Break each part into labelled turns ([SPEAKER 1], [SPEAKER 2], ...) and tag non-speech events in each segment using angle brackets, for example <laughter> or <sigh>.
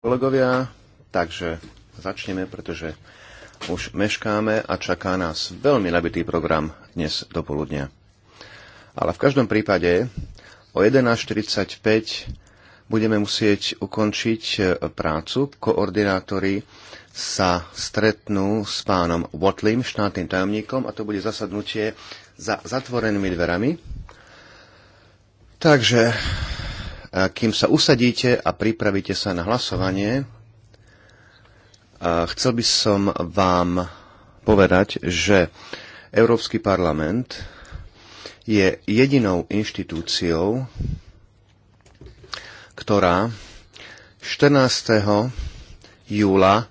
[SPEAKER 1] kolegovia, takže začneme, pretože už meškáme a čaká nás veľmi nabitý program dnes do poludnia. Ale v každom prípade o 11.45 budeme musieť ukončiť e, prácu. Koordinátori sa stretnú s pánom Watlim, štátnym tajomníkom, a to bude zasadnutie za zatvorenými dverami. Takže kým sa usadíte a pripravíte sa na hlasovanie, chcel by som vám povedať, že Európsky parlament je jedinou inštitúciou, ktorá 14. júla,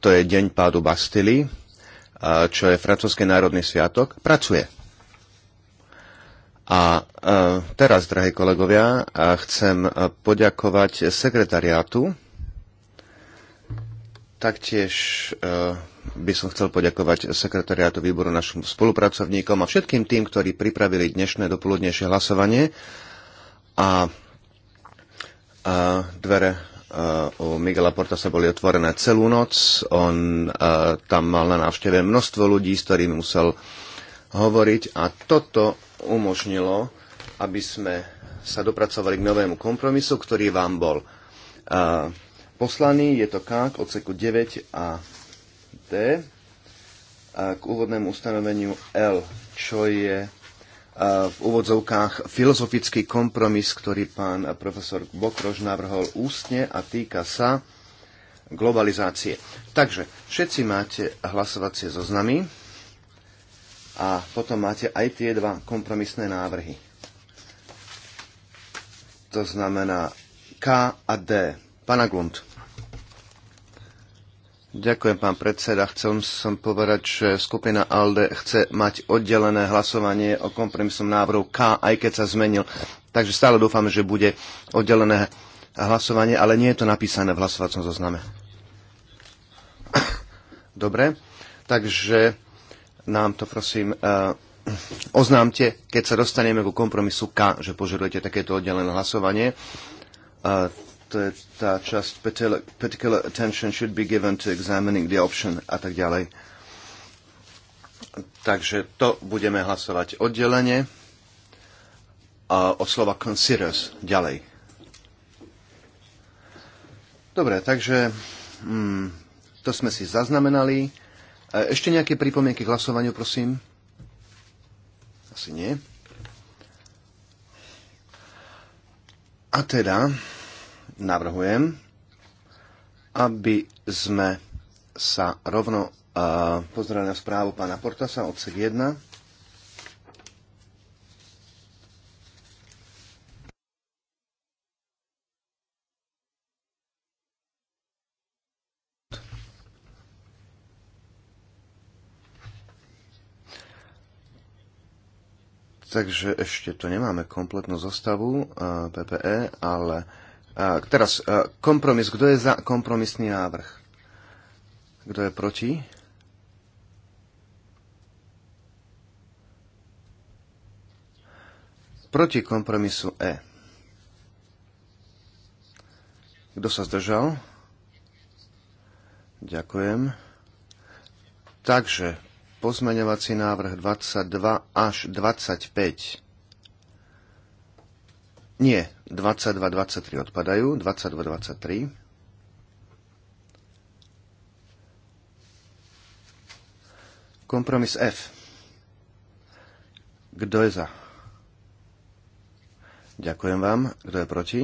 [SPEAKER 1] to je deň pádu Bastily, čo je francúzsky národný sviatok, pracuje. A e, teraz, drahí kolegovia, e, chcem poďakovať sekretariátu. Taktiež e, by som chcel poďakovať sekretariátu výboru našim spolupracovníkom a všetkým tým, ktorí pripravili dnešné dopoludnejšie hlasovanie. A, dvere u Miguela Portasa boli otvorené celú noc. On tam mal na návšteve množstvo ľudí, s ktorými musel hovoriť a toto umožnilo, aby sme sa dopracovali k novému kompromisu, ktorý vám bol poslaný. Je to K odseku 9 a D a k úvodnému ustanoveniu L, čo je v úvodzovkách filozofický kompromis, ktorý pán profesor Bokrož navrhol ústne a týka sa globalizácie. Takže všetci máte hlasovacie zoznamy. So a potom máte aj tie dva kompromisné návrhy. To znamená K a D. Pana Gund. Ďakujem, pán predseda. Chcel som povedať, že skupina ALDE chce mať oddelené hlasovanie o kompromisnom návrhu K, aj keď sa zmenil. Takže stále dúfam, že bude oddelené hlasovanie, ale nie je to napísané v hlasovacom zozname. <coughs> Dobre, takže nám to prosím eh, oznámte, keď sa dostaneme ku kompromisu K, že požadujete takéto oddelené hlasovanie. Uh, to je tá časť particular attention should be given to examining the option a tak ďalej. Takže to budeme hlasovať oddelenie a od slova considers ďalej. Dobre, takže hmm, to sme si zaznamenali. Ešte nejaké pripomienky k hlasovaniu, prosím? Asi nie. A teda navrhujem, aby sme sa rovno uh, pozreli na správu pána Portasa, odsek 1. Takže ešte to nemáme kompletnú zostavu eh, PPE, ale eh, teraz eh, kompromis. Kto je za kompromisný návrh? Kto je proti? Proti kompromisu E. Kto sa zdržal? Ďakujem. Takže pozmeňovací návrh 22 až 25. Nie, 22, 23 odpadajú. 22, 23. Kompromis F. Kto je za? Ďakujem vám. Kto je proti?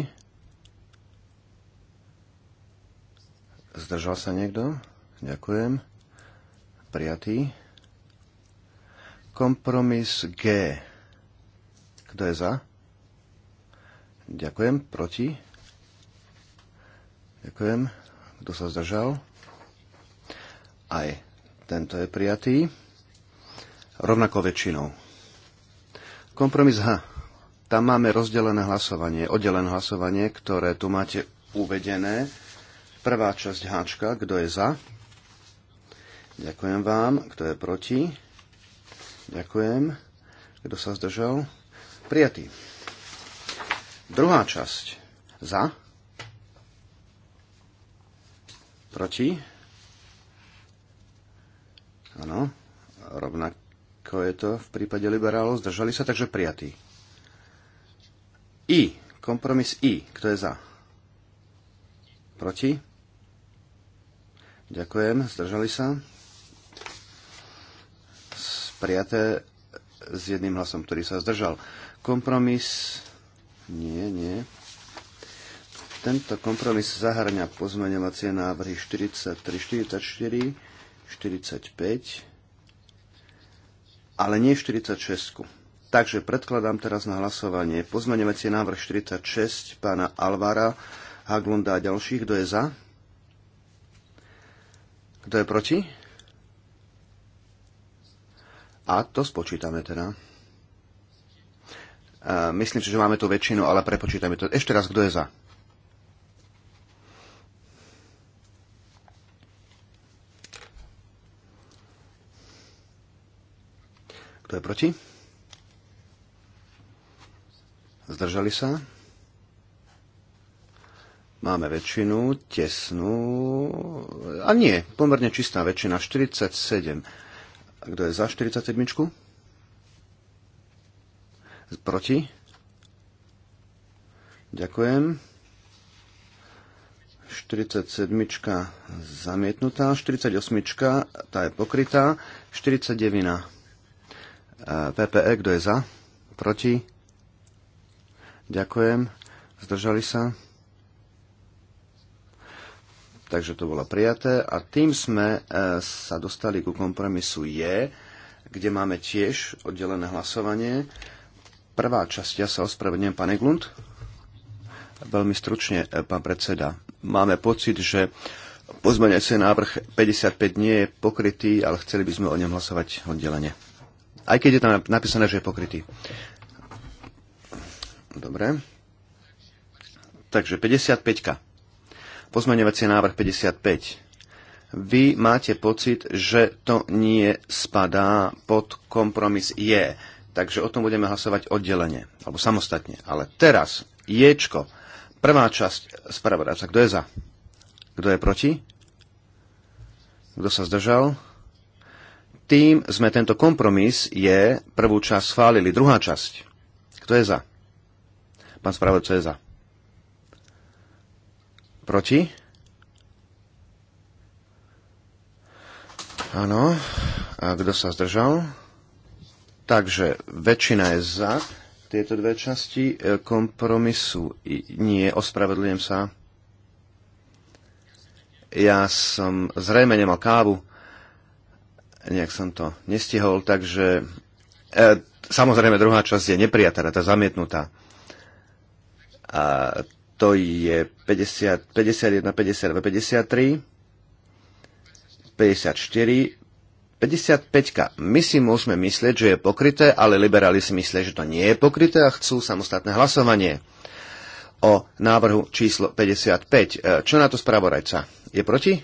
[SPEAKER 1] Zdržal sa niekto? Ďakujem. Prijatý. Kompromis G. Kto je za? Ďakujem. Proti? Ďakujem. Kto sa zdržal? Aj tento je prijatý. Rovnako väčšinou. Kompromis H. Tam máme rozdelené hlasovanie, oddelené hlasovanie, ktoré tu máte uvedené. Prvá časť háčka, kto je za? Ďakujem vám. Kto je proti? Ďakujem. Kto sa zdržal? Prijatý. Druhá časť. Za. Proti. Áno. Rovnako je to v prípade liberálov. Zdržali sa, takže prijatý. I. Kompromis I. Kto je za? Proti. Ďakujem. Zdržali sa prijaté s jedným hlasom, ktorý sa zdržal. Kompromis... Nie, nie. Tento kompromis zahrňa pozmeňovacie návrhy 43, 44, 45, ale nie 46. Takže predkladám teraz na hlasovanie pozmeňovacie návrh 46 pána Alvara, Haglunda a ďalších. Kto je za? Kto je proti? A to spočítame teda. Myslím si, že máme tu väčšinu, ale prepočítame to. Ešte raz, kto je za? Kto je proti? Zdržali sa? Máme väčšinu, tesnú, a nie, pomerne čistá väčšina, 47 a kto je za 47? Proti? Ďakujem. 47 zamietnutá, 48 tá je pokrytá, 49 e, PPE, kto je za? Proti? Ďakujem. Zdržali sa? Takže to bolo prijaté a tým sme e, sa dostali ku kompromisu J, kde máme tiež oddelené hlasovanie. Prvá časť, ja sa ospravedlňujem, pane Glund. Veľmi stručne, e, pán predseda. Máme pocit, že pozmeňujúci návrh 55 nie je pokrytý, ale chceli by sme o ňom hlasovať oddelenie. Aj keď je tam napísané, že je pokrytý. Dobre. Takže 55. -ka. Pozmeňovacie návrh 55. Vy máte pocit, že to nie spadá pod kompromis je. Takže o tom budeme hlasovať oddelenie, alebo samostatne. Ale teraz, ječko, prvá časť spravodajca. Kto je za? Kto je proti? Kto sa zdržal? Tým sme tento kompromis je prvú časť schválili. Druhá časť. Kto je za? Pán spravodajca je za. Proti? Áno. A kto sa zdržal? Takže väčšina je za tieto dve časti e, kompromisu. Nie, ospravedlňujem sa. Ja som zrejme nemal kávu. Nejak som to nestihol, takže... E, samozrejme, druhá časť je neprijatá, tá teda zamietnutá. A to je 50, 51, 52, 53, 54, 55. My si môžeme myslieť, že je pokryté, ale liberáli si myslia, že to nie je pokryté a chcú samostatné hlasovanie o návrhu číslo 55. E, čo na to spravorajca. Je proti?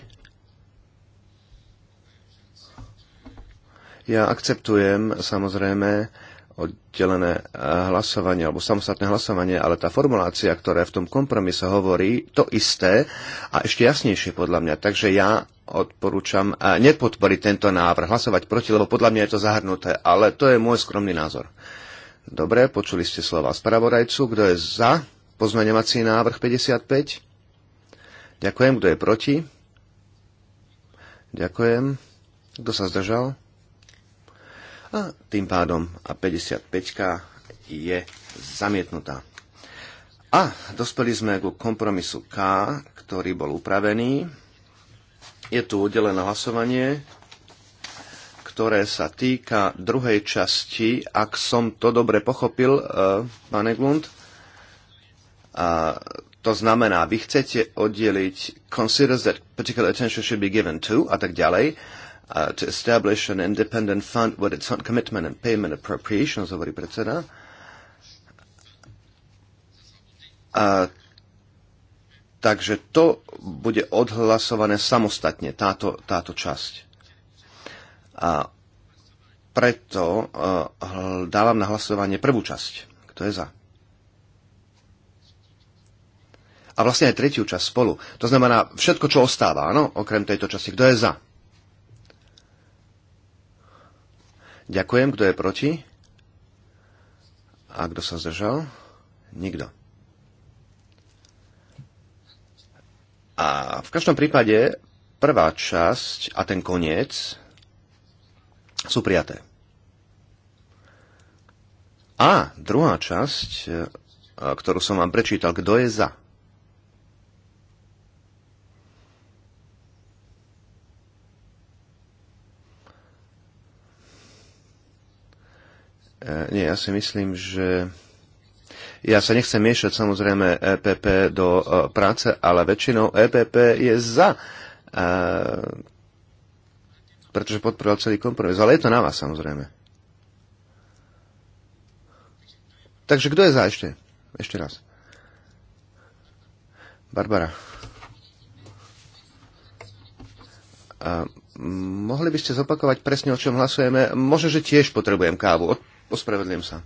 [SPEAKER 1] Ja akceptujem samozrejme oddelené eh, hlasovanie alebo samostatné hlasovanie, ale tá formulácia, ktorá v tom kompromise hovorí, to isté a ešte jasnejšie podľa mňa. Takže ja odporúčam eh, nepodporiť tento návrh, hlasovať proti, lebo podľa mňa je to zahrnuté, ale to je môj skromný názor. Dobre, počuli ste slova spravodajcu. Kto je za pozmeňovací návrh 55? Ďakujem. Kto je proti? Ďakujem. Kto sa zdržal? A tým pádom a 55 je zamietnutá. A dospeli sme ku kompromisu K, ktorý bol upravený. Je tu oddelené hlasovanie, ktoré sa týka druhej časti, ak som to dobre pochopil, e, pane Glund. A to znamená, vy chcete oddeliť considers that particular attention should be given to a tak ďalej Uh, to establish an independent fund with its own commitment and payment appropriations, hovorí predseda. A, takže to bude odhlasované samostatne, táto, táto časť. A preto uh, dávam na hlasovanie prvú časť. Kto je za? A vlastne aj tretiu časť spolu. To znamená všetko, čo ostáva, áno, okrem tejto časti. Kto je za? Ďakujem. Kto je proti? A kto sa zdržal? Nikto. A v každom prípade prvá časť a ten koniec sú prijaté. A druhá časť, e, ktorú som vám prečítal, kto je za? E, nie, ja si myslím, že ja sa nechcem miešať samozrejme EPP do e, práce, ale väčšinou EPP je za, e, pretože podporoval celý kompromis. Ale je to na vás samozrejme. Takže kto je za ešte? Ešte raz. Barbara. A mohli by ste zopakovať presne, o čom hlasujeme? Možno, že tiež potrebujem kávu. Ospravedlňujem sa.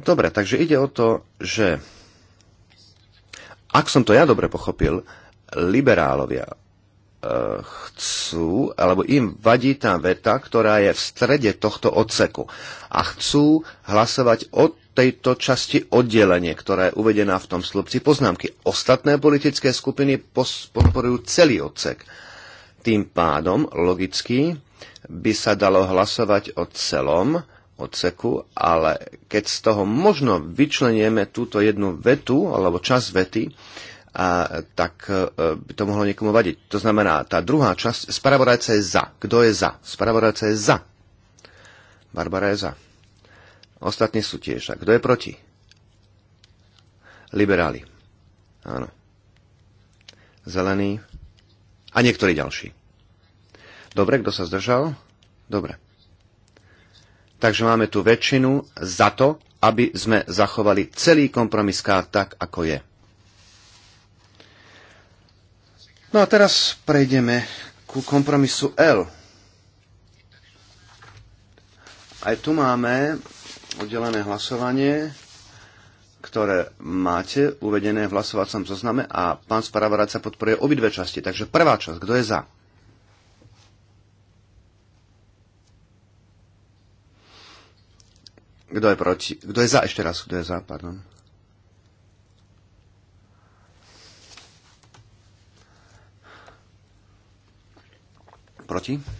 [SPEAKER 1] Dobre, takže ide o to, že ak som to ja dobre pochopil, liberálovia eh, chcú, alebo im vadí tá veta, ktorá je v strede tohto odseku. A chcú hlasovať o tejto časti oddelenie, ktorá je uvedená v tom slupci poznámky. Ostatné politické skupiny podporujú celý odsek. Tým pádom, logicky, by sa dalo hlasovať o celom odseku, ale keď z toho možno vyčlenieme túto jednu vetu alebo čas vety, a, tak e, by to mohlo niekomu vadiť. To znamená, tá druhá časť, spravodajca je za. Kto je za? Spravodajca je za. Barbara je za. Ostatní sú tiež. A kto je proti? Liberáli. Áno. Zelený. A niektorí ďalší. Dobre, kto sa zdržal? Dobre. Takže máme tu väčšinu za to, aby sme zachovali celý kompromis K tak, ako je. No a teraz prejdeme ku kompromisu L. Aj tu máme oddelené hlasovanie ktoré máte uvedené v hlasovacom zozname a pán sa podporuje obidve časti. Takže prvá časť, kto je za? Kto je proti? Kto je za? Ešte raz, kto je za, pardon. Proti?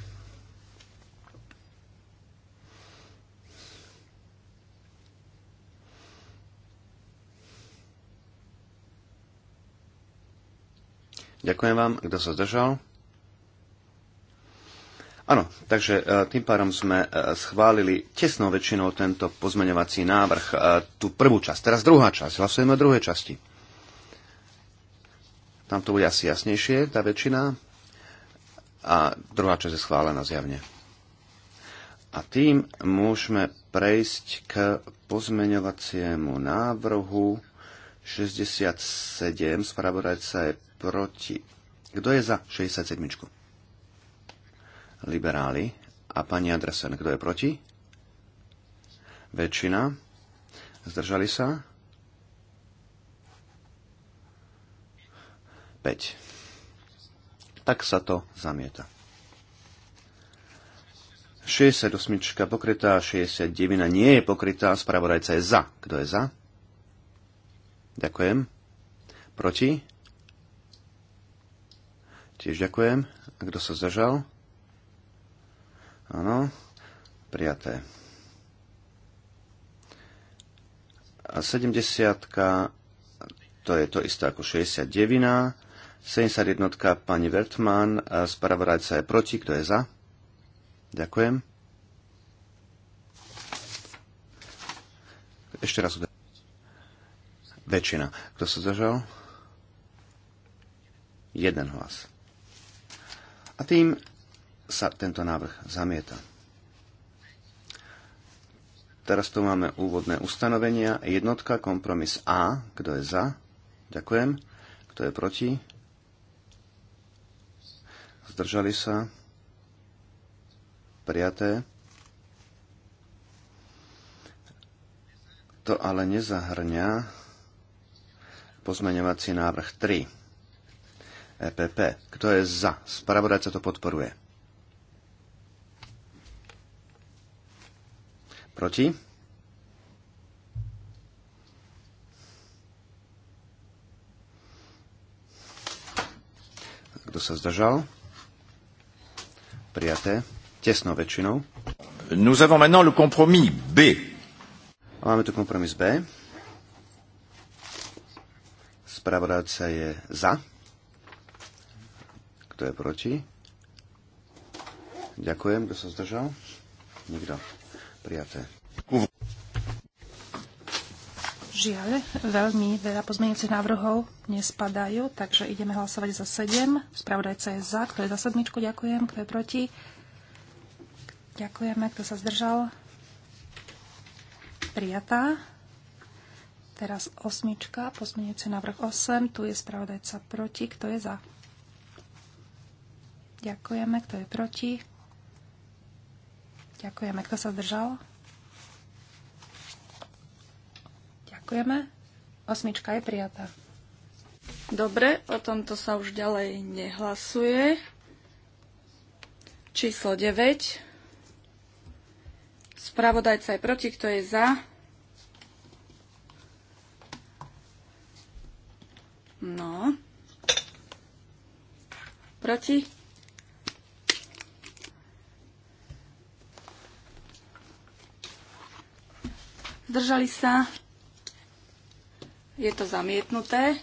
[SPEAKER 1] Ďakujem vám. Kto sa zdržal? Áno, takže e, tým pádom sme e, schválili tesnou väčšinou tento pozmeňovací návrh, e, tú prvú časť. Teraz druhá časť. Hlasujeme o druhej časti. Tam to bude asi jasnejšie, tá väčšina. A druhá časť je schválená zjavne. A tým môžeme prejsť k pozmeňovaciemu návrhu 67. Spravodajca je proti. Kto je za 67? Liberáli. A pani Andresen, kto je proti? Väčšina. Zdržali sa? 5. Tak sa to zamieta. 68 pokrytá, 69 nie je pokrytá, spravodajca je za. Kto je za? Ďakujem. Proti? Tiež ďakujem. A kto sa zdržal? Áno. Prijaté. A 70 to je to isté ako 69. 71 pani Vertman, spravodajca je proti, kto je za? Ďakujem. Ešte raz. Väčšina. Kto sa zdržal? Jeden hlas. A tým sa tento návrh zamieta. Teraz tu máme úvodné ustanovenia. Jednotka, kompromis A. Kto je za? Ďakujem. Kto je proti? Zdržali sa? Prijaté. To ale nezahrňa pozmeňovací návrh 3. EPP. Kto je za? Spravodajca to podporuje. Proti? Kto sa zdržal? Prijaté. Tesnou väčšinou. Nous avons maintenant le compromis B. Máme tu kompromis B. Spravodajca je za. Kto je proti? Ďakujem. Kto sa zdržal? Nikto. Prijaté.
[SPEAKER 2] Žiaľ, veľmi veľa pozmeňujúcich návrhov nespadajú, takže ideme hlasovať za 7. Spravodajca je za. Kto je za sedmičku? Ďakujem. Kto je proti? Ďakujeme. Kto sa zdržal? Prijatá. Teraz osmička, pozmeňujúci návrh 8. Tu je spravodajca proti. Kto je za? Ďakujeme. Kto je proti? Ďakujeme. Kto sa zdržal? Ďakujeme. Osmička je prijatá.
[SPEAKER 3] Dobre, o tomto sa už ďalej nehlasuje. Číslo 9. Spravodajca je proti, kto je za? No. Proti? Zdržali sa? Je to zamietnuté.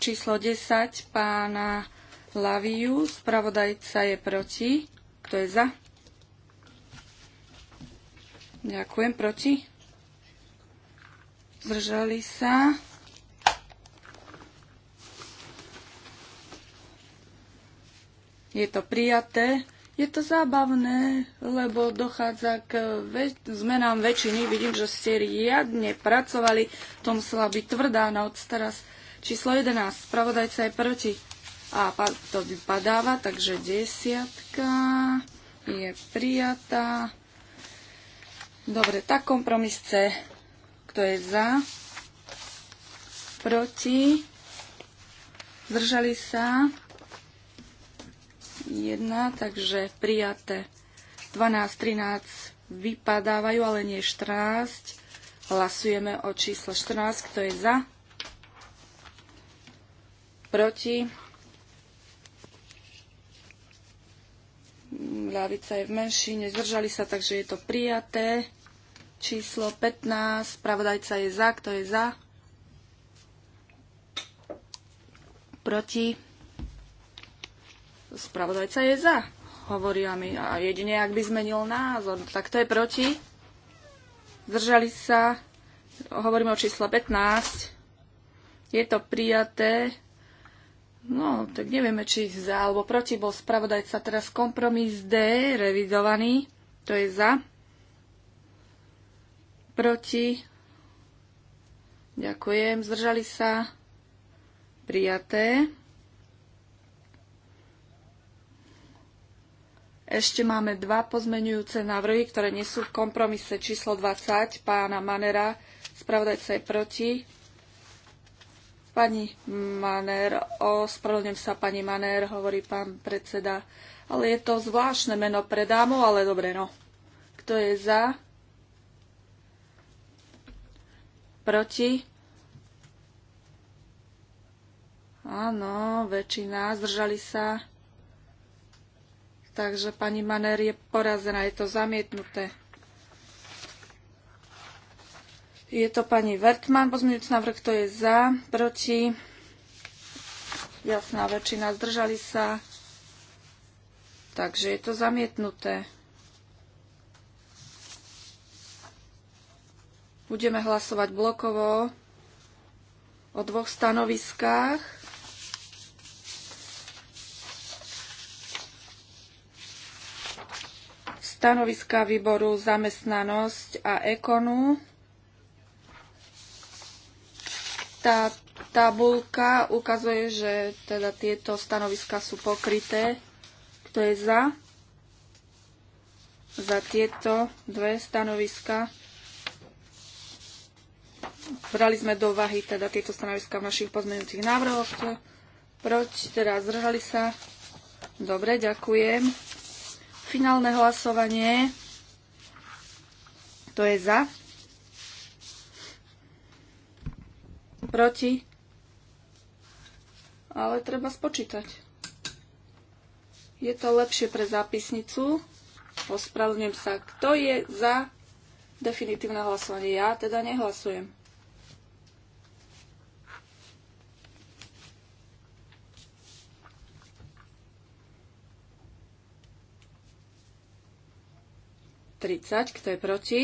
[SPEAKER 3] Číslo 10 pána Laviu. Spravodajca je proti. Kto je za? Ďakujem. Proti? Zdržali sa? Je to prijaté. Je to zábavné, lebo dochádza k väč- zmenám väčšiny. Vidím, že ste riadne pracovali. Tom musela byť tvrdá noc teraz. Číslo 11. Spravodajca je proti. A to vypadáva, takže desiatka je prijatá. Dobre, tak kompromis C. Kto je za? Proti? Zdržali sa? 1, takže prijaté 12, 13 vypadávajú, ale nie 14. Hlasujeme o čísle 14, kto je za, proti. Ľavica je v menší, nezdržali sa, takže je to prijaté. Číslo 15, spravodajca je za, kto je za, proti Spravodajca je za, hovoria mi. A jedine, ak by zmenil názor, tak to je proti. Zdržali sa, hovoríme o čísle 15. Je to prijaté. No, tak nevieme, či za alebo proti bol spravodajca. Teraz kompromis D, revidovaný, to je za. Proti. Ďakujem, zdržali sa. Prijaté. Ešte máme dva pozmenujúce návrhy, ktoré nie sú v kompromise číslo 20 pána Manera. Spravodajca je proti. Pani Maner, ospravedlňujem sa pani Maner, hovorí pán predseda, ale je to zvláštne meno pre dámu, ale dobre no. Kto je za? Proti? Áno, väčšina, zdržali sa. Takže pani Maner je porazená, je to zamietnuté. Je to pani Vertman, pozmeňujúci návrh, kto je za, proti, jasná väčšina, zdržali sa, takže je to zamietnuté. Budeme hlasovať blokovo o dvoch stanoviskách. stanoviska výboru zamestnanosť a ekonu. Tá tabulka ukazuje, že teda tieto stanoviska sú pokryté. Kto je za? Za tieto dve stanoviska. Brali sme do vahy teda tieto stanoviska v našich pozmeňujúcich návrhoch. Proč? Teda zdržali sa. Dobre, ďakujem. Finálne hlasovanie. To je za. Proti. Ale treba spočítať. Je to lepšie pre zápisnicu. Ospravedlňujem sa. Kto je za definitívne hlasovanie? Ja teda nehlasujem. 30, kto je proti?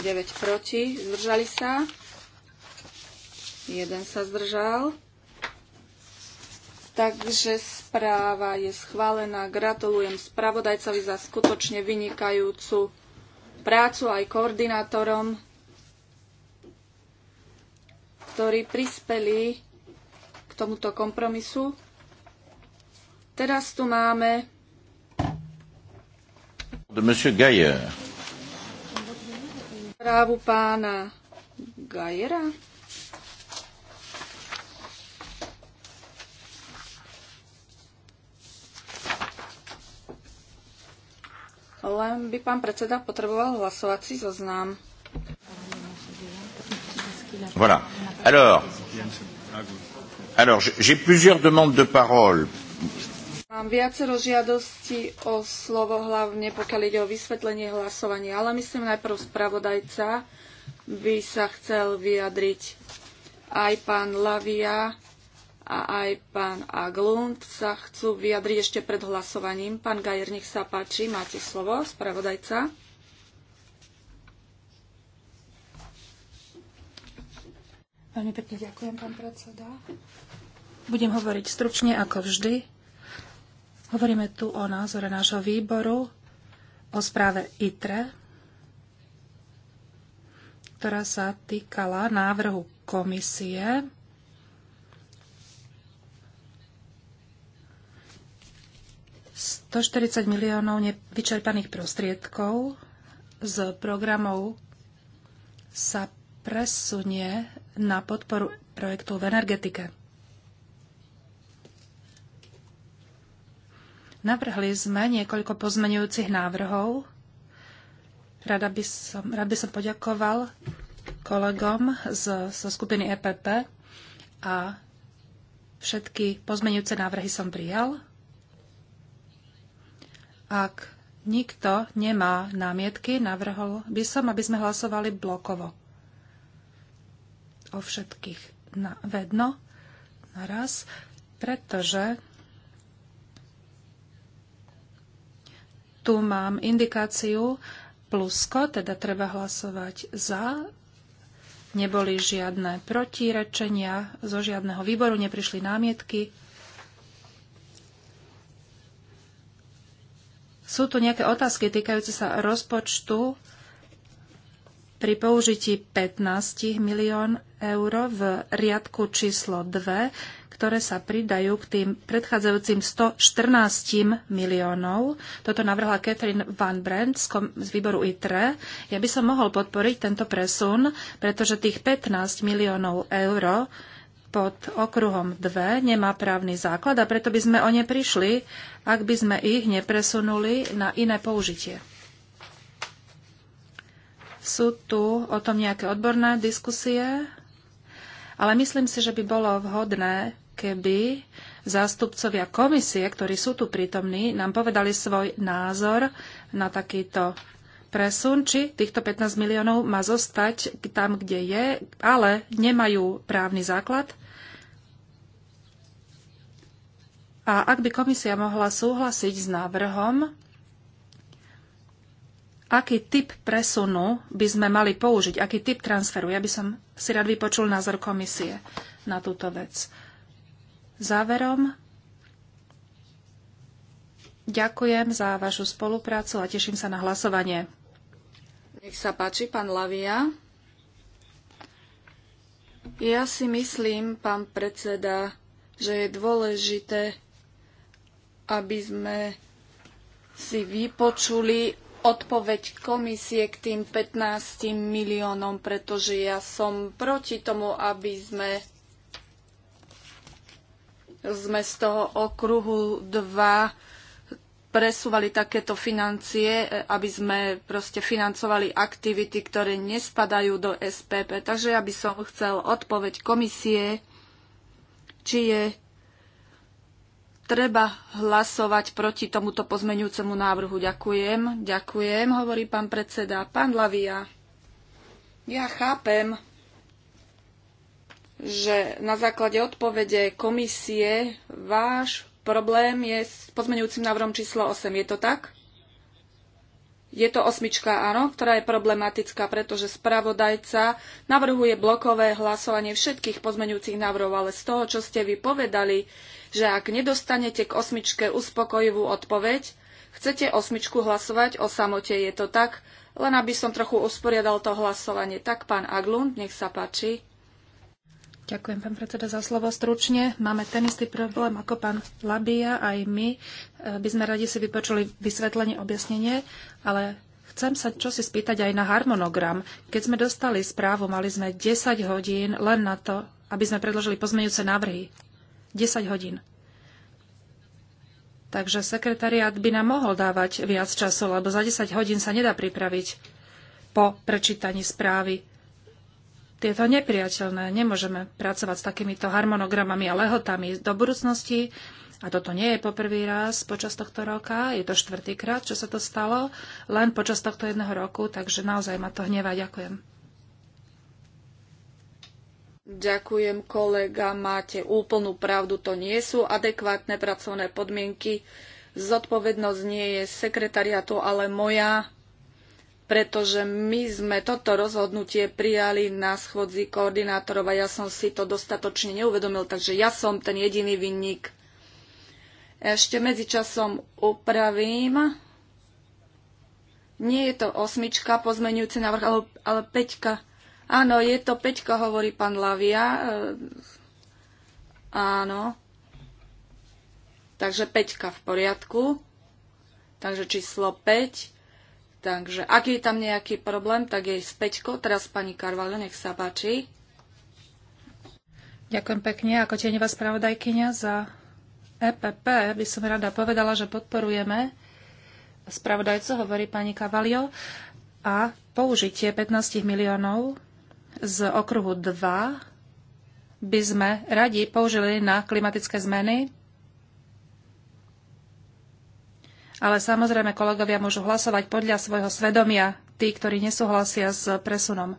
[SPEAKER 3] Deväť proti, zdržali sa. Jeden sa zdržal. Takže správa je schválená. Gratulujem spravodajcovi za skutočne vynikajúcu prácu aj koordinátorom, ktorí prispeli tomuto kompromisu. Teraz tu máme správu pána Gajera. Len by pán predseda potreboval hlasovací zoznám. Voilà.
[SPEAKER 4] Alors, Alors, j'ai plusieurs
[SPEAKER 2] demandes de parole.
[SPEAKER 3] Mám viacero žiadostí o slovo, hlavne pokiaľ ide o vysvetlenie hlasovania, ale myslím najprv spravodajca by sa chcel vyjadriť aj pán Lavia a aj pán Aglund sa chcú vyjadriť ešte pred hlasovaním. Pán Gajer, nech sa páči, máte slovo, spravodajca. Veľmi
[SPEAKER 2] pekne ďakujem, pán predseda. Budem hovoriť stručne, ako vždy. Hovoríme tu o názore nášho výboru, o správe ITRE, ktorá sa týkala návrhu komisie ...140 miliónov nevyčerpaných prostriedkov z programov sa presunie na podporu projektov v energetike. Navrhli sme niekoľko pozmenujúcich návrhov. Rada by som, rád by som poďakoval kolegom z, zo skupiny EPP a všetky pozmenujúce návrhy som prijal. Ak nikto nemá námietky, navrhol by som, aby sme hlasovali blokovo o všetkých na vedno, naraz, pretože tu mám indikáciu plusko, teda treba hlasovať za. Neboli žiadne protirečenia zo žiadneho výboru, neprišli námietky. Sú tu nejaké otázky týkajúce sa rozpočtu pri použití 15 milión eur v riadku číslo 2, ktoré sa pridajú k tým predchádzajúcim 114 miliónov. Toto navrhla Catherine Van Brandt z výboru ITRE. Ja by som mohol podporiť tento presun, pretože tých 15 miliónov eur pod okruhom 2 nemá právny základ a preto by sme o ne prišli, ak by sme ich nepresunuli na iné použitie. Sú tu o tom nejaké odborné diskusie, ale myslím si, že by bolo vhodné, keby zástupcovia komisie, ktorí sú tu prítomní, nám povedali svoj názor na takýto presun, či týchto 15 miliónov má zostať tam, kde je, ale nemajú právny základ. A ak by komisia mohla súhlasiť s návrhom, aký typ presunu by sme mali použiť, aký typ transferu. Ja by som si rád vypočul názor komisie na túto vec. Záverom ďakujem za vašu spoluprácu a teším sa na hlasovanie.
[SPEAKER 3] Nech sa páči, pán Lavia. Ja si myslím, pán predseda, že je dôležité, aby sme si vypočuli odpoveď komisie k tým 15 miliónom, pretože ja som proti tomu, aby sme sme z toho okruhu 2 presúvali takéto financie, aby sme proste financovali aktivity, ktoré nespadajú do SPP. Takže ja by som chcel odpoveď komisie, či je treba hlasovať proti tomuto pozmeňujúcemu návrhu. Ďakujem, ďakujem, hovorí pán predseda. Pán Lavia, ja chápem, že na základe odpovede komisie váš problém je s pozmeňujúcim návrhom číslo 8. Je to tak? Je to osmička, áno, ktorá je problematická, pretože spravodajca navrhuje blokové hlasovanie všetkých pozmeňujúcich návrhov, ale z toho, čo ste vy povedali, že ak nedostanete k osmičke uspokojivú odpoveď, chcete osmičku hlasovať o samote. Je to tak? Len aby som trochu usporiadal to hlasovanie. Tak, pán Aglund, nech sa páči.
[SPEAKER 2] Ďakujem, pán predseda, za slovo. Stručne máme ten istý problém ako pán Labia, aj my e, by sme radi si vypočuli vysvetlenie, objasnenie, ale chcem sa čosi spýtať aj na harmonogram. Keď sme dostali správu, mali sme 10 hodín len na to, aby sme predložili pozmeňujúce návrhy. 10 hodín. Takže sekretariát by nám mohol dávať viac času, lebo za 10 hodín sa nedá pripraviť po prečítaní správy. Tieto nepriateľné, nemôžeme pracovať s takýmito harmonogramami a lehotami do budúcnosti. A toto nie je poprvý raz počas tohto roka, je to štvrtýkrát, čo sa to stalo, len počas tohto jedného roku, takže naozaj ma to hnevá. Ďakujem.
[SPEAKER 3] Ďakujem, kolega, máte úplnú pravdu, to nie sú adekvátne pracovné podmienky. Zodpovednosť nie je sekretariatu, ale moja, pretože my sme toto rozhodnutie prijali na schôdzi koordinátorov a ja som si to dostatočne neuvedomil, takže ja som ten jediný vinník. Ešte medzičasom upravím. Nie je to osmička pozmenujúci návrh, ale, ale peťka Áno, je to Peťko, hovorí pán Lavia. E, áno. Takže Peťka v poriadku. Takže číslo 5. Takže ak je tam nejaký problém, tak je s Peťko. Teraz pani Karvalo, nech sa páči.
[SPEAKER 2] Ďakujem pekne. Ako tieňová spravodajkynia za EPP by som rada povedala, že podporujeme spravodajcu, hovorí pani Kavalio, a použitie 15 miliónov z okruhu 2 by sme radi použili na klimatické zmeny, ale samozrejme kolegovia môžu hlasovať podľa svojho svedomia, tí, ktorí nesúhlasia s presunom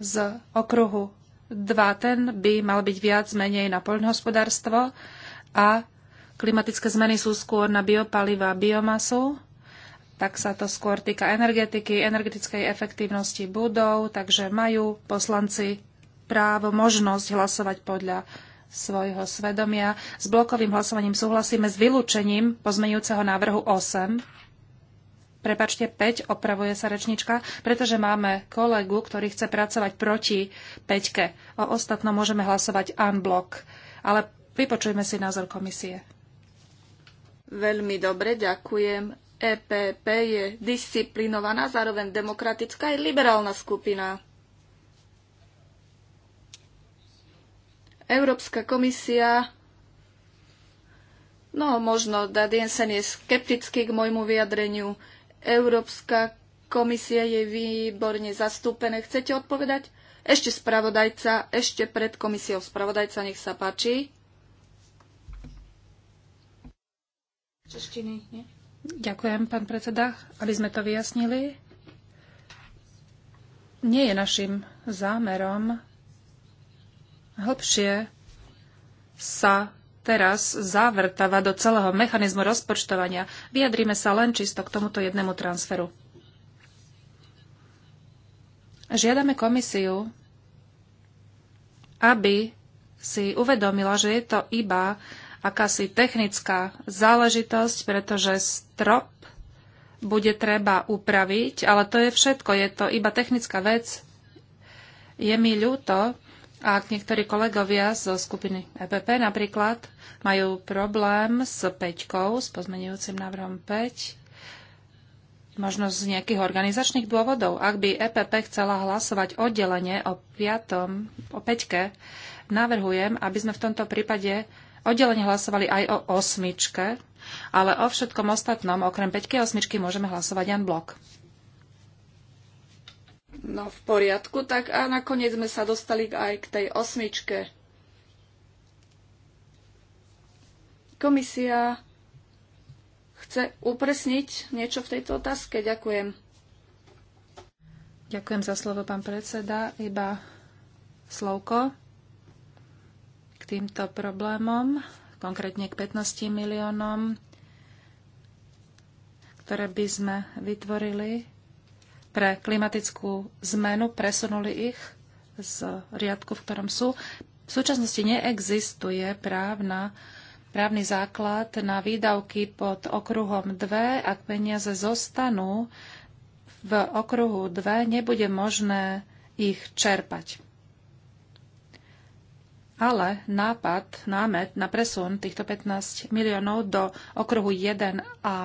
[SPEAKER 2] z okruhu 2. Ten by mal byť viac menej na poľnohospodárstvo a klimatické zmeny sú skôr na biopaliva a biomasu tak sa to skôr týka energetiky, energetickej efektívnosti budov, takže majú poslanci právo, možnosť hlasovať podľa svojho svedomia. S blokovým hlasovaním súhlasíme s vylúčením pozmenujúceho návrhu 8. Prepačte, 5, opravuje sa rečnička, pretože máme kolegu, ktorý chce pracovať proti 5. O ostatnom môžeme hlasovať unblock. Ale vypočujme si názor komisie.
[SPEAKER 3] Veľmi dobre, ďakujem. EPP je disciplinovaná, zároveň demokratická aj liberálna skupina. Európska komisia No, možno Dadiensen je skeptický k môjmu vyjadreniu. Európska komisia je výborne zastúpené. Chcete odpovedať? Ešte spravodajca, ešte pred komisiou spravodajca, nech sa páči. Češtiny, nie?
[SPEAKER 2] Ďakujem, pán predseda. Aby sme to vyjasnili, nie je našim zámerom hlbšie sa teraz zavrtava do celého mechanizmu rozpočtovania. Vyjadríme sa len čisto k tomuto jednému transferu. Žiadame komisiu, aby si uvedomila, že je to iba akási technická záležitosť, pretože strop bude treba upraviť, ale to je všetko, je to iba technická vec. Je mi ľúto, ak niektorí kolegovia zo skupiny EPP napríklad majú problém s peťkou, s pozmenujúcim návrhom 5, možno z nejakých organizačných dôvodov. Ak by EPP chcela hlasovať oddelenie o 5, o 5, navrhujem, aby sme v tomto prípade Oddelenie hlasovali aj o osmičke, ale o všetkom ostatnom, okrem 5 a osmičky, môžeme hlasovať aj blok.
[SPEAKER 3] No v poriadku, tak a nakoniec sme sa dostali aj k tej osmičke. Komisia chce upresniť niečo v tejto otázke. Ďakujem. Ďakujem za slovo, pán predseda. Iba slovko
[SPEAKER 2] týmto problémom, konkrétne k 15 miliónom, ktoré by sme vytvorili pre klimatickú zmenu, presunuli ich z riadku, v ktorom sú. V súčasnosti neexistuje právna právny základ na výdavky pod okruhom 2, ak peniaze zostanú v okruhu 2, nebude možné ich čerpať. Ale nápad, námet na presun týchto 15 miliónov do okruhu 1A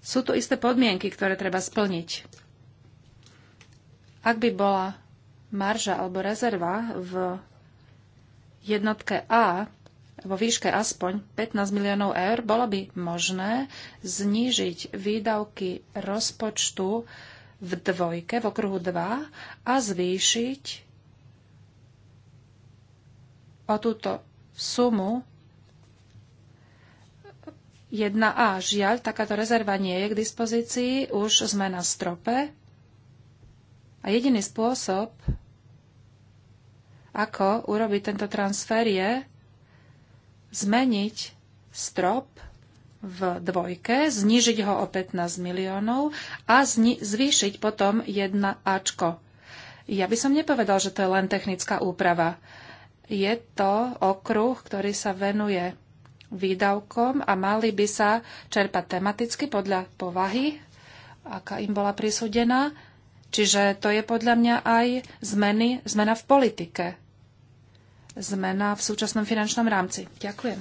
[SPEAKER 2] sú tu isté podmienky, ktoré treba splniť. Ak by bola marža alebo rezerva v jednotke A vo výške aspoň 15 miliónov eur, bolo by možné znížiť výdavky rozpočtu v dvojke, v okruhu 2 a zvýšiť o túto sumu 1A. Žiaľ, takáto rezerva nie je k dispozícii, už sme na strope. A jediný spôsob, ako urobiť tento transfer, je zmeniť strop v dvojke, znižiť ho o 15 miliónov a zvýšiť potom 1 Ačko. Ja by som nepovedal, že to je len technická úprava je to okruh, ktorý sa venuje výdavkom a mali by sa čerpať tematicky podľa povahy, aká im bola prisúdená. Čiže to je podľa mňa aj zmeny, zmena v politike, zmena v súčasnom finančnom rámci. Ďakujem.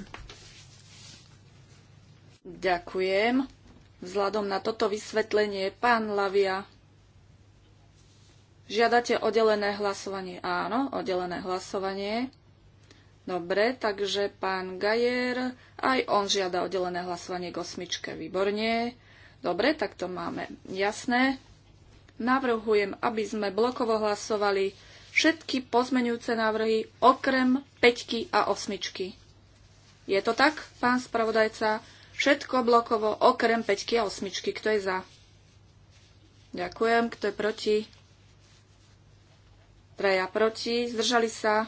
[SPEAKER 3] Ďakujem. Vzhľadom na toto vysvetlenie, pán Lavia, Žiadate oddelené hlasovanie? Áno, oddelené hlasovanie. Dobre, takže pán Gajer, aj on žiada oddelené hlasovanie k osmičke. Výborne. Dobre, tak to máme jasné. Navrhujem, aby sme blokovo hlasovali všetky pozmenujúce návrhy okrem 5 a 8. Je to tak, pán spravodajca? Všetko blokovo okrem 5 a 8. Kto je za? Ďakujem. Kto je proti? traja proti, zdržali sa,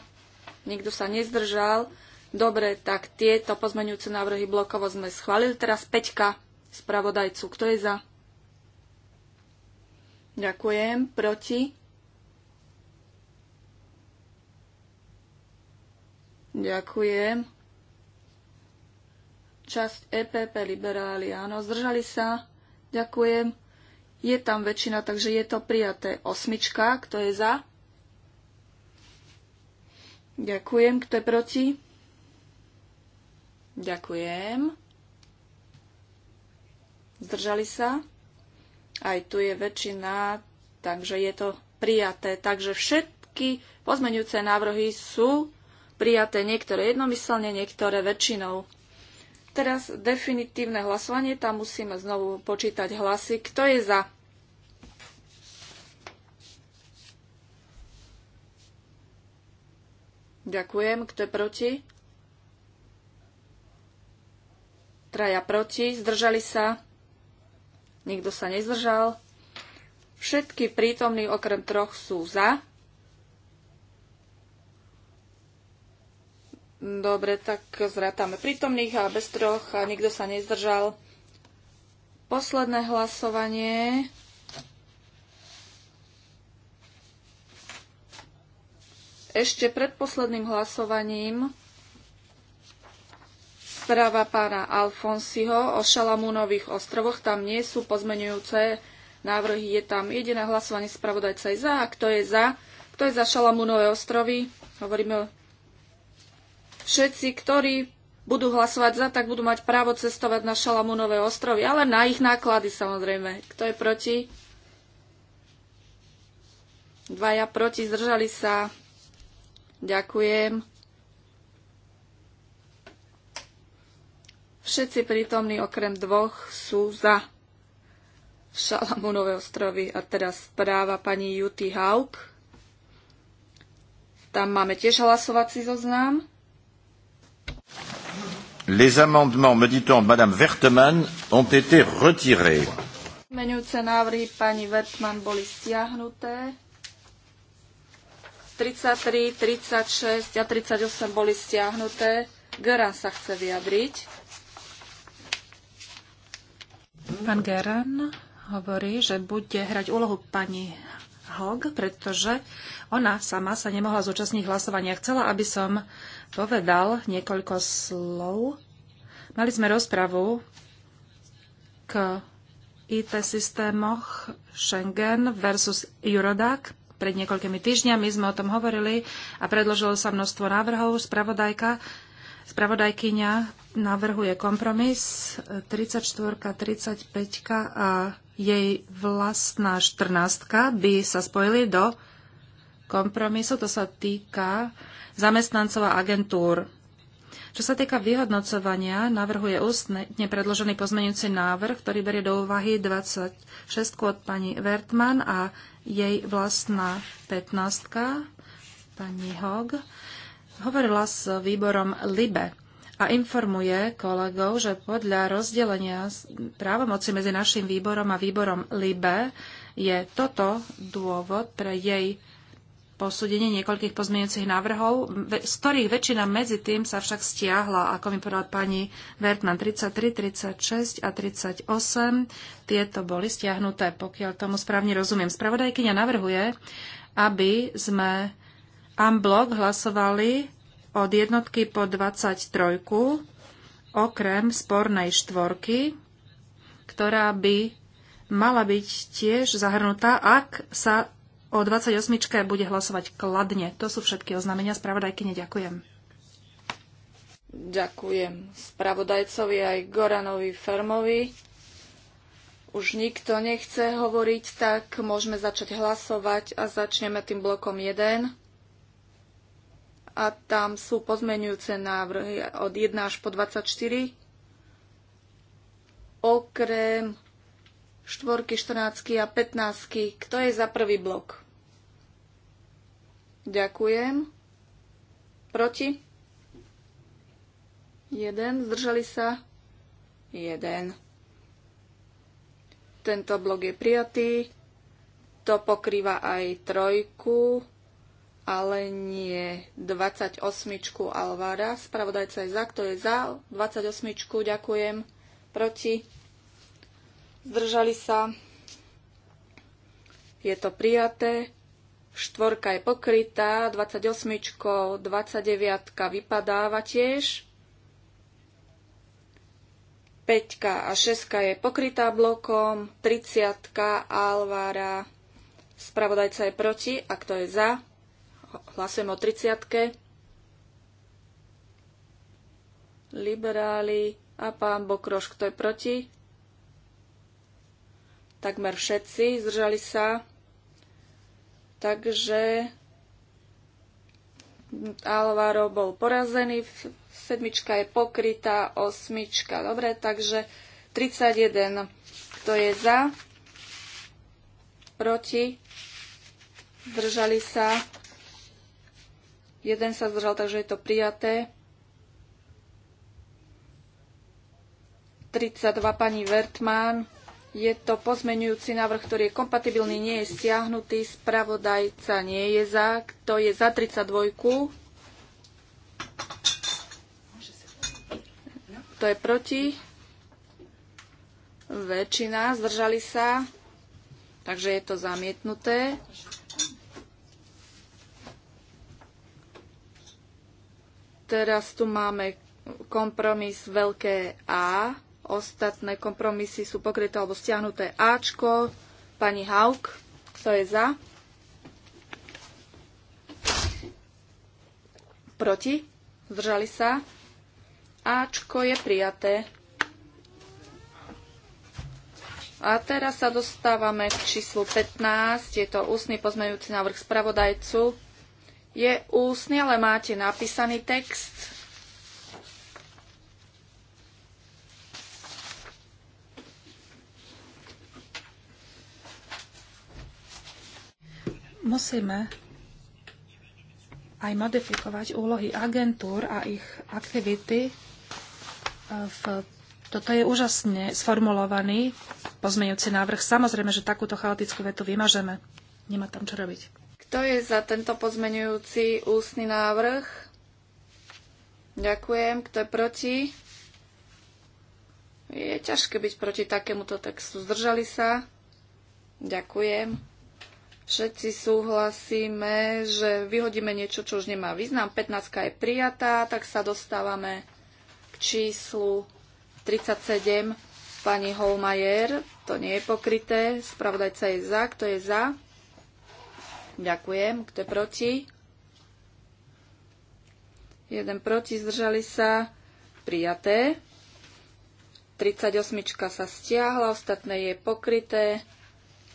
[SPEAKER 3] nikto sa nezdržal. Dobre, tak tieto pozmeňujúce návrhy blokovo sme schválili. Teraz Peťka, spravodajcu. Kto je za? Ďakujem. Proti? Ďakujem. Časť EPP liberáli, áno, zdržali sa. Ďakujem. Je tam väčšina, takže je to prijaté. Osmička, kto je za? Ďakujem. Kto je proti? Ďakujem. Zdržali sa? Aj tu je väčšina, takže je to prijaté. Takže všetky pozmeňujúce návrhy sú prijaté niektoré jednomyselne, niektoré väčšinou. Teraz definitívne hlasovanie, tam musíme znovu počítať hlasy. Kto je za? Ďakujem. Kto je proti? Traja proti. Zdržali sa? Nikto sa nezdržal. Všetky prítomní okrem troch sú za. Dobre, tak zrátame prítomných a bez troch a nikto sa nezdržal. Posledné hlasovanie. Ešte pred posledným hlasovaním správa pána Alfonsiho o Šalamúnových ostrovoch. Tam nie sú pozmenujúce návrhy. Je tam jediné hlasovanie spravodajca je za. A kto je za? Kto je za Šalamúnové ostrovy? Hovoríme všetci, ktorí budú hlasovať za, tak budú mať právo cestovať na Šalamúnové ostrovy, ale na ich náklady samozrejme. Kto je proti? Dvaja proti, zdržali sa Ďakujem. Všetci prítomní okrem dvoch sú za Šalamúnové ostrovy a teda správa pani Juty Haug. Tam máme tiež hlasovací zoznam.
[SPEAKER 2] Les amendements, me dit-on, Madame
[SPEAKER 4] Vertemann, ont été retirés.
[SPEAKER 3] Menujúce návrhy pani Vertman boli stiahnuté. 33, 36 a 38 boli stiahnuté. Geran sa chce vyjadriť.
[SPEAKER 2] Pán Geran hovorí, že bude hrať úlohu pani Hog, pretože ona sama sa nemohla zúčastniť hlasovania. Chcela, aby som povedal niekoľko slov. Mali sme rozpravu k IT systémoch Schengen versus Eurodac pred niekoľkými týždňami sme o tom hovorili a predložilo sa množstvo návrhov. Spravodajka, spravodajkyňa navrhuje kompromis 34, 35 a jej vlastná 14 by sa spojili do kompromisu. To sa týka zamestnancov a agentúr. Čo sa týka vyhodnocovania, navrhuje ústne predložený pozmeňujúci návrh, ktorý berie do úvahy 26 od pani Vertman a jej vlastná 15 pani Hog, hovorila s výborom LIBE a informuje kolegov, že podľa rozdelenia právomoci medzi našim výborom a výborom LIBE je toto dôvod pre jej posúdenie niekoľkých pozmeňujúcich návrhov, z ktorých väčšina medzi tým sa však stiahla, ako mi povedala pani Vertman, 33, 36 a 38. Tieto boli stiahnuté, pokiaľ tomu správne rozumiem. Spravodajkyňa navrhuje, aby sme amblok hlasovali od jednotky po 23, okrem spornej štvorky, ktorá by mala byť tiež zahrnutá, ak sa o 28. bude hlasovať kladne. To sú všetky oznámenia. Spravodajkyne ďakujem.
[SPEAKER 3] Ďakujem spravodajcovi aj Goranovi Fermovi. Už nikto nechce hovoriť, tak môžeme začať hlasovať a začneme tým blokom 1. A tam sú pozmenujúce návrhy od 1 až po 24. Okrem štvorky, 14 a 15. Kto je za prvý blok? Ďakujem. Proti? Jeden. Zdržali sa? Jeden. Tento blok je prijatý. To pokrýva aj trojku, ale nie 28. Alvára. Spravodajca je za. Kto je za? 28. Ďakujem. Proti? Zdržali sa? Je to prijaté. Štvorka je pokrytá, 28, 29 vypadáva tiež. 5 a 6 je pokrytá blokom, 30 Alvára, spravodajca je proti, a kto je za, hlasujem o 30 -tke. Liberáli a pán Bokroš, kto je proti? Takmer všetci, zdržali sa. Takže Alvaro bol porazený, sedmička je pokrytá, osmička. Dobre, takže 31. Kto je za? Proti? Zdržali sa? Jeden sa zdržal, takže je to prijaté. 32 pani Vertman je to pozmenujúci návrh, ktorý je kompatibilný, nie je stiahnutý, spravodajca nie je za, kto je za 32. Kto je proti? Väčšina, zdržali sa, takže je to zamietnuté. Teraz tu máme kompromis veľké A. Ostatné kompromisy sú pokryté alebo stiahnuté. Ačko, pani Hauk, kto je za? Proti? Zdržali sa? Ačko je prijaté. A teraz sa dostávame k číslu 15. Je to ústny pozmeňujúci návrh spravodajcu. Je ústny, ale máte napísaný text.
[SPEAKER 2] Musíme aj modifikovať úlohy agentúr a ich aktivity. E, v, toto je úžasne sformulovaný pozmeňujúci návrh. Samozrejme, že takúto chaotickú vetu vymažeme. Nemá tam čo robiť.
[SPEAKER 3] Kto je za tento pozmeňujúci ústny návrh? Ďakujem. Kto je proti? Je ťažké byť proti takémuto textu. Zdržali sa? Ďakujem. Všetci súhlasíme, že vyhodíme niečo, čo už nemá význam. 15 je prijatá, tak sa dostávame k číslu 37. Pani Holmajer, to nie je pokryté. Spravodajca je za. Kto je za? Ďakujem. Kto je proti? Jeden proti, zdržali sa. Prijaté. 38 sa stiahla, ostatné je pokryté.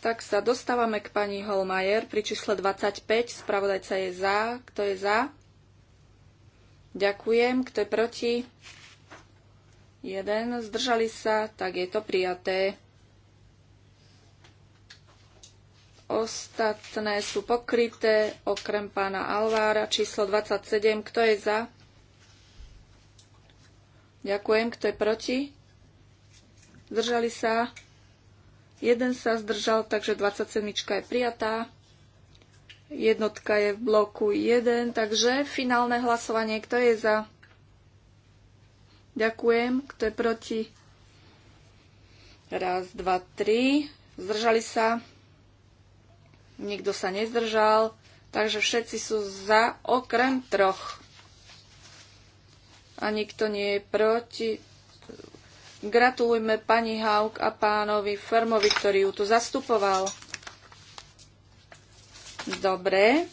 [SPEAKER 3] Tak sa dostávame k pani Holmajer pri čísle 25. Spravodajca je za. Kto je za? Ďakujem. Kto je proti? Jeden. Zdržali sa. Tak je to prijaté. Ostatné sú pokryté, okrem pána Alvára. Číslo 27. Kto je za? Ďakujem. Kto je proti? Zdržali sa. Jeden sa zdržal, takže 27 je prijatá. Jednotka je v bloku 1, takže finálne hlasovanie. Kto je za? Ďakujem. Kto je proti? Raz, dva, tri. Zdržali sa. Nikto sa nezdržal. Takže všetci sú za, okrem troch. A nikto nie je proti. Gratulujme pani Hauk a pánovi Fermovi, ktorý ju tu zastupoval. Dobre,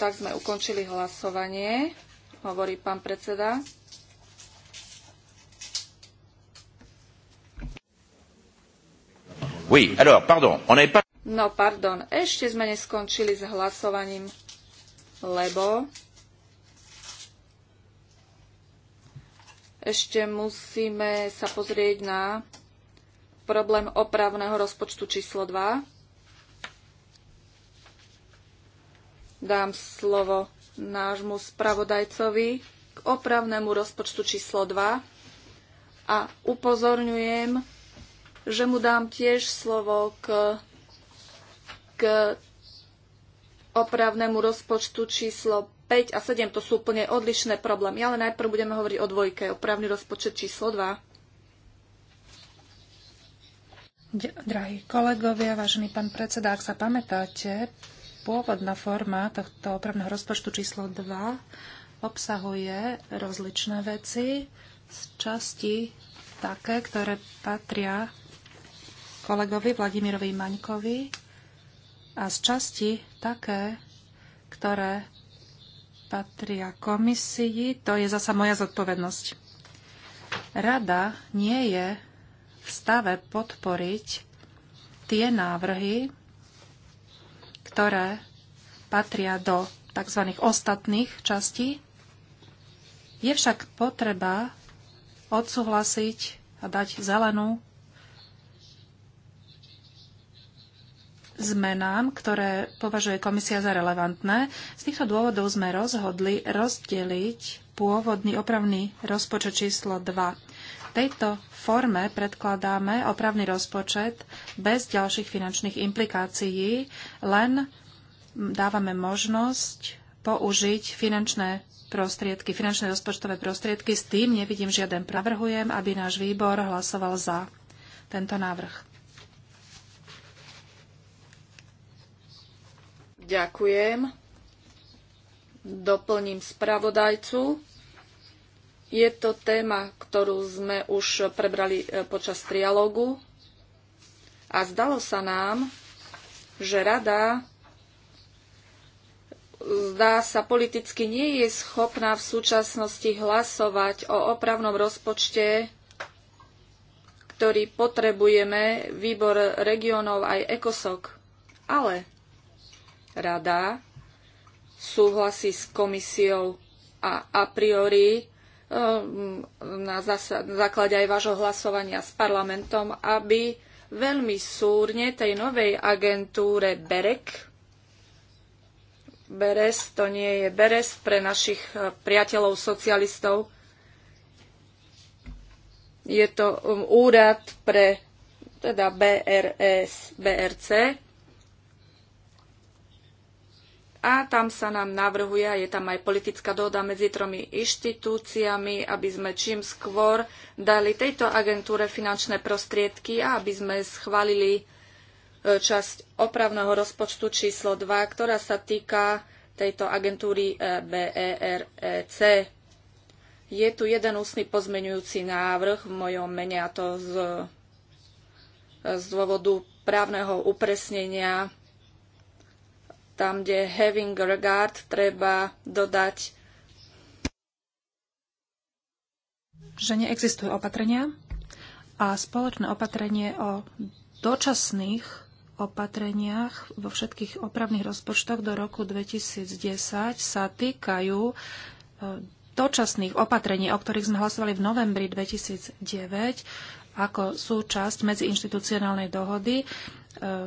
[SPEAKER 3] tak sme ukončili hlasovanie, hovorí pán predseda.
[SPEAKER 4] Oui, alors, pardon, on pas...
[SPEAKER 3] No, pardon, ešte sme neskončili s hlasovaním, lebo ešte musíme sa pozrieť na problém opravného rozpočtu číslo 2. Dám slovo nášmu spravodajcovi k opravnému rozpočtu číslo 2 a upozorňujem, že mu dám tiež slovo k, k opravnému rozpočtu číslo 5 a 7 to sú úplne odlišné problémy, ale najprv budeme hovoriť o dvojke, opravný rozpočet číslo 2.
[SPEAKER 2] Drahí kolegovia, vážený pán predseda, ak sa pamätáte, pôvodná forma tohto opravného rozpočtu číslo 2 obsahuje rozličné veci, z časti také, ktoré patria kolegovi Vladimirovi Maňkovi a z časti také, ktoré patria komisii, to je zasa moja zodpovednosť. Rada nie je v stave podporiť tie návrhy, ktoré patria do tzv. ostatných častí. Je však potreba odsúhlasiť a dať zelenú zmenám, ktoré považuje komisia za relevantné. Z týchto dôvodov sme rozhodli rozdeliť pôvodný opravný rozpočet číslo 2. V tejto forme predkladáme opravný rozpočet bez ďalších finančných implikácií, len dávame možnosť použiť finančné prostriedky, finančné rozpočtové prostriedky. S tým nevidím žiaden. Navrhujem, aby náš výbor hlasoval za tento návrh.
[SPEAKER 3] Ďakujem. Doplním spravodajcu. Je to téma, ktorú sme už prebrali e, počas trialógu a zdalo sa nám, že rada zdá sa politicky nie je schopná v súčasnosti hlasovať o opravnom rozpočte, ktorý potrebujeme, výbor regionov aj ECOSOC. Ale Rada súhlasí s komisiou a a priori ehm, na základe aj vášho hlasovania s parlamentom, aby veľmi súrne tej novej agentúre BEREK, BERES, to nie je BERES pre našich eh, priateľov socialistov, je to ehm, úrad pre teda BRS, e BRC, a tam sa nám navrhuje, je tam aj politická dohoda medzi tromi inštitúciami, aby sme čím skôr dali tejto agentúre finančné prostriedky a aby sme schválili e, časť opravného rozpočtu číslo 2, ktorá sa týka tejto agentúry e, BERC. E je tu jeden ústny pozmenujúci návrh v mojom mene a to z, z dôvodu právneho upresnenia tam, kde having regard, treba dodať,
[SPEAKER 2] že neexistujú opatrenia a spoločné opatrenie o dočasných opatreniach vo všetkých opravných rozpočtoch do roku 2010 sa týkajú e, dočasných opatrení, o ktorých sme hlasovali v novembri 2009 ako súčasť medziinštitucionálnej dohody e,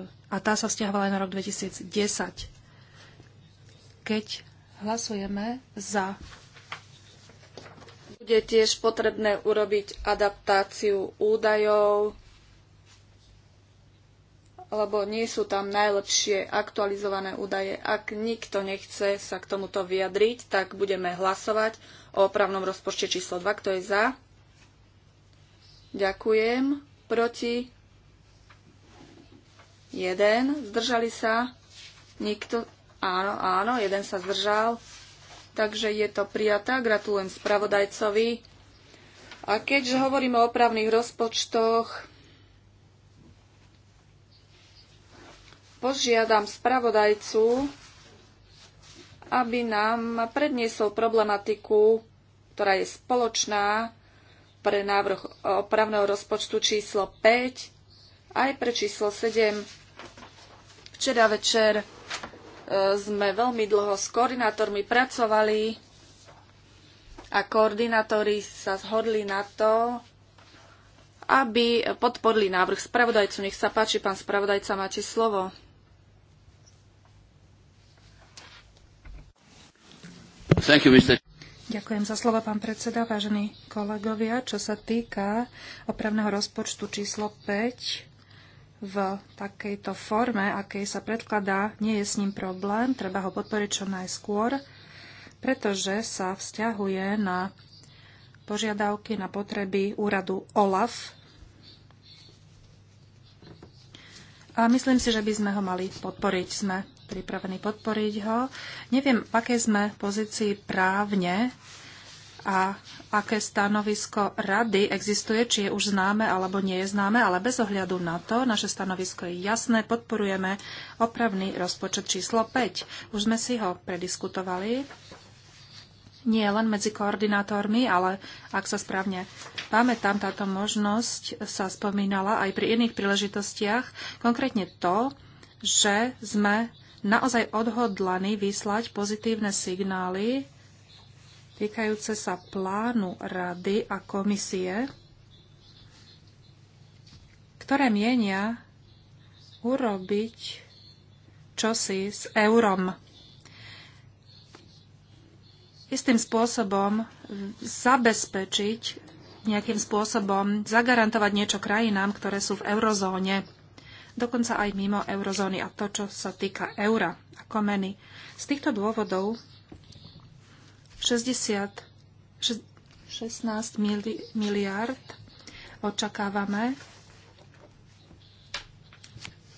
[SPEAKER 2] a tá sa vzťahovala aj na rok 2010 keď hlasujeme za.
[SPEAKER 3] Bude tiež potrebné urobiť adaptáciu údajov, lebo nie sú tam najlepšie aktualizované údaje. Ak nikto nechce sa k tomuto vyjadriť, tak budeme hlasovať o opravnom rozpočte číslo 2. Kto je za? Ďakujem. Proti? 1. Zdržali sa? Nikto Áno, áno, jeden sa zdržal. Takže je to prijatá. Gratulujem spravodajcovi. A keďže hovoríme o opravných rozpočtoch, požiadam spravodajcu, aby nám predniesol problematiku, ktorá je spoločná pre návrh opravného rozpočtu číslo 5 aj pre číslo 7. Včera večer sme veľmi dlho s koordinátormi pracovali a koordinátori sa zhodli na to, aby podporili návrh spravodajcu. Nech sa páči, pán spravodajca, máte slovo. You, Ďakujem
[SPEAKER 2] za slovo, pán predseda, vážení kolegovia. Čo sa týka opravného rozpočtu číslo 5, v takejto forme, akej sa predkladá, nie je s ním problém, treba ho podporiť čo najskôr, pretože sa vzťahuje na požiadavky na potreby úradu OLAF. A myslím si, že by sme ho mali podporiť. Sme pripravení podporiť ho. Neviem, v akej sme pozícii právne a aké stanovisko rady existuje, či je už známe alebo nie je známe, ale bez ohľadu na to, naše stanovisko je jasné, podporujeme opravný rozpočet číslo 5. Už sme si ho prediskutovali, nie len medzi koordinátormi, ale ak sa správne pamätám, táto možnosť sa spomínala aj pri iných príležitostiach, konkrétne to, že sme naozaj odhodlaní vyslať pozitívne signály týkajúce sa plánu rady a komisie, ktoré mienia urobiť čosi s eurom. Istým spôsobom zabezpečiť, nejakým spôsobom zagarantovať niečo krajinám, ktoré sú v eurozóne dokonca aj mimo eurozóny a to, čo sa týka eura a komeny. Z týchto dôvodov 60, 16 mili, miliard očakávame.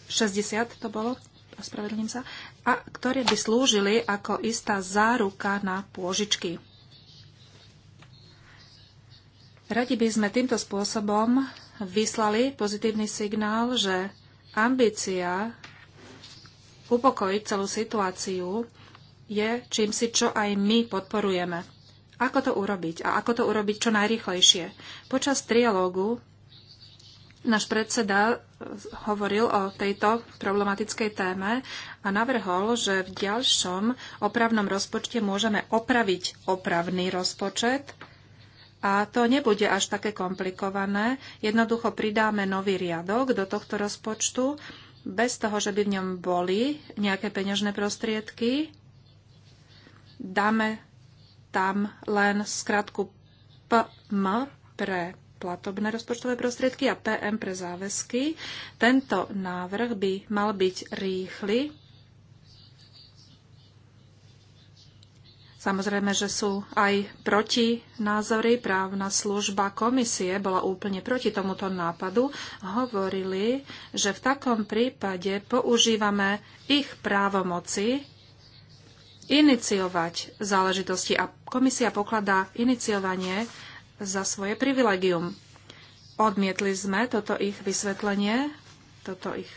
[SPEAKER 2] 60 to bolo, ospravedlním sa. A ktoré by slúžili ako istá záruka na pôžičky. Radi by sme týmto spôsobom vyslali pozitívny signál, že ambícia upokojiť celú situáciu je čím si, čo aj my podporujeme. Ako to urobiť a ako to urobiť čo najrychlejšie? Počas trialógu náš predseda eh, hovoril o tejto problematickej téme a navrhol, že v ďalšom opravnom rozpočte môžeme opraviť opravný rozpočet a to nebude až také komplikované. Jednoducho pridáme nový riadok do tohto rozpočtu bez toho, že by v ňom boli nejaké peňažné prostriedky dáme tam len skratku PM pre platobné rozpočtové prostriedky a PM pre záväzky. Tento návrh by mal byť rýchly. Samozrejme, že sú aj proti názory. Právna služba komisie bola úplne proti tomuto nápadu. Hovorili, že v takom prípade používame ich právomoci iniciovať záležitosti a komisia pokladá iniciovanie za svoje privilegium. Odmietli sme toto ich vysvetlenie, toto ich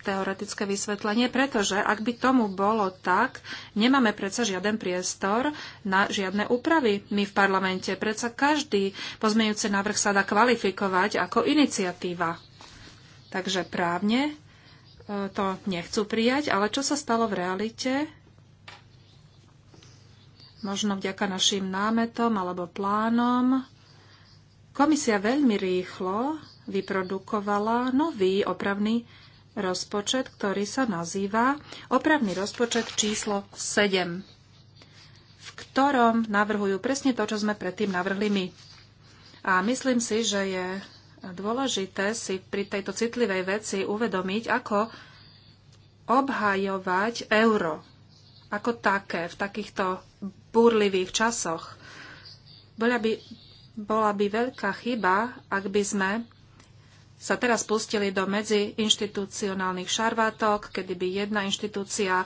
[SPEAKER 2] teoretické vysvetlenie, pretože ak by tomu bolo tak, nemáme predsa žiaden priestor na žiadne úpravy. My v parlamente predsa každý pozmeňujúci návrh sa dá kvalifikovať ako iniciatíva. Takže právne e, to nechcú prijať, ale čo sa stalo v realite? možno vďaka našim námetom alebo plánom, komisia veľmi rýchlo vyprodukovala nový opravný rozpočet, ktorý sa nazýva opravný rozpočet číslo 7, v ktorom navrhujú presne to, čo sme predtým navrhli my. A myslím si, že je dôležité si pri tejto citlivej veci uvedomiť, ako obhajovať euro ako také v takýchto búrlivých časoch. Bola by, bola by veľká chyba, ak by sme sa teraz pustili do medziinštitucionálnych šarvátok, kedy by jedna inštitúcia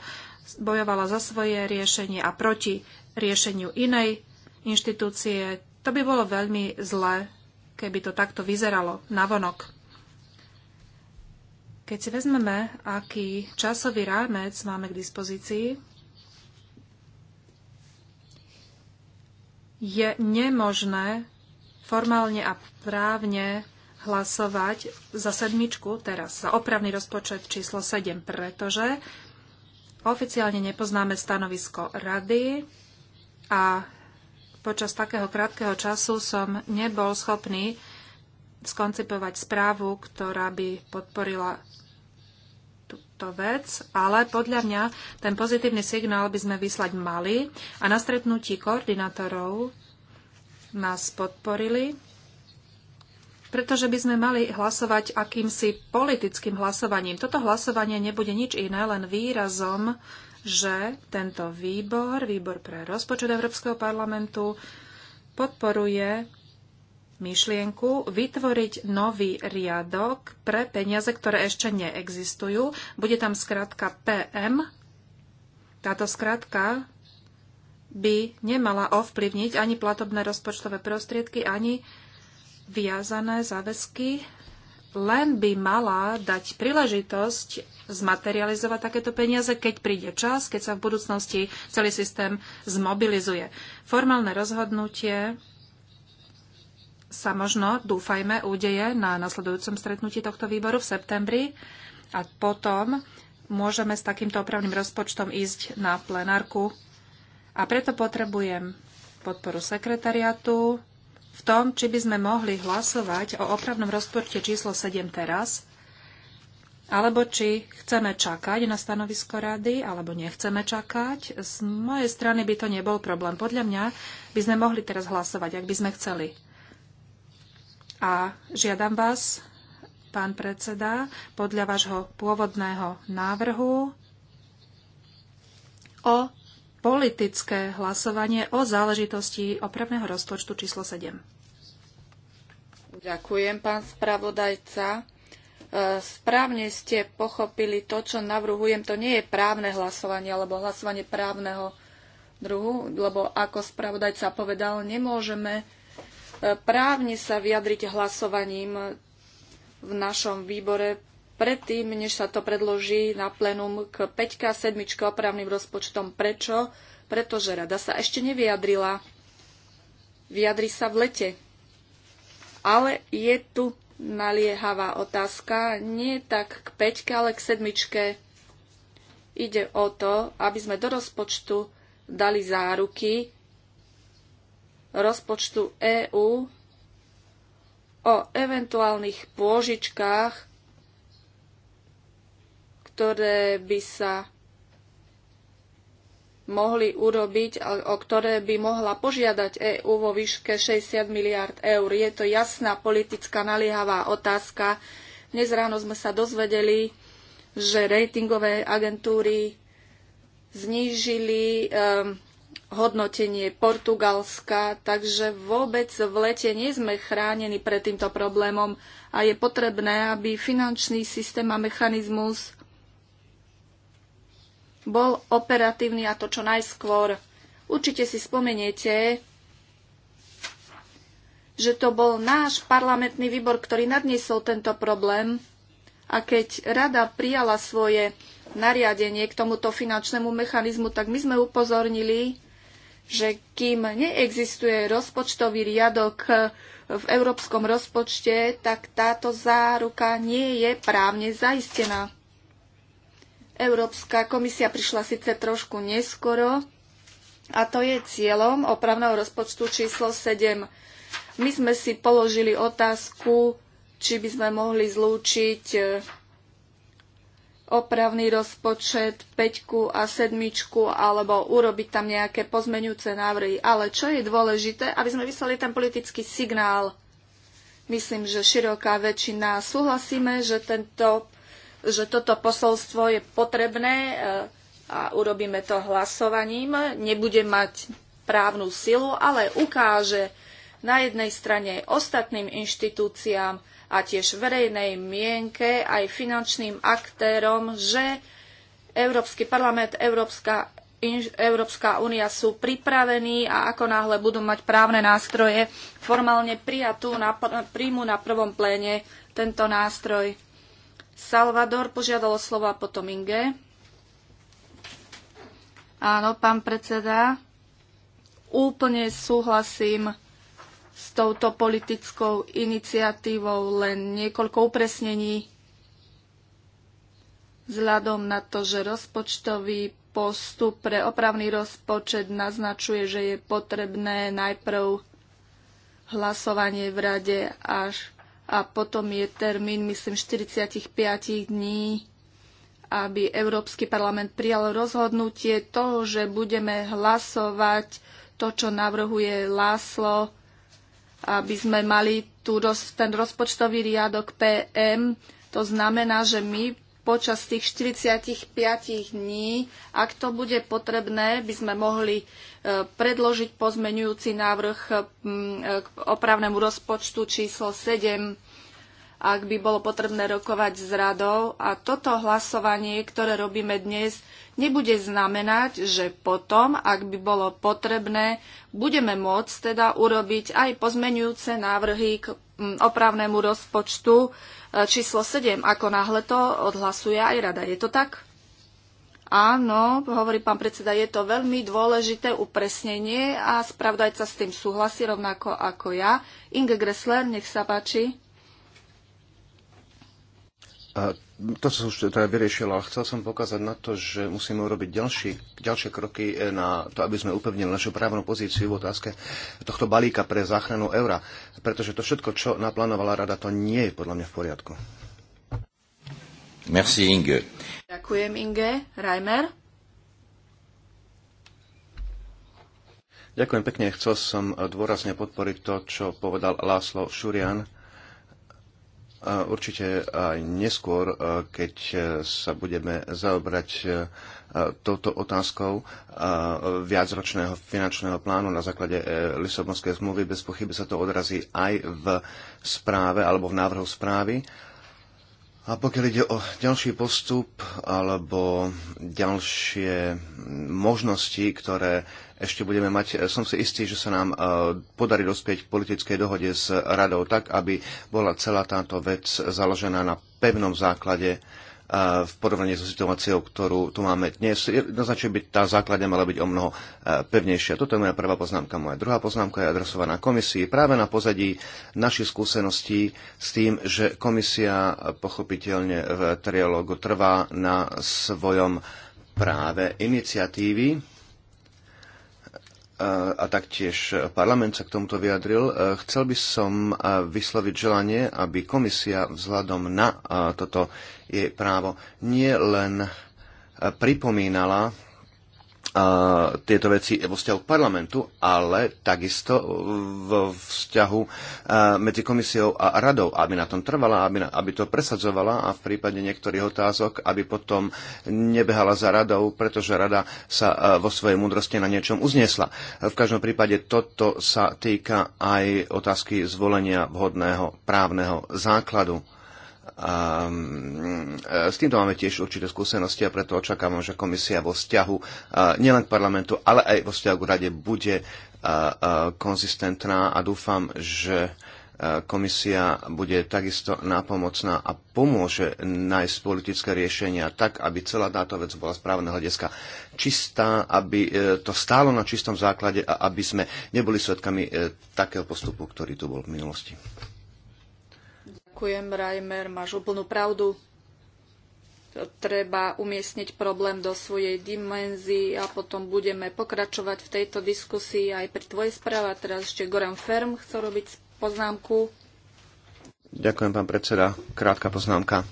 [SPEAKER 2] bojovala za svoje riešenie a proti riešeniu inej inštitúcie. To by bolo veľmi zlé, keby to takto vyzeralo navonok. Keď si vezmeme, aký časový rámec máme k dispozícii, je nemožné formálne a právne hlasovať za sedmičku teraz, za opravný rozpočet číslo 7, pretože oficiálne nepoznáme stanovisko rady a počas takého krátkeho času som nebol schopný skoncipovať správu, ktorá by podporila takúto vec, ale podľa mňa ten pozitívny signál by sme vyslať mali a na stretnutí koordinátorov nás podporili, pretože by sme mali hlasovať akýmsi politickým hlasovaním. Toto hlasovanie nebude nič iné, len výrazom, že tento výbor, výbor pre rozpočet Európskeho parlamentu, podporuje myšlienku vytvoriť nový riadok pre peniaze, ktoré ešte neexistujú. Bude tam skratka PM. Táto skratka by nemala ovplyvniť ani platobné rozpočtové prostriedky, ani viazané záväzky, len by mala dať príležitosť zmaterializovať takéto peniaze, keď príde čas, keď sa v budúcnosti celý systém zmobilizuje. Formálne rozhodnutie sa možno, dúfajme, udeje na nasledujúcom stretnutí tohto výboru v septembri a potom môžeme s takýmto opravným rozpočtom ísť na plenárku. A preto potrebujem podporu sekretariatu v tom, či by sme mohli hlasovať o opravnom rozpočte číslo 7 teraz, alebo či chceme čakať na stanovisko rady, alebo nechceme čakať. Z mojej strany by to nebol problém. Podľa mňa by sme mohli teraz hlasovať, ak by sme chceli. A žiadam vás, pán predseda, podľa vášho pôvodného návrhu o politické hlasovanie o záležitosti opravného rozpočtu číslo 7.
[SPEAKER 3] Ďakujem, pán spravodajca. E, správne ste pochopili to, čo navrhujem. To nie je právne hlasovanie alebo hlasovanie právneho druhu, lebo ako spravodajca povedal, nemôžeme právne sa vyjadriť hlasovaním v našom výbore predtým, než sa to predloží na plenum k 5 a 7 opravným rozpočtom. Prečo? Pretože rada sa ešte nevyjadrila. Vyjadri sa v lete. Ale je tu naliehavá otázka, nie tak k 5, ale k 7. Ide o to, aby sme do rozpočtu dali záruky, rozpočtu EÚ o eventuálnych pôžičkách, ktoré by sa mohli urobiť, o ktoré by mohla požiadať EÚ vo výške 60 miliard eur. Je to jasná politická naliehavá otázka. Dnes ráno sme sa dozvedeli, že rejtingové agentúry znížili um, hodnotenie Portugalska, takže vôbec v lete nie sme chránení pred týmto problémom a je potrebné, aby finančný systém a mechanizmus bol operatívny a to čo najskôr. Určite si spomeniete, že to bol náš parlamentný výbor, ktorý nadniesol tento problém a keď rada prijala svoje nariadenie k tomuto finančnému mechanizmu, tak my sme upozornili, že kým neexistuje rozpočtový riadok v európskom rozpočte, tak táto záruka nie je právne zaistená. Európska komisia prišla síce trošku neskoro, a to je cieľom opravného rozpočtu číslo 7. My sme si položili otázku, či by sme mohli zlúčiť opravný rozpočet, peťku a sedmičku, alebo urobiť tam nejaké pozmeňujúce návrhy. Ale čo je dôležité, aby sme vyslali ten politický signál. Myslím, že široká väčšina súhlasíme, že, tento, že toto posolstvo je potrebné e, a urobíme to hlasovaním. Nebude mať právnu silu, ale ukáže na jednej strane ostatným inštitúciám, a tiež verejnej mienke aj finančným aktérom, že Európsky parlament, Európska, Európska únia sú pripravení a ako náhle budú mať právne nástroje, formálne prijatú na, príjmu na prvom pléne tento nástroj. Salvador požiadalo slova potom Inge. Áno, pán predseda, úplne súhlasím s touto politickou iniciatívou len niekoľko upresnení vzhľadom na to, že rozpočtový postup pre opravný rozpočet naznačuje, že je potrebné najprv hlasovanie v rade až a potom je termín, myslím, 45 dní, aby Európsky parlament prijal rozhodnutie toho, že budeme hlasovať to, čo navrhuje Láslo aby sme mali tú, ten rozpočtový riadok PM. To znamená, že my počas tých 45 dní, ak to bude potrebné, by sme mohli e, predložiť pozmenujúci návrh e, k opravnému rozpočtu číslo 7 ak by bolo potrebné rokovať s radou. A toto hlasovanie, ktoré robíme dnes, nebude znamenať, že potom, ak by bolo potrebné, budeme môcť teda urobiť aj pozmenujúce návrhy k mm, opravnému rozpočtu e, číslo 7. Ako náhle to odhlasuje aj rada. Je to tak? Áno, hovorí pán predseda, je to veľmi dôležité upresnenie a spravdajca s tým súhlasí rovnako ako ja. Inge Gressler, nech sa páči.
[SPEAKER 1] A to sa už teda vyriešilo, ale chcel som pokázať na to, že musíme urobiť ďalší, ďalšie kroky e, na to, aby sme upevnili našu právnu pozíciu v otázke tohto balíka pre záchranu eura. Pretože to všetko, čo naplánovala rada, to nie je podľa mňa v poriadku. Merci, Inge.
[SPEAKER 3] Ďakujem, Inge. Reimer?
[SPEAKER 1] Ďakujem pekne. Chcel som dôrazne podporiť to, čo povedal Láslo Šurian určite aj neskôr, keď e, sa budeme zaobrať e, touto otázkou e, viacročného finančného plánu na základe Lisabonskej zmluvy. Bez pochyby sa to odrazí aj v správe alebo v návrhu správy a pokiaľ ide o ďalší postup alebo ďalšie možnosti, ktoré ešte budeme mať, eh, som si istý, že sa nám eh, podarí dospieť k politickej dohode s radou tak, aby bola celá táto vec založená na pevnom základe v porovnaní so situáciou, ktorú tu máme dnes. Jednoznačne by tá základňa mala byť o mnoho e, pevnejšia. Toto je moja prvá poznámka. Moja druhá poznámka je adresovaná komisii práve na pozadí našich skúseností s tým, že komisia pochopiteľne v trialógu trvá na svojom práve iniciatívy a taktiež parlament sa k tomuto vyjadril. E, chcel by som e, vysloviť želanie, aby komisia vzhľadom na e, toto jej právo nie len pripomínala tieto veci vo vzťahu k parlamentu, ale takisto vo vzťahu medzi komisiou a radou, aby na tom trvala, aby, na, aby to presadzovala a v prípade niektorých otázok, aby potom nebehala za radou, pretože rada sa vo svojej múdrosti na niečom uzniesla. V každom prípade toto sa týka aj otázky zvolenia vhodného právneho základu a ehm, e, s týmto máme tiež určité skúsenosti a preto očakávam, že komisia vo vzťahu e, nielen k parlamentu, ale aj vo vzťahu k rade bude e, konzistentná a dúfam, že komisia bude takisto nápomocná a pomôže nájsť politické riešenia tak, aby celá táto vec bola správneho hľadiska čistá, aby to stálo na čistom základe a aby sme neboli svedkami takého postupu, ktorý tu bol v minulosti.
[SPEAKER 3] Ďakujem, Reimer, máš úplnú pravdu. Treba umiestniť problém do svojej dimenzii a potom budeme pokračovať v tejto diskusii aj pri tvojej správe. Teraz ešte Goran Ferm chce robiť poznámku.
[SPEAKER 1] Ďakujem, pán predseda. Krátka poznámka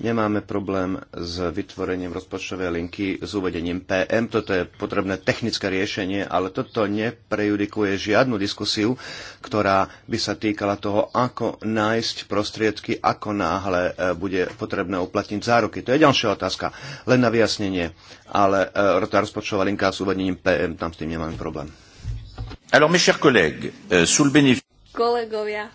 [SPEAKER 1] nemáme problém s vytvorením rozpočtovej linky s uvedením PM. Toto je potrebné technické riešenie, ale toto neprejudikuje žiadnu diskusiu, ktorá by sa týkala toho, ako nájsť prostriedky, ako náhle e, bude potrebné uplatniť záruky. To je ďalšia otázka. Len na vyjasnenie. Ale e, tá rozpočtová linka s uvedením PM, tam s tým nemáme problém.
[SPEAKER 4] Alors, mes chers collègues, euh, sous le bénéfice...
[SPEAKER 3] Kolegovia,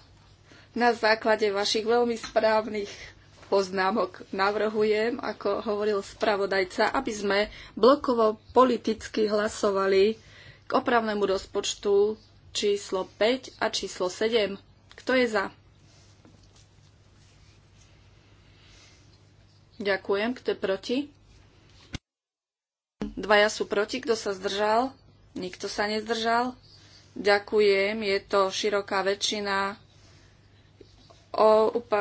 [SPEAKER 3] na základe vašich veľmi správnych poznámok. Navrhujem, ako hovoril spravodajca, aby sme blokovo politicky hlasovali k opravnému rozpočtu číslo 5 a číslo 7. Kto je za? Ďakujem. Kto je proti? Dvaja sú proti. Kto sa zdržal? Nikto sa nezdržal. Ďakujem. Je to široká väčšina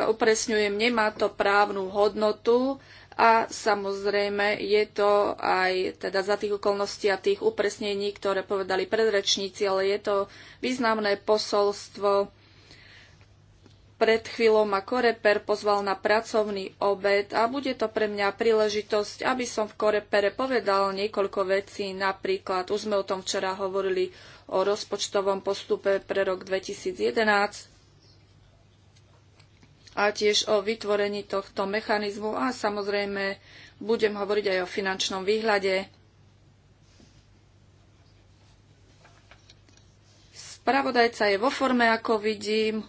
[SPEAKER 3] upresňujem, nemá to právnu hodnotu a samozrejme je to aj teda za tých okolností a tých upresnení, ktoré povedali predrečníci, ale je to významné posolstvo. Pred chvíľou ma Koreper pozval na pracovný obed a bude to pre mňa príležitosť, aby som v Korepere povedal niekoľko vecí, napríklad, už sme o tom včera hovorili, o rozpočtovom postupe pre rok 2011, a tiež o vytvorení tohto mechanizmu a samozrejme budem hovoriť aj o finančnom výhľade. Spravodajca je vo forme, ako vidím,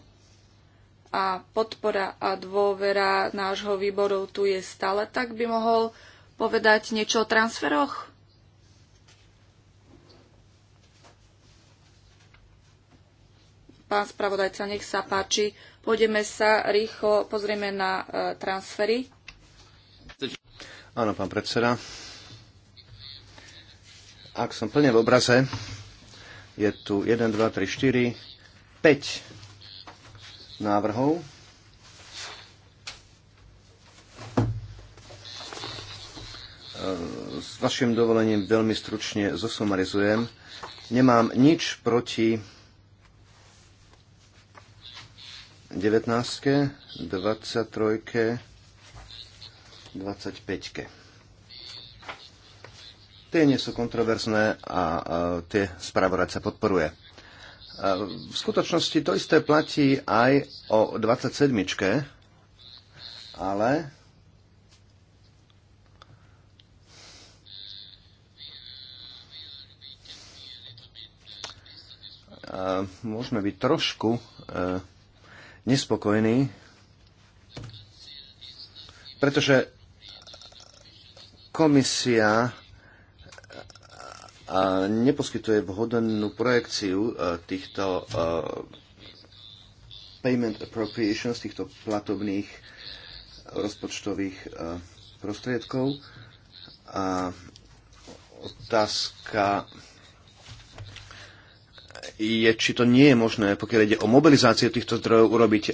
[SPEAKER 3] a podpora a dôvera nášho výboru tu je stále. Tak by mohol povedať niečo o transferoch? Pán spravodajca, nech sa páči. Pôjdeme sa rýchlo, pozrieme na e, transfery.
[SPEAKER 1] Áno, pán predseda. Ak som plne v obraze, je tu 1, 2, 3, 4, 5 návrhov. E, s vašim dovolením veľmi stručne zosumarizujem. Nemám nič proti 19, 23, 25. Tie nie sú kontroverzné a, tie sa podporuje. V skutočnosti to isté platí aj o 27, ale môžeme byť trošku e, nespokojní, pretože komisia neposkytuje vhodnú projekciu e, týchto e, payment appropriations, týchto platobných rozpočtových e, prostriedkov. A otázka je, či to nie je možné, pokiaľ ide o mobilizáciu týchto zdrojov, urobiť e,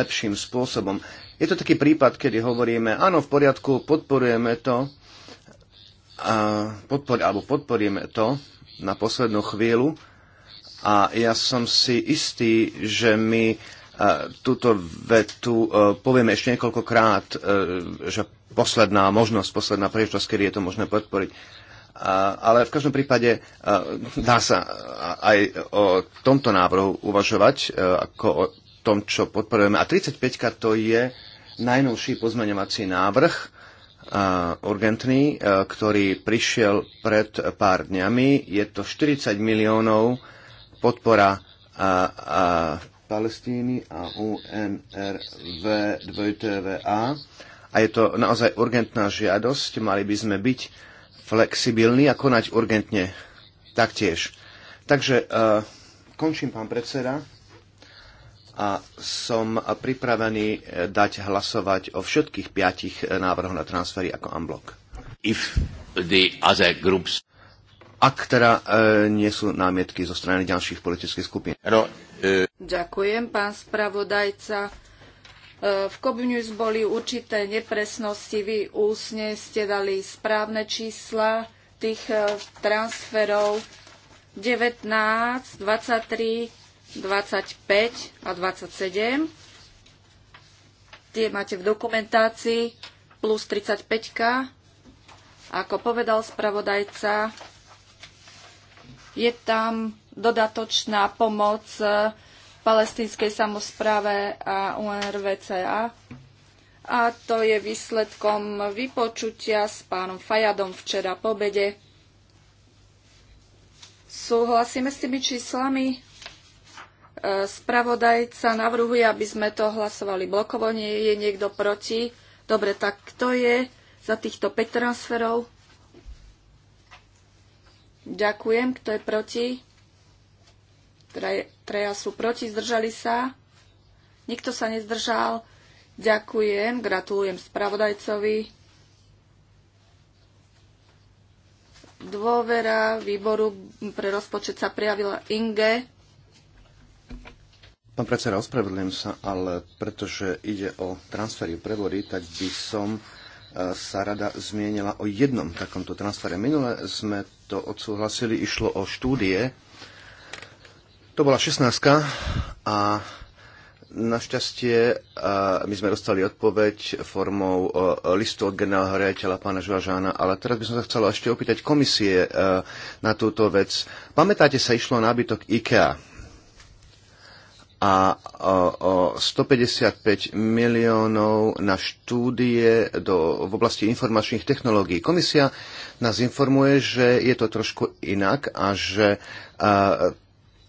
[SPEAKER 1] lepším spôsobom. Je to taký prípad, kedy hovoríme, áno, v poriadku, podporujeme to, a podpor, alebo podporíme to na poslednú chvíľu a ja som si istý, že my e, túto vetu e, povieme ešte niekoľkokrát, že posledná možnosť, posledná príležitosť, kedy je to možné podporiť ale v každom prípade dá sa aj o tomto návrhu uvažovať e, ako o tom, čo podporujeme. A 35 to je najnovší pozmeňovací návrh, e, urgentný, e, ktorý prišiel pred pár dňami. Je to 40 miliónov podpora a, a Palestíny a UNRV 2TVA. A je to naozaj urgentná žiadosť. Mali by sme byť flexibilní a konať urgentne taktiež. Takže uh, končím, pán predseda, a som pripravený e, dať hlasovať o všetkých piatich e, návrhoch na transfery ako unblock. If the other groups... Ak teda uh, nie sú námietky zo strany ďalších politických skupín.
[SPEAKER 4] No, uh...
[SPEAKER 3] Ďakujem, pán spravodajca. V Kobňus boli určité nepresnosti. Vy úsne ste dali správne čísla tých e, transferov 19, 23, 25 a 27. Tie máte v dokumentácii plus 35. Ako povedal spravodajca, je tam dodatočná pomoc e, palestínskej samozpráve a UNRVCA. A to je výsledkom vypočutia s pánom Fajadom včera po bede. Súhlasíme s tými číslami? E, spravodajca navrhuje, aby sme to hlasovali blokovo. Nie je niekto proti? Dobre, tak kto je za týchto 5 transferov? Ďakujem. Kto je proti? Traja, sú proti, zdržali sa. Nikto sa nezdržal. Ďakujem, gratulujem spravodajcovi. Dôvera výboru pre rozpočet sa prejavila Inge.
[SPEAKER 1] Pán predseda, ospravedlňujem sa, ale pretože ide o transfery prevody, tak by som e, sa rada zmienila o jednom takomto transfere. Minule sme to odsúhlasili, išlo o štúdie to bola 16. A Našťastie my sme dostali odpoveď formou e, listu od generálneho riaditeľa pána Žvažána, ale teraz by som sa chcel ešte opýtať komisie e, na túto vec. Pamätáte sa, išlo nábytok IKEA a o 155 miliónov na štúdie do, v oblasti informačných technológií. Komisia nás informuje, že je to trošku inak a že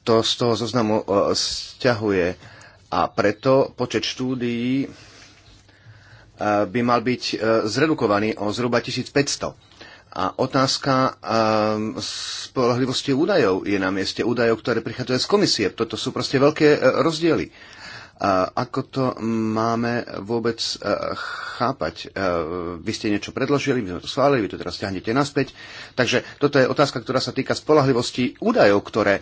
[SPEAKER 1] to z toho zoznamu e, stiahuje. A preto počet štúdií e, by mal byť e, zredukovaný o zhruba 1500. A otázka spolahlivosti údajov je na mieste údajov, ktoré prichádzajú z komisie. Toto sú proste veľké rozdiely. Ako to máme vôbec e, chápať? E, vy ste niečo predložili, my sme to schválili, vy to teraz ťahnete naspäť. Takže toto je otázka, ktorá sa týka spolahlivosti údajov, ktoré e,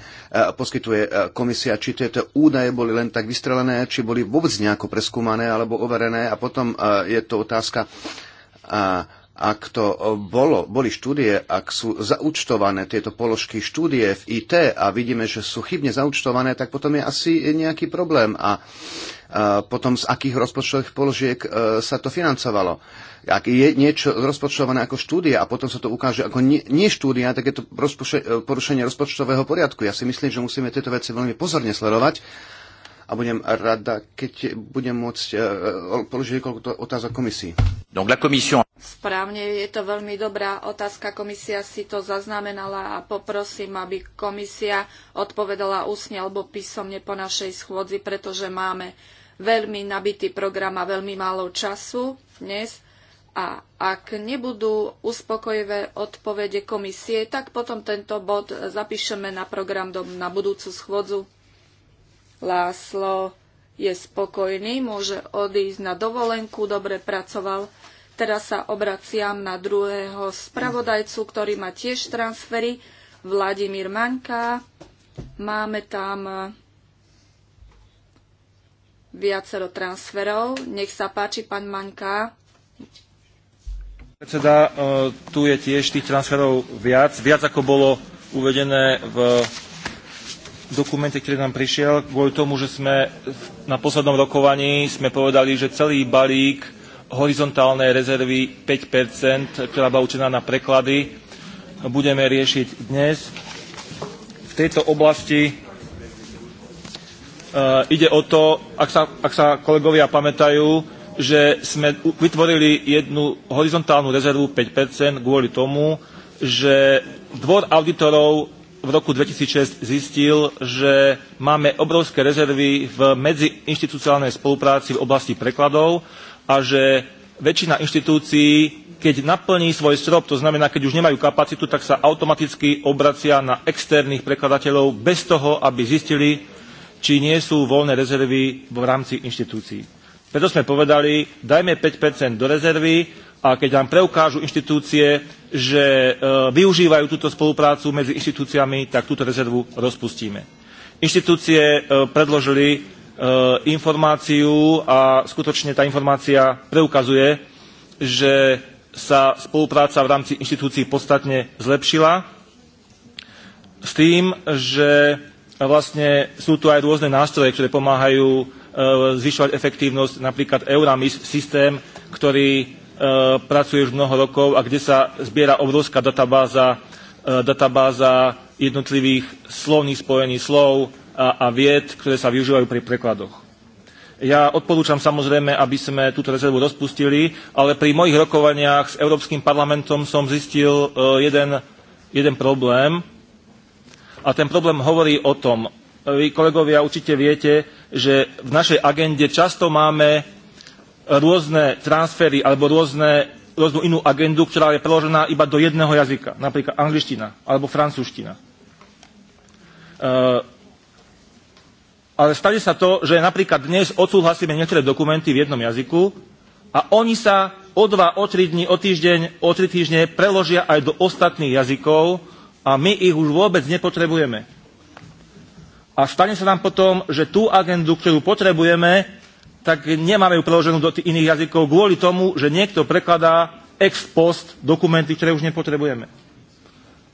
[SPEAKER 1] poskytuje komisia. Či tieto údaje boli len tak vystrelené, či boli vôbec nejako preskúmané alebo overené. A potom je to otázka ak to eh, bolo, boli štúdie, ak sú zaučtované tieto položky štúdie v IT a vidíme, že sú chybne zaučtované, tak potom je asi nejaký problém. A potom z akých rozpočtových položiek eh, sa to financovalo. Ak je niečo rozpočtované ako štúdia a potom sa to ukáže ako nie, nie štúdia, tak je to eh, porušenie rozpočtového poriadku. Ja si myslím, že musíme tieto veci veľmi pozorne sledovať a budem rada, keď budem môcť položiť niekoľko otázok komisii. Správne,
[SPEAKER 3] je to veľmi dobrá otázka. Komisia si to zaznamenala a poprosím, aby komisia odpovedala úsne alebo písomne po našej schôdzi, pretože máme veľmi nabitý program a veľmi málo času dnes. A ak nebudú uspokojivé odpovede komisie, tak potom tento bod zapíšeme na program do, na budúcu schôdzu. Láslo je spokojný, môže odísť na dovolenku, dobre pracoval Teraz sa obraciam na druhého spravodajcu, ktorý má tiež transfery, Vladimír Maňka. Máme tam e, viacero transferov. Nech sa páči, pán Maňka.
[SPEAKER 4] Predseda, e, tu je tiež tých transferov viac, viac ako bolo uvedené v dokumente, ktorý nám prišiel, kvôli tomu, že sme na poslednom rokovaní sme povedali, že celý balík horizontálnej rezervy 5 ktorá bola určená na preklady, budeme riešiť dnes. V tejto oblasti e, ide o to, ak sa, ak sa kolegovia pamätajú, že sme vytvorili jednu horizontálnu rezervu 5 kvôli tomu, že dvor auditorov v roku 2006 zistil, že máme obrovské rezervy v medziinstitucionálnej spolupráci v oblasti prekladov a že väčšina inštitúcií, keď naplní svoj strop, to znamená, keď už nemajú kapacitu, tak sa automaticky obracia na externých prekladateľov bez toho, aby zistili, či nie sú voľné rezervy v rámci inštitúcií. Preto sme povedali, dajme 5 do rezervy a keď nám preukážu inštitúcie, že e, využívajú túto spoluprácu medzi inštitúciami, tak túto rezervu rozpustíme. Inštitúcie e, predložili E, informáciu a skutočne tá informácia preukazuje, že sa spolupráca v rámci inštitúcií podstatne zlepšila s tým, že vlastne sú tu aj rôzne nástroje, ktoré pomáhajú e, zvyšovať efektívnosť, napríklad Euramis, systém, ktorý e, pracuje už mnoho rokov a kde sa zbiera obrovská databáza, databáza jednotlivých slovných spojení slov, a, a vied, ktoré sa využívajú pri prekladoch. Ja odporúčam samozrejme, aby sme túto rezervu rozpustili, ale pri mojich rokovaniach s Európskym parlamentom som zistil e, jeden, jeden problém. A ten problém hovorí o tom, vy kolegovia určite viete, že v našej agende často máme rôzne transfery alebo rôzne, rôznu inú agendu, ktorá je preložená iba do jedného jazyka, napríklad angličtina alebo francúzština. Uh, ale stane sa to, že napríklad dnes odsúhlasíme niektoré dokumenty v jednom jazyku a oni sa o dva, o tri dní, o týždeň, o tri týždne preložia aj do ostatných jazykov a my ich už vôbec nepotrebujeme. A stane sa nám potom, že tú agendu, ktorú potrebujeme, tak nemáme ju preloženú do tých iných jazykov kvôli tomu, že niekto prekladá ex post dokumenty, ktoré už nepotrebujeme.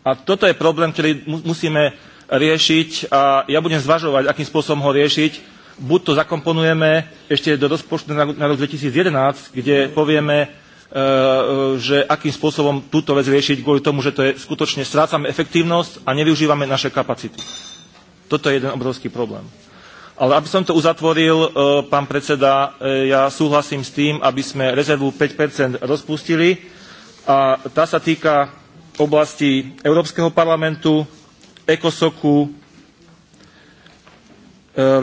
[SPEAKER 4] A toto je problém, ktorý musíme riešiť a ja budem zvažovať, akým spôsobom ho riešiť. Buď to zakomponujeme ešte do rozpočtu na rok 2011, kde povieme, e, že akým spôsobom túto vec riešiť kvôli tomu, že to je skutočne strácame efektívnosť a nevyužívame naše kapacity. Toto je jeden obrovský problém. Ale aby som to uzatvoril, e, pán predseda, e, ja súhlasím s tým, aby sme rezervu 5 rozpustili a tá sa týka oblasti Európskeho parlamentu, ECOSOKu, e,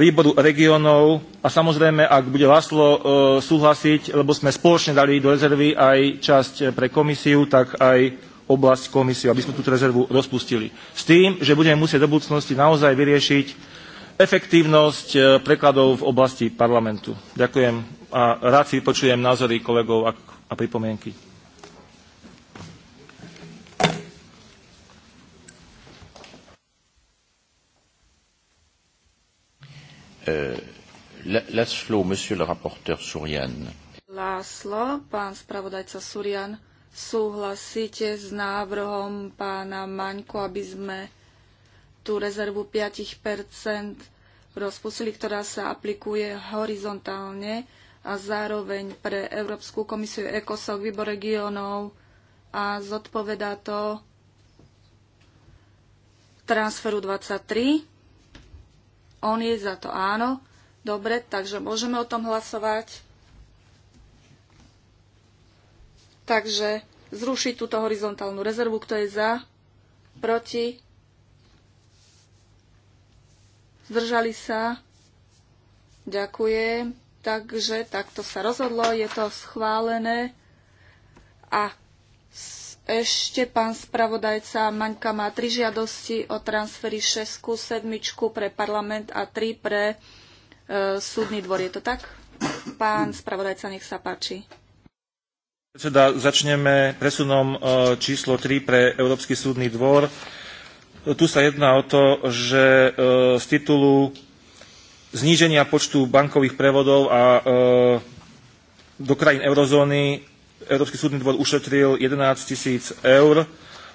[SPEAKER 4] výboru regiónov a samozrejme, ak bude Laslo e, súhlasiť, lebo sme spoločne dali do rezervy aj časť pre komisiu, tak aj oblasť komisiu, aby sme túto rezervu rozpustili. S tým, že budeme musieť do budúcnosti naozaj vyriešiť efektívnosť e, prekladov v oblasti parlamentu. Ďakujem a rád si počujem názory kolegov a pripomienky.
[SPEAKER 2] Euh, monsieur le rapporteur Surian.
[SPEAKER 3] pán spravodajca Surian, súhlasíte s návrhom pána Maňko, aby sme tú rezervu 5% rozpustili, ktorá sa aplikuje horizontálne a zároveň pre Európsku komisiu ECOSOC výbor regionov a zodpovedá to transferu 23 on je za to áno. Dobre, takže môžeme o tom hlasovať. Takže zrušiť túto horizontálnu rezervu, kto je za, proti, zdržali sa, ďakujem. Takže takto sa rozhodlo, je to schválené a ešte pán spravodajca Maňka má tri žiadosti o transfery 6, 7 pre parlament a 3 pre e, súdny dvor. Je to tak? Pán spravodajca, nech sa páči.
[SPEAKER 4] Teda začneme presunom e, číslo 3 pre Európsky súdny dvor. Tu sa jedná o to, že e, z titulu zníženia počtu bankových prevodov a e, do krajín eurozóny Európsky súdny dvor ušetril 11 tisíc eur,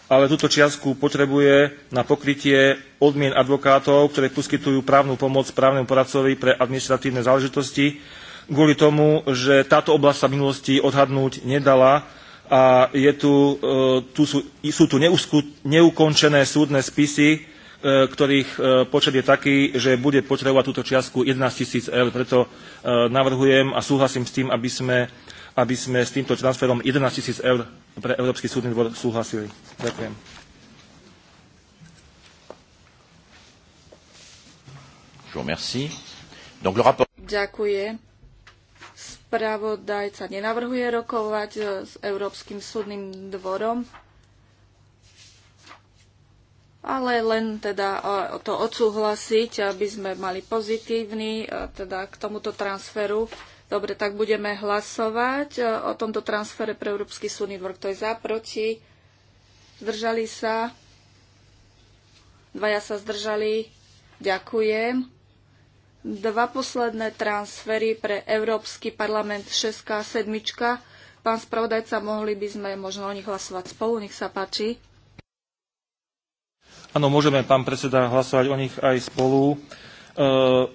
[SPEAKER 4] ale túto čiastku potrebuje na pokrytie odmien advokátov, ktoré poskytujú právnu pomoc právnemu poradcovi pre administratívne záležitosti, kvôli tomu, že táto oblasť sa v minulosti odhadnúť nedala a je tu, e, tu sú, sú tu neusku, neukončené súdne spisy, e, ktorých e, počet je taký, že bude potrebovať túto čiastku 11 tisíc eur. Preto navrhujem a súhlasím s tým, aby sme aby sme s týmto transferom 11 tisíc eur pre Európsky súdny dvor súhlasili. Ďakujem. Ďakujem.
[SPEAKER 3] Spravodajca nenavrhuje rokovať e, s Európskym súdnym dvorom, ale len teda e, to odsúhlasiť, aby sme mali pozitívny e, teda k tomuto transferu Dobre, tak budeme hlasovať e, o tomto transfere pre Európsky súdny dvor. Kto je za, proti? Zdržali sa? Dvaja sa zdržali. Ďakujem. Dva posledné transfery pre Európsky parlament 6 a 7. Pán spravodajca, mohli by sme možno o nich hlasovať spolu. Nech sa páči.
[SPEAKER 4] Áno, môžeme, pán predseda, hlasovať o nich aj spolu. E,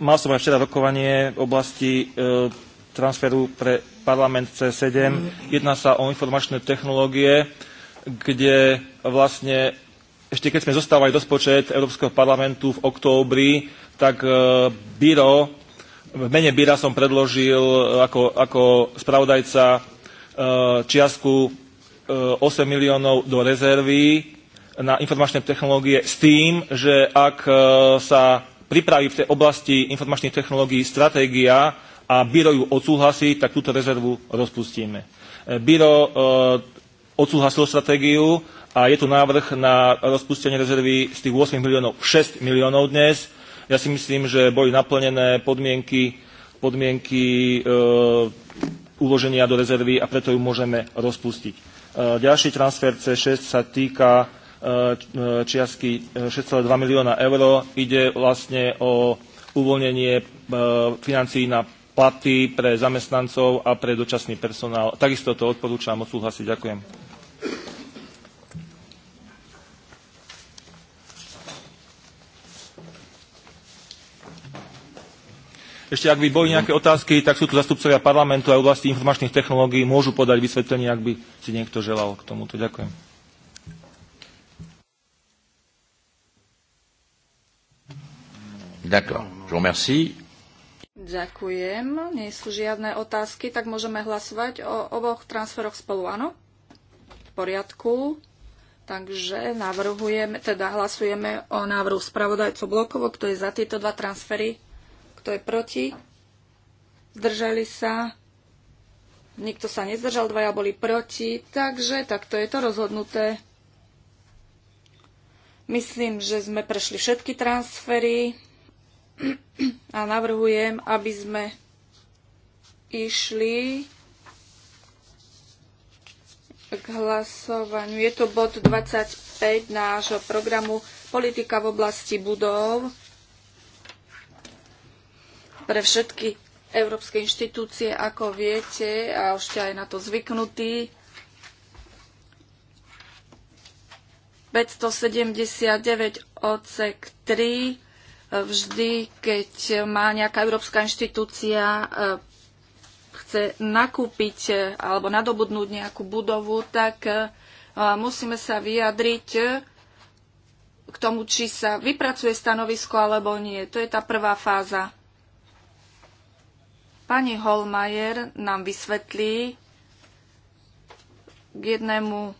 [SPEAKER 4] mal som včera rokovanie v oblasti e, transferu pre parlament C7. Jedná sa o informačné technológie, kde vlastne ešte keď sme zostávali rozpočet Európskeho parlamentu v októbri, tak e, Biro, v mene Bira som predložil e, ako, ako spravodajca e, čiastku e, 8 miliónov do rezervy na informačné technológie s tým, že ak e, sa pripraví v tej oblasti informačných technológií stratégia a Biro ju odsúhlasí, tak túto rezervu rozpustíme. E, Biro e, odsúhlasilo stratégiu a je tu návrh na rozpustenie rezervy z tých 8 miliónov 6 miliónov dnes. Ja si myslím, že boli naplnené podmienky, podmienky e, uloženia do rezervy a preto ju môžeme rozpustiť. E, ďalší transfer C6 sa týka E, čiastky 6,2 e, milióna eur. Ide vlastne o uvoľnenie e, financií na platy pre zamestnancov a pre dočasný personál. Takisto to odporúčam odsúhlasiť. Ďakujem. Ešte ak by boli nejaké otázky, tak sú tu zastupcovia parlamentu a oblasti informačných technológií môžu podať vysvetlenie, ak by si niekto želal k tomuto. Ďakujem. D'accord, je vous remercie.
[SPEAKER 3] Ďakujem. Nie sú žiadne otázky, tak môžeme hlasovať o oboch transferoch spolu, áno? V poriadku. Takže navrhujeme, teda hlasujeme o návrhu spravodajcu blokovo, kto je za tieto dva transfery, kto je proti, zdržali sa, nikto sa nezdržal, dvaja boli proti, takže takto je to rozhodnuté. Myslím, že sme prešli všetky transfery a navrhujem, aby sme išli k hlasovaniu. Je to bod 25 nášho programu Politika v oblasti budov pre všetky európske inštitúcie, ako viete, a už ste aj na to zvyknutí. 579 odsek 3 Vždy, keď má nejaká európska inštitúcia e, chce nakúpiť e, alebo nadobudnúť nejakú budovu, tak e, musíme sa vyjadriť k tomu, či sa vypracuje stanovisko alebo nie. To je tá prvá fáza. Pani Holmajer nám vysvetlí k jednému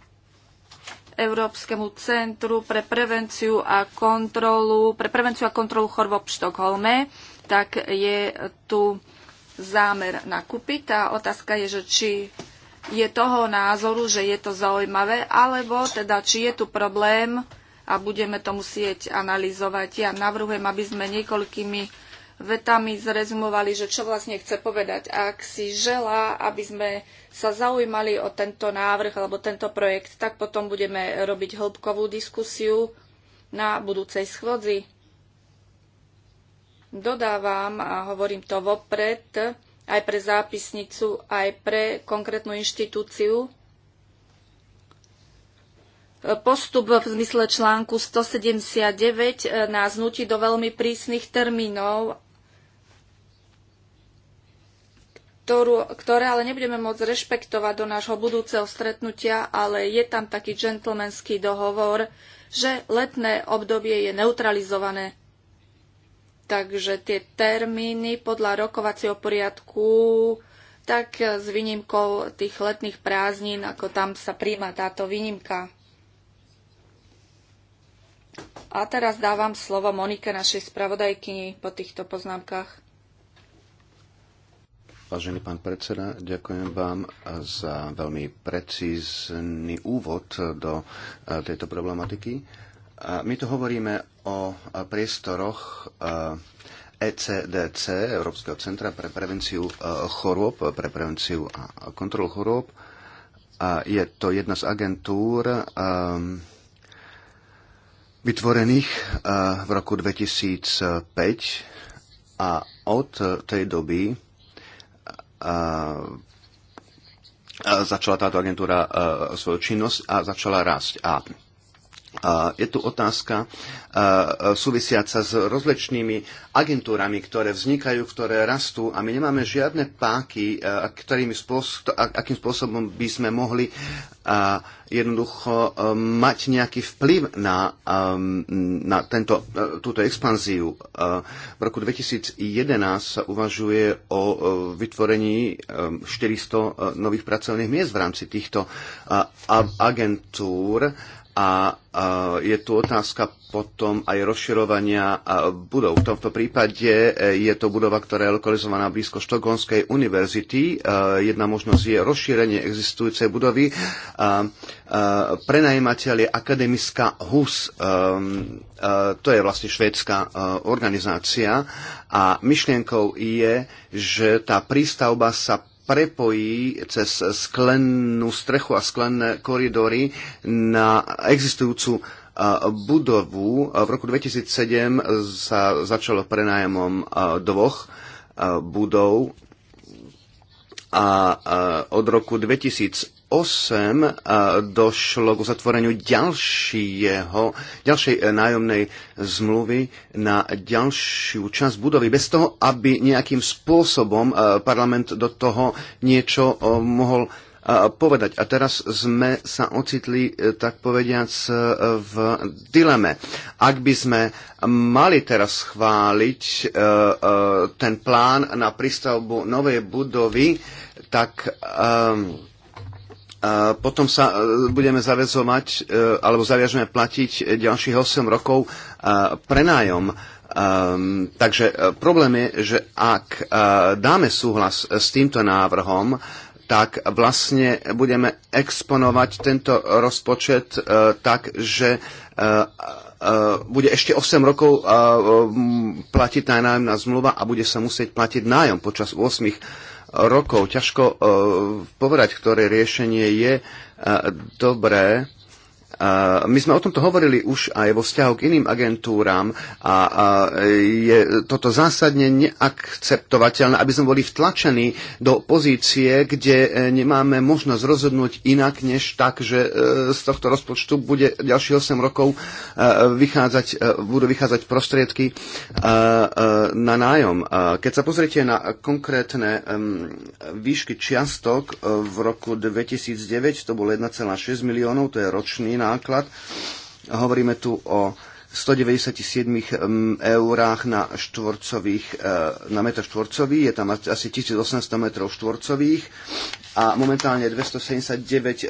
[SPEAKER 3] Európskemu centru pre prevenciu a kontrolu, pre prevenciu a kontrolu chorob v Štokholme, tak je tu zámer nakúpiť. Tá otázka je, že či je toho názoru, že je to zaujímavé, alebo teda či je tu problém a budeme to musieť analyzovať. Ja navrhujem, aby sme niekoľkými vetami zrezumovali, že čo vlastne chce povedať. Ak si želá, aby sme sa zaujímali o tento návrh alebo tento projekt, tak potom budeme robiť hĺbkovú diskusiu na budúcej schôdzi. Dodávam a hovorím to vopred, aj pre zápisnicu, aj pre konkrétnu inštitúciu. Postup v zmysle článku 179 nás nutí do veľmi prísnych termínov ktorú, ktoré ale nebudeme môcť rešpektovať do nášho budúceho stretnutia, ale je tam taký džentlmenský dohovor, že letné obdobie je neutralizované. Takže tie termíny podľa rokovacieho poriadku, tak s výnimkou tých letných prázdnin, ako tam sa príjma táto výnimka. A teraz dávam slovo Monike, našej spravodajkyni, po týchto poznámkach.
[SPEAKER 1] Vážený pán predseda, ďakujem vám za veľmi precízny úvod do eh, tejto problematiky. My tu hovoríme o priestoroch ECDC, eh, e Európskeho centra pre prevenciu eh, chorôb, pre prevenciu a kontrolu chorôb. Je to jedna z agentúr vytvorených v roku 2005 a od tej doby začala táto agentúra e, svoju činnosť a začala rásť. A je tu otázka súvisiaca s rozličnými agentúrami, ktoré vznikajú, ktoré rastú a my nemáme žiadne páky, ktorými spôsob, akým spôsobom by sme mohli jednoducho um, mať nejaký vplyv na, um, na tento, e, túto expanziu. V roku 2011 sa uvažuje o vytvorení 400 um, e, nových pracovných miest v rámci týchto agentúr a je tu otázka potom aj rozširovania budov. V tomto prípade e, je to budova, ktorá je lokalizovaná blízko Štokholmskej univerzity. E, jedna možnosť je rozšírenie existujúcej budovy. E, Prenajímateľ je Akademická HUS. To je vlastne švédska organizácia. A myšlienkou je, že tá prístavba sa prepojí cez sklennú strechu a sklenné koridory na existujúcu e, budovu. E, v roku 2007 sa začalo prenájomom e, dvoch budov a od roku 2008 došlo k uzatvoreniu ďalšieho, ďalšej e, nájomnej zmluvy na ďalšiu časť budovy, bez toho, aby nejakým spôsobom e, parlament do toho niečo e, mohol povedať. A teraz sme sa ocitli, tak povediac, v dileme. Ak by sme mali teraz schváliť ten plán na prístavbu novej budovy, tak a potom sa e, budeme zavezovať, e, alebo zaviažeme platiť ďalších 8 rokov e, prenájom. Um, takže problém je, že ak uh, dáme súhlas s týmto návrhom, tak vlastne budeme exponovať tento rozpočet uh, tak, že uh, bude ešte 8 rokov platiť tá nájomná zmluva a bude sa musieť platiť nájom počas 8 rokov. Ťažko eh, povedať, ktoré riešenie je eh, dobré my sme o tomto hovorili už aj vo vzťahu k iným agentúram a je toto zásadne neakceptovateľné, aby sme boli vtlačení do pozície, kde e, nemáme možnosť rozhodnúť inak, než tak, že e, z tohto rozpočtu bude ďalších 8 rokov e, vychádzať, budú vychádzať prostriedky na nájom. Keď sa pozriete na konkrétne výšky čiastok v roku 2009, to bolo 1,6 miliónov, to je ročný náklad. Hovoríme tu o 197 eurách na, štvorcových, e, na metr štvorcový, je tam asi 1800 metrov štvorcových a momentálne 279 e,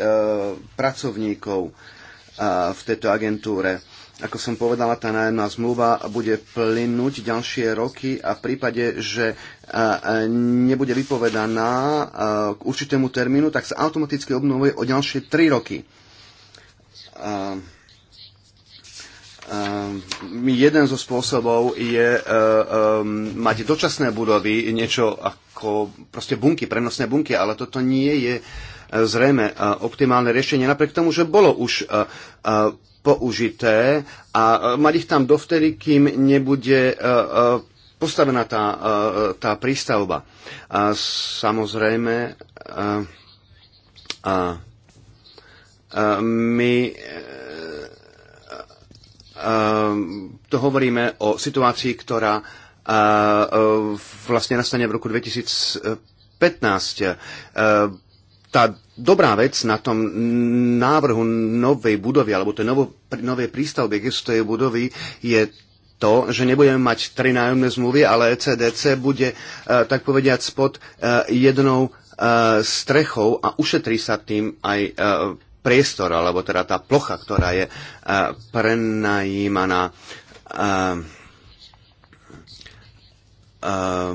[SPEAKER 1] pracovníkov e, v tejto agentúre. Ako som povedala, tá nájemná zmluva bude plynúť ďalšie roky a v prípade, že nebude vypovedaná k určitému termínu, tak sa automaticky obnovuje o ďalšie 3 roky. Um, jeden zo spôsobov je um, mať dočasné budovy, niečo ako proste bunky, prenosné bunky, ale toto nie je e, zrejme e, optimálne riešenie, napriek tomu, že bolo už uh, uh, použité a mať ich tam dovtedy, kým nebude uh, postavená tá, tá prístavba. A samozrejme, uh, a, my eh, eh, to hovoríme o situácii, ktorá eh, vlastne nastane v roku 2015. Tá dobrá vec na tom návrhu novej budovy, alebo tej novej prístavby tej budovy, je to, že nebudeme mať tri nájomné zmluvy, ale CDC e bude, tak povediať, spod jednou strechou a ušetrí sa tým aj priestor, alebo teda tá plocha, ktorá je eh, prenajímaná eh, eh,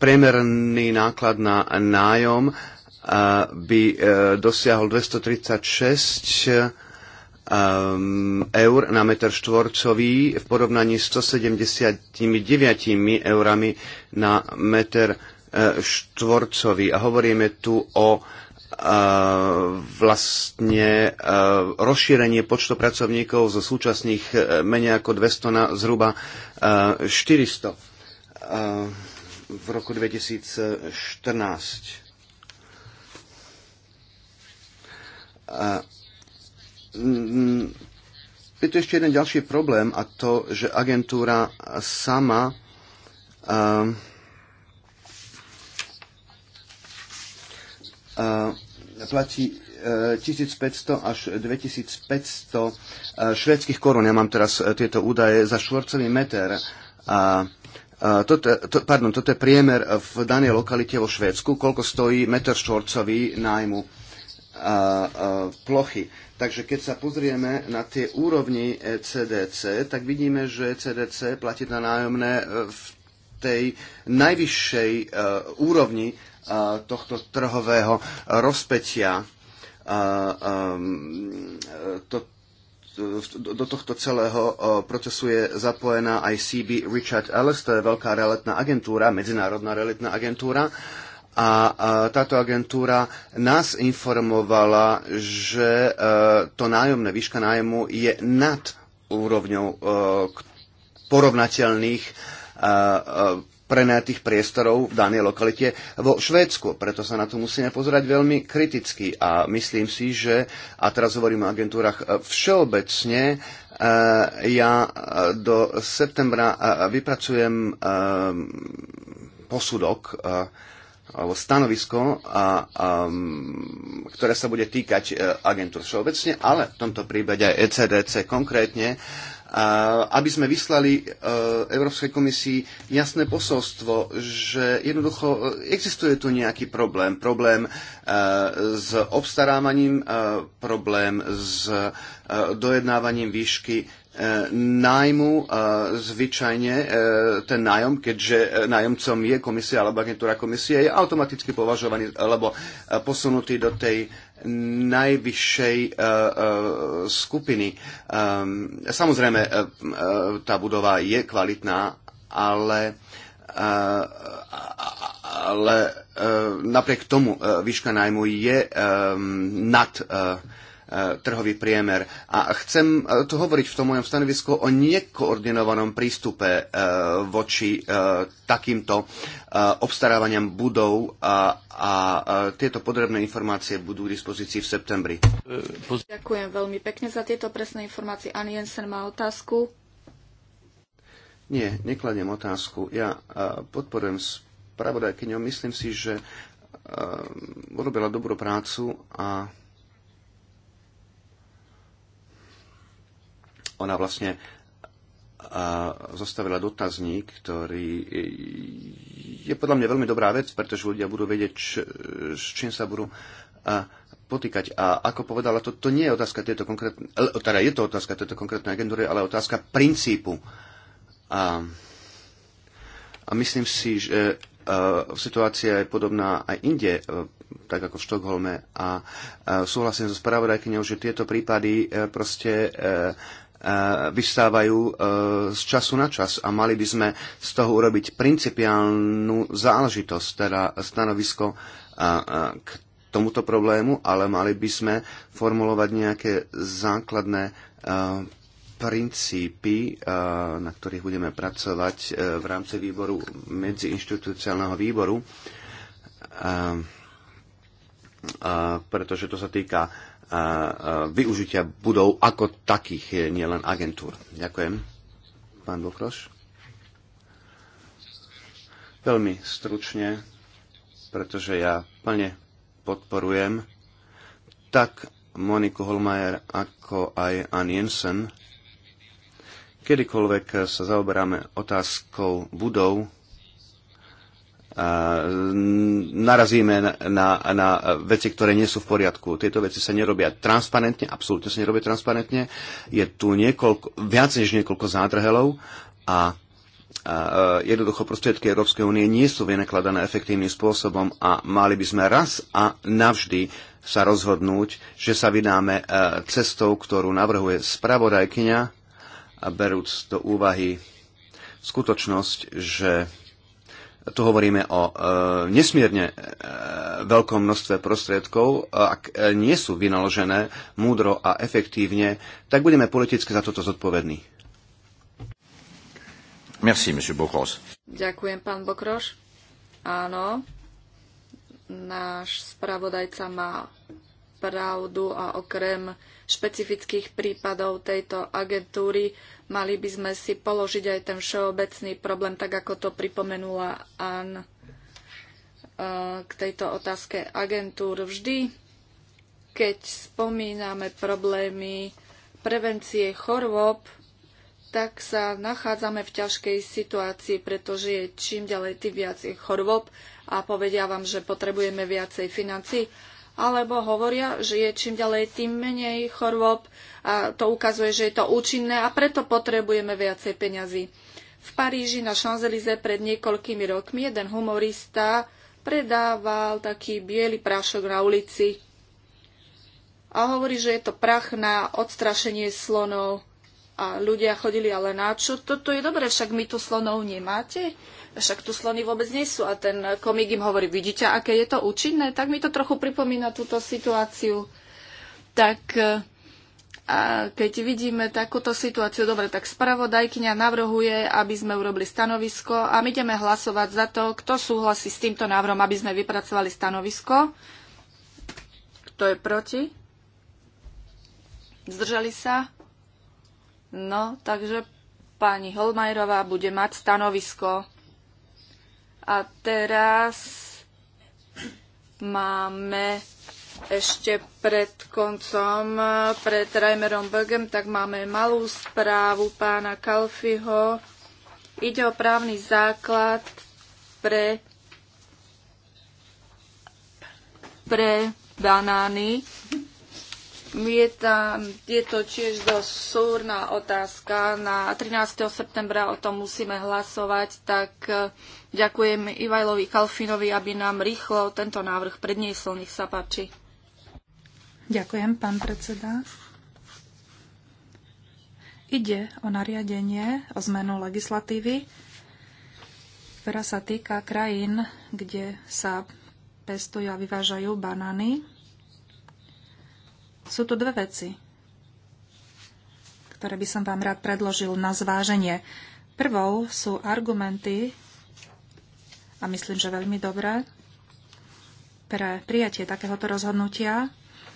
[SPEAKER 1] priemerný náklad na nájom by dosiahol 236 eur na meter štvorcový v porovnaní s 179 eurami na meter štvorcový. A hovoríme tu o vlastne e, rozšírenie počtu pracovníkov zo súčasných e, menej ako 200 na zhruba 400 e, v roku 2014. Je tu ešte jeden ďalší problém a to, že agentúra sama platí 1500 e, až 2500 e, švédských korún. Ja mám teraz e, tieto údaje za švorcový meter. A toto, to, pardon, toto je priemer v danej lokalite vo Švédsku, koľko stojí meter štvorcový nájmu a, a, plochy. Takže keď sa pozrieme na tie úrovni CDC, tak vidíme, že CDC platí na nájomné v tej najvyššej úrovni tohto trhového rozpetia to, do tohto celého procesu je zapojená aj CB Richard Ellis, to je veľká realitná agentúra, medzinárodná realitná agentúra. A táto agentúra nás informovala, že e, to nájomné, výška nájmu je nad úrovňou e, porovnateľných e, prenajatých priestorov v danej lokalite vo Švédsku. Preto sa na to musíme pozerať veľmi kriticky a myslím si, že, a teraz hovorím o agentúrach e, všeobecne, e, ja e, do septembra vypracujem posudok alebo stanovisko, a, a, ktoré sa bude týkať agentúr všeobecne, ale v tomto prípade aj ECDC konkrétne aby sme vyslali e, Európskej komisii jasné posolstvo, že jednoducho e, existuje tu nejaký problém. Problém e, s obstarávaním, problém s dojednávaním výšky nájmu eh, zvyčajne eh, ten nájom, keďže eh, nájomcom je komisia alebo agentúra komisie, je automaticky považovaný alebo posunutý do tej najvyššej skupiny. Ehm, samozrejme, tá budova je kvalitná, ale ale napriek tomu výška nájmu je ehm, nad E, trhový priemer. A chcem e, tu hovoriť v tom mojom stanovisku o nekoordinovanom prístupe e, voči takýmto obstarávaniam budov a, a tieto podrobné informácie budú k dispozícii v septembri.
[SPEAKER 3] Ďakujem veľmi pekne za tieto presné informácie. Ani Jensen má otázku.
[SPEAKER 1] Nie, nekladiem otázku. Ja podporujem spravodajkyňu. Myslím si, že urobila dobrú prácu a ona vlastne zostavila dotazník, ktorý je podľa mňa veľmi dobrá vec, pretože ľudia budú vedieť, s čím sa budú potýkať. A ako povedala, to, to nie je otázka tejto konkrétnej, teda je to otázka tejto konkrétnej agendúry, ale otázka princípu. A, a myslím si, že a, situácia je podobná aj inde, tak ako v Štokholme. A a súhlasím so spravodajkyňou, že tieto prípady uh, proste a, e, E, vystávajú e, z času na čas a mali by sme z toho urobiť principiálnu záležitosť, teda stanovisko e, k tomuto problému, ale mali by sme formulovať nejaké základné princípy, na ktorých budeme pracovať v rámci výboru, medziinstitucionálneho výboru, pretože to sa týka využitia budov ako takých, eh, nielen agentúr. Ďakujem. Pán Bokroš. Veľmi stručne, pretože ja plne podporujem tak Moniku Holmajer ako aj Ann Jensen. Kedykoľvek sa zaoberáme otázkou budov, narazíme na, na veci, ktoré nie sú v poriadku. Tieto veci sa nerobia transparentne, absolútne sa nerobia transparentne. Je tu niekoľko, viac než niekoľko zádrhelov a a jednoducho prostriedky Európskej únie nie sú vynakladané efektívnym spôsobom a mali by sme raz a navždy sa rozhodnúť, že sa vydáme e, cestou, ktorú navrhuje spravodajkyňa a berúc do úvahy skutočnosť, že tu hovoríme o e, nesmierne e, veľkom množstve prostriedkov, e, ak e, nie sú vynaložené múdro a efektívne, tak budeme politicky za toto zodpovední.
[SPEAKER 4] Merci, monsieur Bokros.
[SPEAKER 3] Ďakujem, pán Bokroš. Áno, náš spravodajca má pravdu a okrem špecifických prípadov tejto agentúry Mali by sme si položiť aj ten všeobecný problém, tak ako to pripomenula Ann e, k tejto otázke agentúr. Vždy, keď spomíname problémy prevencie chorôb, tak sa nachádzame v ťažkej situácii, pretože je čím ďalej tým viac chorôb a povedia vám, že potrebujeme viacej financií alebo hovoria, že je čím ďalej tým menej chorôb a to ukazuje, že je to účinné a preto potrebujeme viacej peňazí. V Paríži na Champs-Élysées pred niekoľkými rokmi jeden humorista predával taký biely prášok na ulici a hovorí, že je to prach na odstrašenie slonov a ľudia chodili, ale na čo? Toto je dobre, však my tu slonov nemáte, však tu slony vôbec nie sú. A ten komik im hovorí, vidíte, aké je to účinné, tak mi to trochu pripomína túto situáciu. Tak eh, a keď vidíme takúto situáciu, dobre, tak spravodajkyňa navrhuje, aby sme urobili stanovisko a my ideme hlasovať za to, kto súhlasí s týmto návrhom, aby sme vypracovali stanovisko. Kto je proti? Zdržali sa? No, takže pani Holmajrová bude mať stanovisko. A teraz máme ešte pred koncom, pred Reimerom Bögem, tak máme malú správu pána Kalfiho. Ide o právny základ pre, pre banány je, tam, je to tiež dosť súrna otázka. Na 13. septembra o tom musíme hlasovať, tak e, ďakujem Ivajlovi Kalfinovi, aby nám rýchlo tento návrh predniesol. Nech sa páči.
[SPEAKER 2] Ďakujem, pán predseda. Ide o nariadenie, o zmenu legislatívy, ktorá sa týka krajín, kde sa pestujú a vyvážajú banány sú tu dve veci, ktoré by som vám rád predložil na zváženie. Prvou sú argumenty, a myslím, že veľmi dobré, pre prijatie takéhoto rozhodnutia,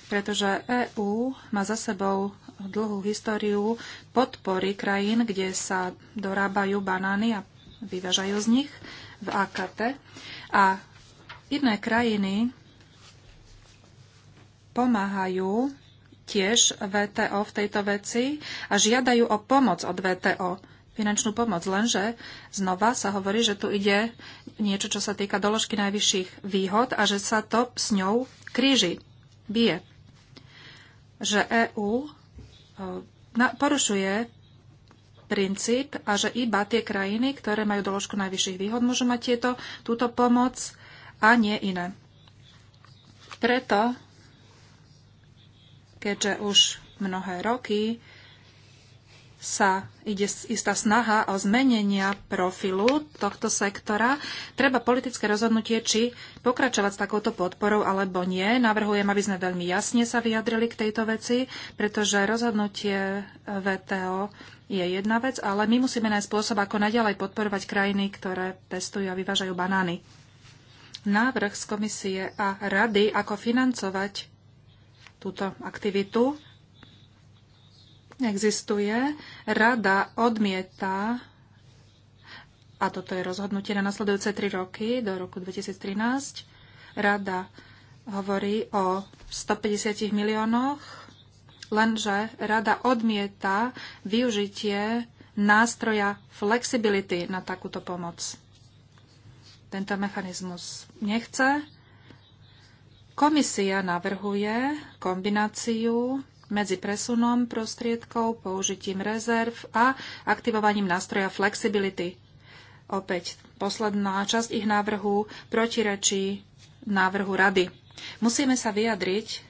[SPEAKER 2] pretože EÚ má za sebou dlhú históriu podpory krajín, kde sa dorábajú banány a vyvážajú z nich v AKT. A iné krajiny pomáhajú tiež VTO v tejto veci a žiadajú o pomoc od VTO, finančnú pomoc. Lenže znova sa hovorí, že tu ide niečo, čo sa týka doložky najvyšších výhod a že sa to s ňou kríži, bije. Že EÚ e, porušuje princíp a že iba tie krajiny, ktoré majú doložku najvyšších výhod, môžu mať tieto, túto pomoc a nie iné. Preto keďže už mnohé roky sa ide istá snaha o zmenenia profilu tohto sektora. Treba politické rozhodnutie, či pokračovať s takouto podporou alebo nie. Navrhujem, aby sme veľmi jasne sa vyjadrili k tejto veci, pretože rozhodnutie VTO je jedna vec, ale my musíme nájsť spôsob, ako naďalej podporovať krajiny, ktoré pestujú a vyvážajú banány. Návrh z komisie a rady, ako financovať túto aktivitu. Existuje. Rada odmieta a toto je rozhodnutie na nasledujúce tri roky do roku 2013. Rada hovorí o 150 miliónoch, lenže rada odmieta využitie nástroja flexibility na takúto pomoc. Tento mechanizmus nechce Komisia navrhuje kombináciu medzi presunom prostriedkov, použitím rezerv a aktivovaním nástroja flexibility. Opäť posledná časť ich návrhu protirečí návrhu rady. Musíme sa vyjadriť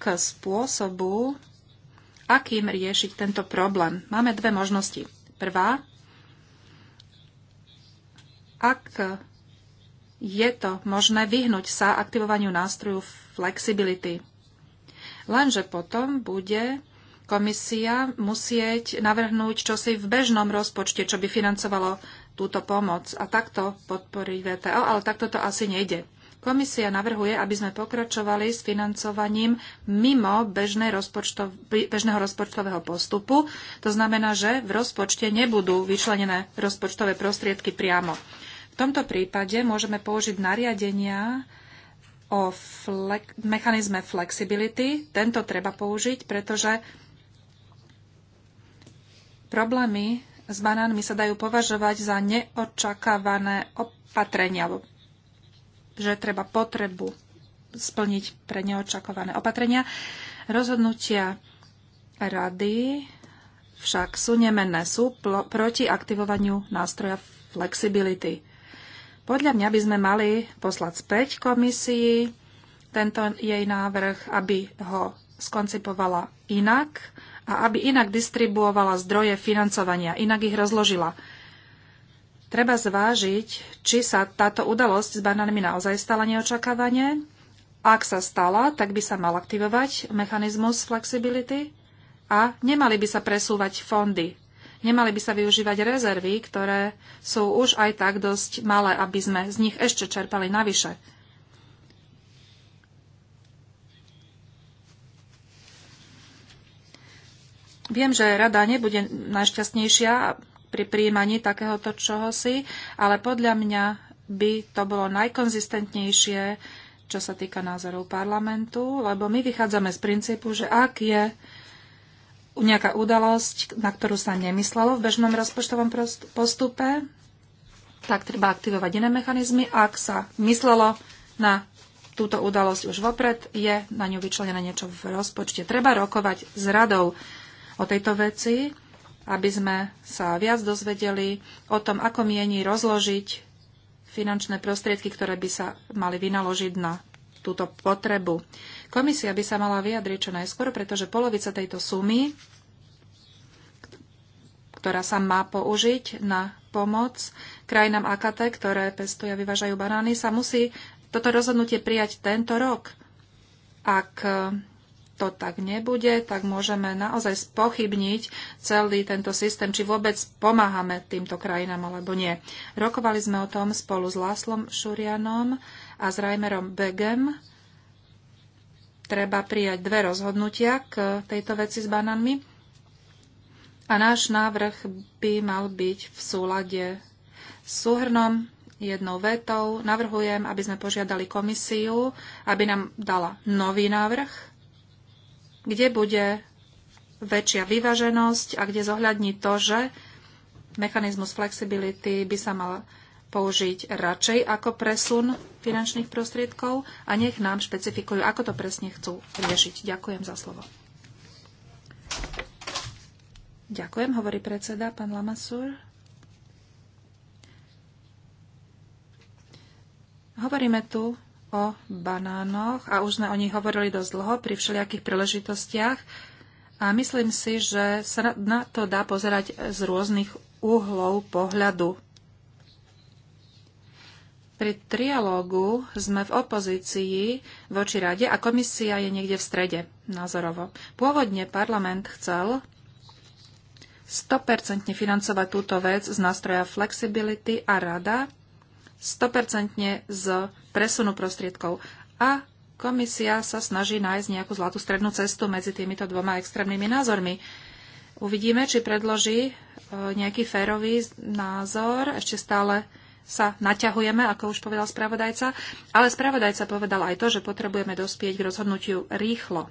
[SPEAKER 2] k spôsobu, akým riešiť tento problém. Máme dve možnosti. Prvá, ak je to možné vyhnúť sa aktivovaniu nástroju flexibility. Lenže potom bude komisia musieť navrhnúť čosi v bežnom rozpočte, čo by financovalo túto pomoc a takto podporiť VTO, ale takto to asi nejde. Komisia navrhuje, aby sme pokračovali s financovaním mimo bežné rozpočtov, bežného rozpočtového postupu. To znamená, že v rozpočte nebudú vyčlenené rozpočtové prostriedky priamo tomto prípade môžeme použiť nariadenia o fle- mechanizme flexibility. Tento treba použiť, pretože problémy s banánmi sa dajú považovať za neočakávané opatrenia, že treba potrebu splniť pre neočakované opatrenia. Rozhodnutia rady však sú nemenné, sú proti aktivovaniu nástroja flexibility. Podľa mňa by sme mali poslať späť komisii tento jej návrh, aby ho skoncipovala inak a aby inak distribuovala zdroje financovania, inak ich rozložila. Treba zvážiť, či sa táto udalosť s banánmi naozaj stala neočakávanie. Ak sa stala, tak by sa mal aktivovať mechanizmus flexibility a nemali by sa presúvať fondy Nemali by sa využívať rezervy, ktoré sú už aj tak dosť malé, aby sme z nich ešte čerpali navyše. Viem, že rada nebude najšťastnejšia pri príjmaní takéhoto čohosi, ale podľa mňa by to bolo najkonzistentnejšie, čo sa týka názorov parlamentu, lebo my vychádzame z princípu, že ak je nejaká udalosť, na ktorú sa nemyslelo v bežnom rozpočtovom postupe, tak treba aktivovať iné mechanizmy. Ak sa myslelo na túto udalosť už vopred, je na ňu vyčlenené niečo v rozpočte. Treba rokovať s radou o tejto veci, aby sme sa viac dozvedeli o tom, ako mieni rozložiť finančné prostriedky, ktoré by sa mali vynaložiť na túto potrebu. Komisia by sa mala vyjadriť čo najskôr, pretože polovica tejto sumy, ktorá sa má použiť na pomoc krajinám AKT, ktoré pestujú a vyvážajú banány, sa musí toto rozhodnutie prijať tento rok. Ak to tak nebude, tak môžeme naozaj spochybniť celý tento systém, či vôbec pomáhame týmto krajinám alebo nie. Rokovali sme o tom spolu s Láslom Šurianom a s Reimerom Begem treba prijať dve rozhodnutia k tejto veci s bananmi a náš návrh by mal byť v súlade s súhrnom jednou vetou. Navrhujem, aby sme požiadali komisiu, aby nám dala nový návrh, kde bude väčšia vyvaženosť a kde zohľadní to, že mechanizmus flexibility by sa mal použiť radšej ako presun finančných prostriedkov a nech nám špecifikujú, ako to presne chcú riešiť. Ďakujem za slovo. Ďakujem, hovorí predseda, pán Lamasur. Hovoríme tu o banánoch a už sme o nich hovorili dosť dlho pri všelijakých príležitostiach a myslím si, že sa na to dá pozerať z rôznych úhlov pohľadu pri trialógu sme v opozícii voči rade a komisia je niekde v strede názorovo. Pôvodne parlament chcel 100% financovať túto vec z nástroja flexibility a rada 100% z presunu prostriedkov. A komisia sa snaží nájsť nejakú zlatú strednú cestu medzi týmito dvoma extrémnymi názormi. Uvidíme, či predloží e, nejaký férový názor. Ešte stále sa naťahujeme, ako už povedal spravodajca, ale spravodajca povedal aj to, že potrebujeme dospieť k rozhodnutiu rýchlo.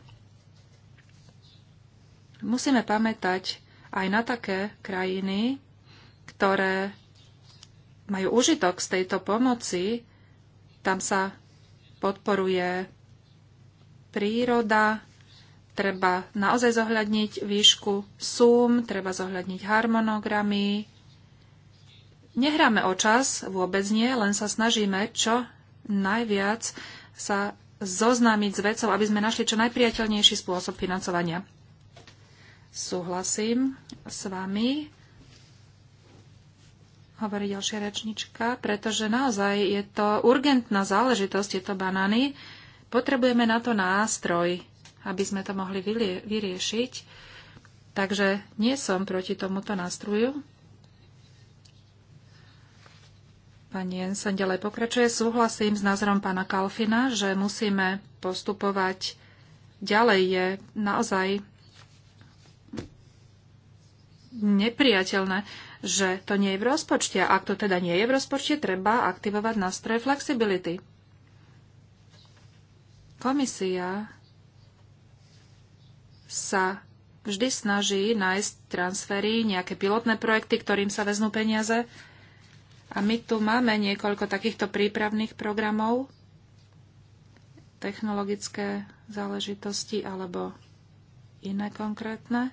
[SPEAKER 2] Musíme pamätať aj na také krajiny, ktoré majú užitok z tejto pomoci. Tam sa podporuje príroda, treba naozaj zohľadniť výšku súm, treba zohľadniť harmonogramy, Nehráme o čas, vôbec nie, len sa snažíme čo najviac sa zoznámiť s vecou, aby sme našli čo najpriateľnejší spôsob financovania. Súhlasím s vami, hovorí ďalšia rečnička, pretože naozaj je to urgentná záležitosť, je to banány. Potrebujeme na to nástroj, aby sme to mohli vyriešiť. Takže nie som proti tomuto nástroju, Pani Jensen ďalej pokračuje. Súhlasím s názorom pána Kalfina, že musíme postupovať ďalej. Je naozaj nepriateľné, že to nie je v rozpočte. A ak to teda nie je v rozpočte, treba aktivovať nástroje flexibility. Komisia sa vždy snaží nájsť transfery, nejaké pilotné projekty, ktorým sa veznú peniaze a my tu máme niekoľko takýchto prípravných programov, technologické záležitosti alebo iné konkrétne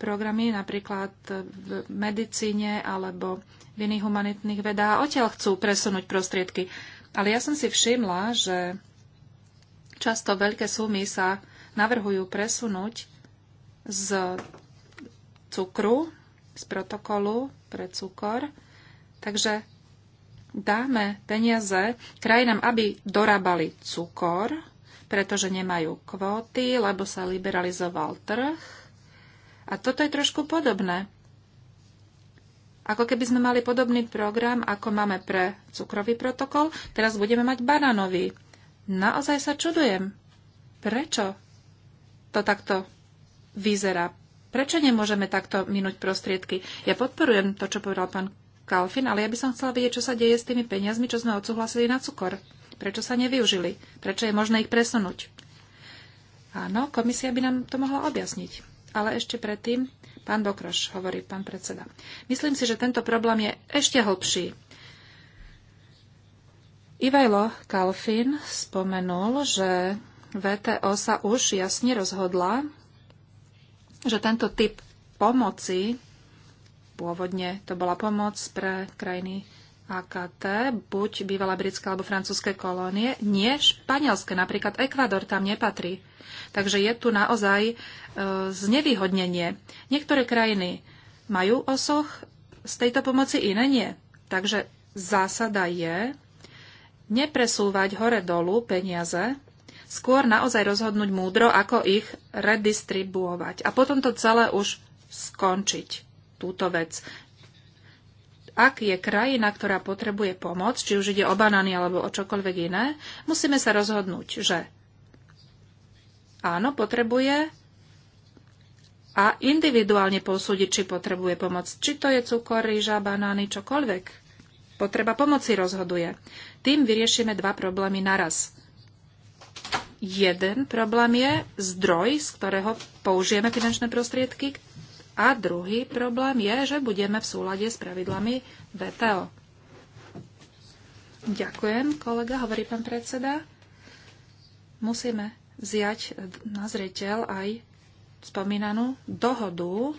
[SPEAKER 2] programy, napríklad v medicíne alebo v iných humanitných vedách. Odtiaľ chcú presunúť prostriedky. Ale ja som si všimla, že často veľké sumy sa navrhujú presunúť z cukru, z protokolu pre cukor, Takže dáme peniaze krajinám, aby dorábali cukor, pretože nemajú kvóty, lebo sa liberalizoval trh. A toto je trošku podobné. Ako keby sme mali podobný program, ako máme pre cukrový protokol, teraz budeme mať banánový. Naozaj sa čudujem. Prečo to takto vyzerá? Prečo nemôžeme takto minúť prostriedky? Ja podporujem to, čo povedal pán Kalfin, ale ja by som chcela vedieť, čo sa deje s tými peniazmi, čo sme odsúhlasili na cukor. Prečo sa nevyužili? Prečo je možné ich presunúť? Áno, komisia by nám to mohla objasniť. Ale ešte predtým, pán Bokroš, hovorí pán predseda. Myslím si, že tento problém je ešte hlbší. Ivajlo Kalfin spomenul, že VTO sa už jasne rozhodla, že tento typ pomoci Pôvodne to bola pomoc pre krajiny AKT, buď bývala britská alebo francúzske kolónie, nie španielské, napríklad Ekvador tam nepatrí. Takže je tu naozaj e, znevýhodnenie. Niektoré krajiny majú osoch z tejto pomoci, iné nie. Takže zásada je nepresúvať hore-dolu peniaze, skôr naozaj rozhodnúť múdro, ako ich redistribuovať. A potom to celé už skončiť túto vec. Ak je krajina, ktorá potrebuje pomoc, či už ide o banány alebo o čokoľvek iné, musíme sa rozhodnúť, že áno, potrebuje a individuálne posúdiť, či potrebuje pomoc. Či to je cukor, rýža, banány, čokoľvek. Potreba pomoci rozhoduje. Tým vyriešime dva problémy naraz. Jeden problém je zdroj, z ktorého použijeme finančné prostriedky, a druhý problém je, že budeme v súlade s pravidlami VTO. Ďakujem, kolega, hovorí pán predseda. Musíme vziať na zreteľ aj spomínanú dohodu.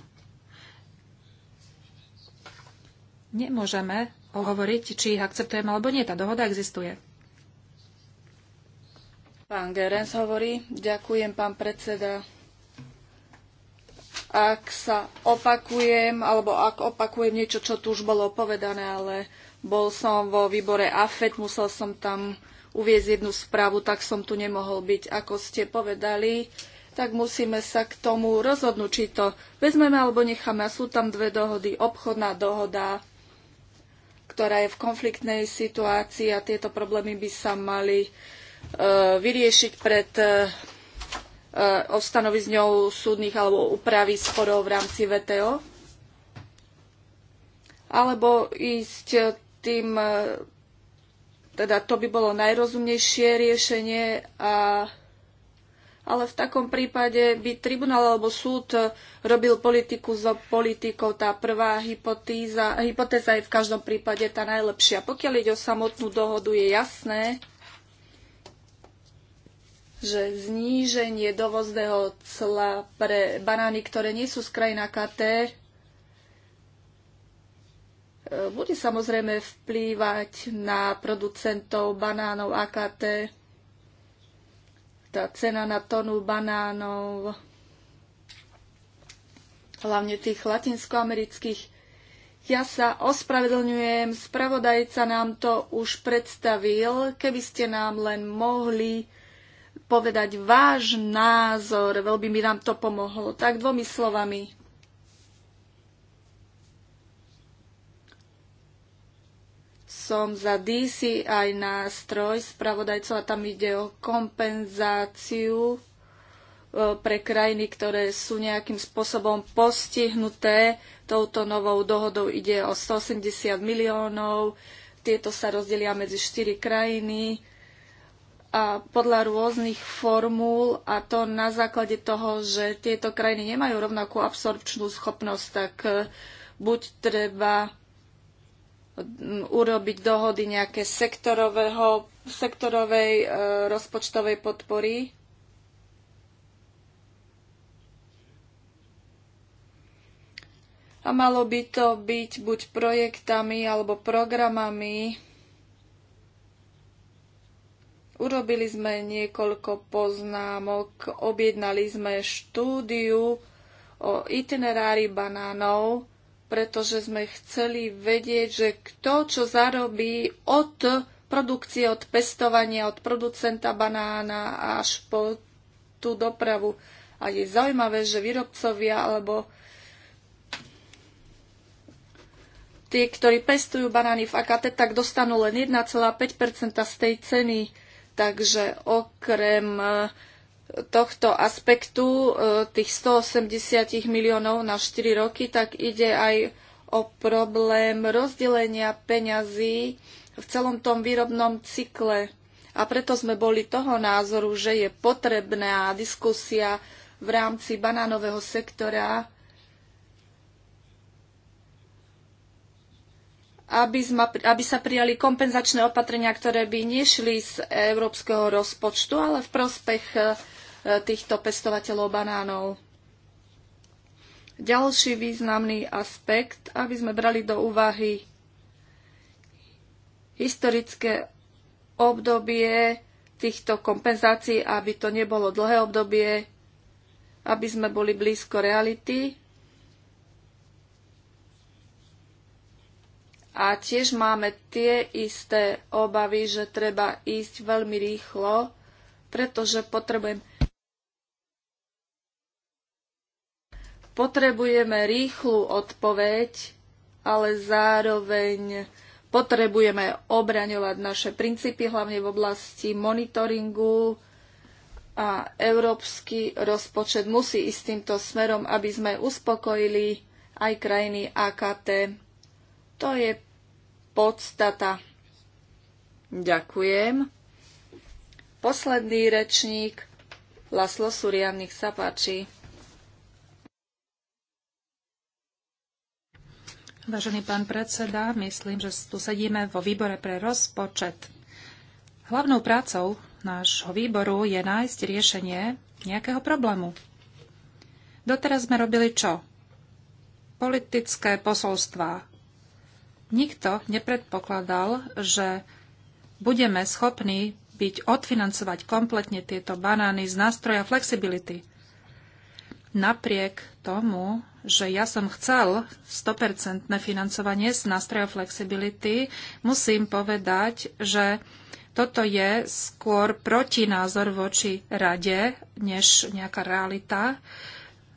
[SPEAKER 2] Nemôžeme ohovoriť, či ich akceptujeme alebo nie. Tá dohoda existuje.
[SPEAKER 3] Pán Gerens hovorí, ďakujem, pán predseda ak sa opakujem, alebo ak opakujem niečo, čo tu už bolo povedané, ale bol som vo výbore AFET, musel som tam uviezť jednu správu, tak som tu nemohol byť. Ako ste povedali, tak musíme sa k tomu rozhodnúť, či to vezmeme alebo necháme. A sú tam dve dohody. Obchodná dohoda, ktorá je v konfliktnej situácii a tieto problémy by sa mali e, vyriešiť pred e, E, o stanovizňou súdnych alebo úpravy sporov v rámci VTO? Alebo ísť tým, e, teda to by bolo najrozumnejšie riešenie, a, ale v takom prípade by tribunál alebo súd robil politiku so politikou. Tá prvá hypotéza, hypotéza je v každom prípade tá najlepšia. Pokiaľ ide o samotnú dohodu, je jasné, že zníženie dovozného cla pre banány, ktoré nie sú z krajín AKT, e, bude samozrejme vplývať na producentov banánov AKT. Tá cena na tonu banánov, hlavne tých latinskoamerických, ja sa ospravedlňujem, spravodajca nám to už predstavil. Keby ste nám len mohli povedať váš názor, veľmi by nám to pomohlo. Tak dvomi slovami. Som za DC aj nástroj spravodajcov a tam ide o kompenzáciu e, pre krajiny, ktoré sú nejakým spôsobom postihnuté touto novou dohodou. Ide o 180 miliónov. Tieto sa rozdelia medzi 4 krajiny a podľa rôznych formúl a to na základe toho, že tieto krajiny nemajú rovnakú absorpčnú schopnosť, tak e, buď treba urobiť dohody nejaké sektorového, sektorovej e, rozpočtovej podpory. A malo by to byť buď projektami alebo programami, Urobili sme niekoľko poznámok, objednali sme štúdiu o itinerári banánov, pretože sme chceli vedieť, že kto čo zarobí od produkcie, od pestovania, od producenta banána až po tú dopravu. A je zaujímavé, že výrobcovia alebo tí, ktorí pestujú banány v AKT, tak dostanú len 1,5% z tej ceny Takže okrem e, tohto aspektu e, tých 180 miliónov na 4 roky, tak ide aj o problém rozdelenia peňazí v celom tom výrobnom cykle. A preto sme boli toho názoru, že je potrebná diskusia v rámci banánového sektora aby, aby sa prijali kompenzačné opatrenia, ktoré by nešli z európskeho rozpočtu, ale v prospech e, týchto pestovateľov banánov. Ďalší významný aspekt, aby sme brali do úvahy historické obdobie týchto kompenzácií, aby to nebolo dlhé obdobie, aby sme boli blízko reality A tiež máme tie isté obavy, že treba ísť veľmi rýchlo, pretože potrebujem potrebujeme rýchlu odpoveď, ale zároveň potrebujeme obraňovať naše princípy, hlavne v oblasti monitoringu, a európsky rozpočet musí ísť týmto smerom, aby sme uspokojili aj krajiny AKT. To je podstata. Ďakujem. Posledný rečník, Laslo Surian, nech sa páči.
[SPEAKER 2] Vážený pán predseda, myslím, že tu sedíme vo výbore pre rozpočet. Hlavnou prácou nášho výboru je nájsť riešenie nejakého problému. Doteraz sme robili čo? Politické posolstvá Nikto nepredpokladal, že budeme schopní byť odfinancovať kompletne tieto banány z nástroja flexibility. Napriek tomu, že ja som chcel 100% financovanie z nástroja flexibility, musím povedať, že toto je skôr protinázor voči rade, než nejaká realita,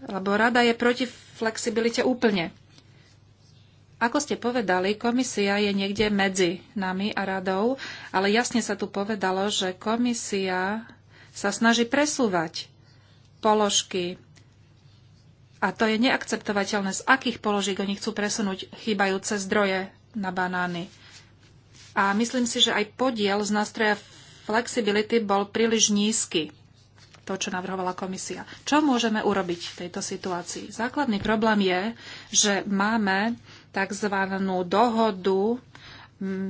[SPEAKER 2] lebo rada je proti flexibilite úplne. Ako ste povedali, komisia je niekde medzi nami a radou, ale jasne sa tu povedalo, že komisia sa snaží presúvať položky. A to je neakceptovateľné, z akých položiek oni chcú presunúť chýbajúce zdroje na banány. A myslím si, že aj podiel z nástroja flexibility bol príliš nízky. To, čo navrhovala komisia. Čo môžeme urobiť v tejto situácii? Základný problém je, že máme tzv. dohodu,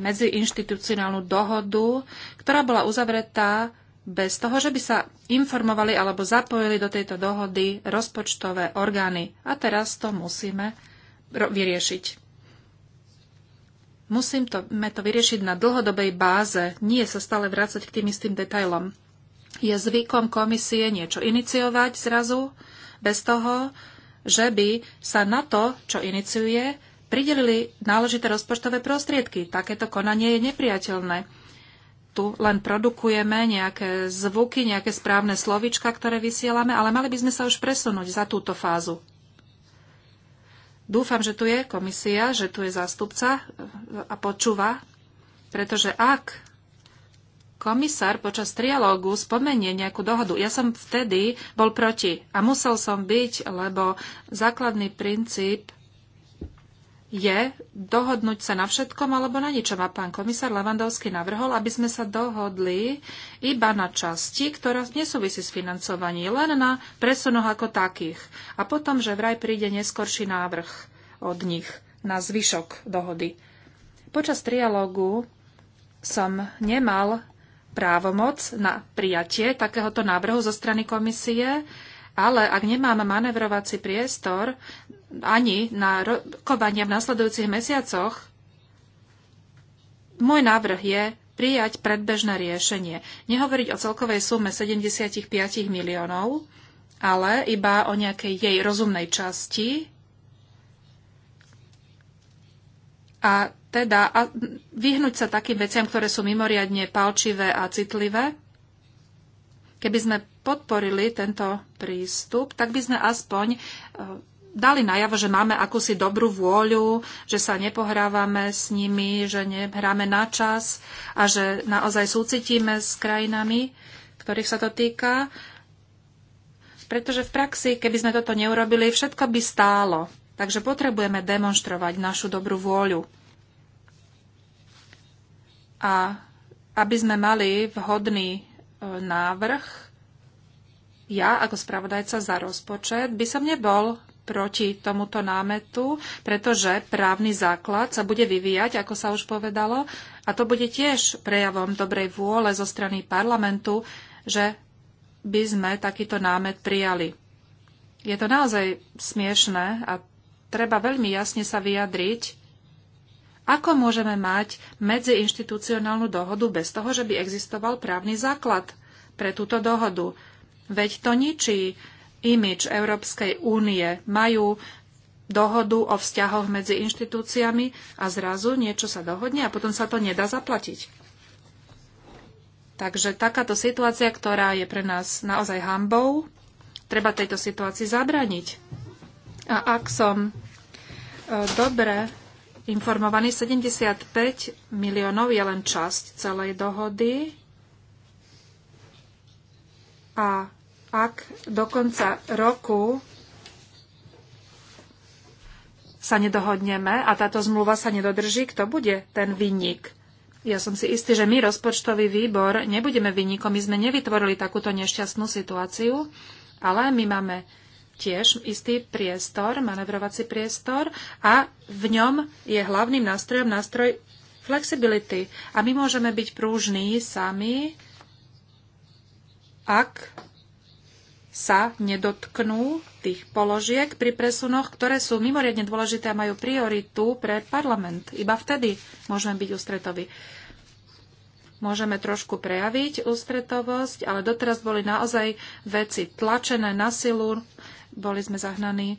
[SPEAKER 2] medziinštitucionálnu dohodu, ktorá bola uzavretá bez toho, že by sa informovali alebo zapojili do tejto dohody rozpočtové orgány. A teraz to musíme vyriešiť. Musíme to, to vyriešiť na dlhodobej báze, nie sa stále vrácať k tým istým detailom. Je zvykom komisie niečo iniciovať zrazu, bez toho, že by sa na to, čo iniciuje, pridelili náležité rozpočtové prostriedky. Takéto konanie je nepriateľné. Tu len produkujeme nejaké zvuky, nejaké správne slovička, ktoré vysielame, ale mali by sme sa už presunúť za túto fázu. Dúfam, že tu je komisia, že tu je zástupca e, a počúva, pretože ak komisár počas trialógu spomenie nejakú dohodu. Ja som vtedy bol proti a musel som byť, lebo základný princíp je dohodnúť sa na všetkom alebo na ničom. A pán komisár Levandovský navrhol, aby sme sa dohodli iba na časti, ktorá nesúvisí s financovaním, len na presunoch ako takých. A potom, že vraj príde neskorší návrh od nich na zvyšok dohody. Počas trialógu som nemal právomoc na prijatie takéhoto návrhu zo strany komisie, ale ak nemáme manevrovací priestor ani na rokovania v nasledujúcich mesiacoch, môj návrh je prijať predbežné riešenie. Nehovoriť o celkovej sume 75 miliónov, ale iba o nejakej jej rozumnej časti. A teda a vyhnúť sa takým veciam, ktoré sú mimoriadne palčivé a citlivé. Keby sme podporili tento prístup, tak by sme aspoň e, dali najavo, že máme akúsi dobrú vôľu, že sa nepohrávame s nimi, že nehráme na čas a že naozaj súcitíme s krajinami, ktorých sa to týka. Pretože v praxi, keby sme toto neurobili, všetko by stálo. Takže potrebujeme demonstrovať našu dobrú vôľu. A aby sme mali vhodný e, návrh, ja ako spravodajca za rozpočet by som nebol proti tomuto námetu, pretože právny základ sa bude vyvíjať, ako sa už povedalo, a to bude tiež prejavom dobrej vôle zo strany parlamentu, že by sme takýto námet prijali. Je to naozaj smiešné a treba veľmi jasne sa vyjadriť, ako môžeme mať medziinštitucionálnu dohodu bez toho, že by existoval právny základ pre túto dohodu. Veď to ničí imič Európskej únie. Majú dohodu o vzťahoch medzi inštitúciami a zrazu niečo sa dohodne a potom sa to nedá zaplatiť. Takže takáto situácia, ktorá je pre nás naozaj hambou, treba tejto situácii zabraniť. A ak som e, dobre informovaný, 75 miliónov je len časť celej dohody a ak do konca roku sa nedohodneme a táto zmluva sa nedodrží, kto bude ten vinník? Ja som si istý, že my, rozpočtový výbor, nebudeme vynikom. My sme nevytvorili takúto nešťastnú situáciu, ale my máme tiež istý priestor, manevrovací priestor a v ňom je hlavným nástrojom nástroj flexibility. A my môžeme byť prúžní sami, ak sa nedotknú tých položiek pri presunoch, ktoré sú mimoriadne dôležité a majú prioritu pre parlament. Iba vtedy môžeme byť ústretoví. Môžeme trošku prejaviť ústretovosť, ale doteraz boli naozaj veci tlačené na silu, boli sme zahnaní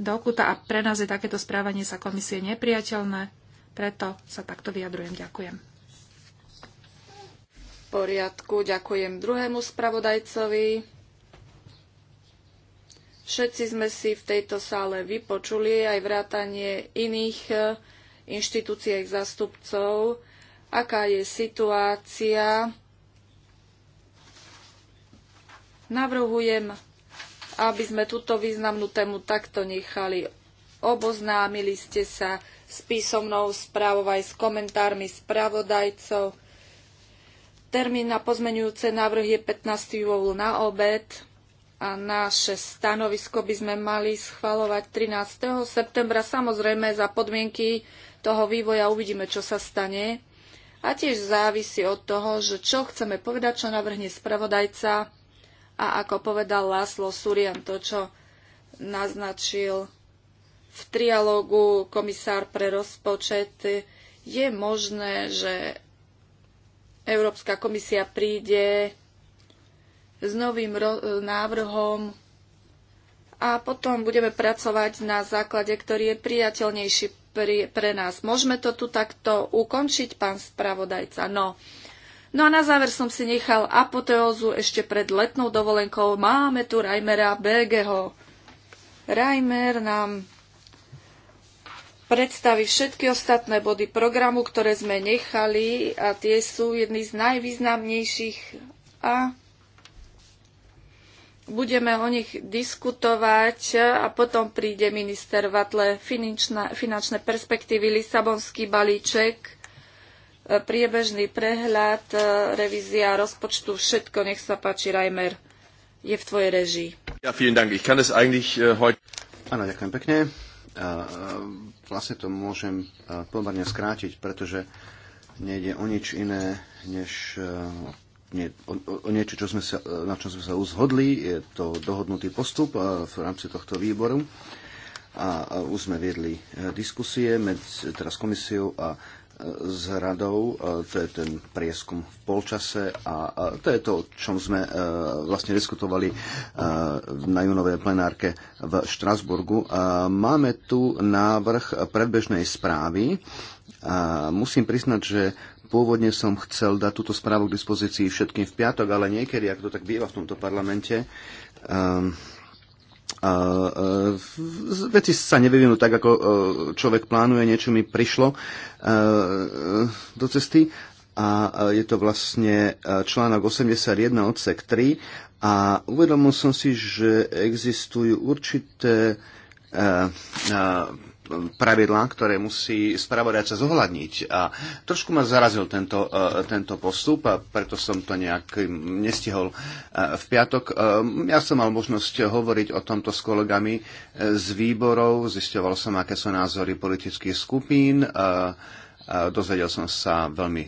[SPEAKER 2] do kuta a pre nás je takéto správanie sa komisie nepriateľné, preto sa takto vyjadrujem. Ďakujem
[SPEAKER 3] poriadku. Ďakujem druhému spravodajcovi. Všetci sme si v tejto sále vypočuli aj vrátanie iných e, inštitúcií zastupcov, aká je situácia. Navrhujem, aby sme túto významnú tému takto nechali. Oboznámili ste sa s písomnou správou aj s komentármi spravodajcov. Termín na pozmenujúce návrh je 15. júl na obed a naše stanovisko by sme mali schvalovať 13. septembra, samozrejme za podmienky toho vývoja uvidíme, čo sa stane. A tiež závisí od toho, že čo chceme povedať, čo navrhne spravodajca a ako povedal Laslo Surian, to, čo naznačil v trialógu komisár pre rozpočet, je možné, že Európska komisia príde s novým návrhom a potom budeme pracovať na základe, ktorý je priateľnejší pri, pre nás. Môžeme to tu takto ukončiť, pán spravodajca? No. No a na záver som si nechal apoteózu ešte pred letnou dovolenkou. Máme tu Reimera Bergeho. Reimer nám predstaví všetky ostatné body programu, ktoré sme nechali a tie sú jedny z najvýznamnejších a budeme o nich diskutovať a potom príde minister Vatle finančná, finančné perspektívy, Lisabonský balíček, e, priebežný prehľad, e, revízia rozpočtu, všetko, nech sa páči, Reimer, je v tvojej režii.
[SPEAKER 1] Ja, vielen Dank. Ich kann es eigentlich uh, äh, heute... Áno, ďakujem pekne. Äh, e, vlastne to môžem äh, pomerne skrátiť, pretože nejde o nič iné, než uh, nie, o, o niečo, čo sme sa, na čom sme sa uzhodli. Je to dohodnutý postup v rámci tohto výboru. A už sme viedli e, diskusie med teraz komisiou a e, s radou. E, to je ten prieskum v polčase a to je to, o čom sme vlastne diskutovali na junovej plenárke v Štrasburgu. Máme tu návrh predbežnej správy. Musím priznať, že Pôvodne som chcel dať túto správu k dispozícii všetkým v piatok, ale niekedy, ak to tak býva v tomto parlamente, um, a, a, e, veci sa nevyvinú tak, ako a, e, človek plánuje, niečo mi prišlo a, e, a, do cesty a, a je to vlastne článok 81 odsek 3 a uvedomil som si, že existujú určité a, a, pravidlá, ktoré musí spravodajca zohľadniť. A trošku ma zarazil tento, e, tento postup a preto som to nejak nestihol e, v piatok. E, ja som mal možnosť hovoriť o tomto s kolegami z výborov, zisťoval som, aké sú názory politických skupín, dozvedel som sa veľmi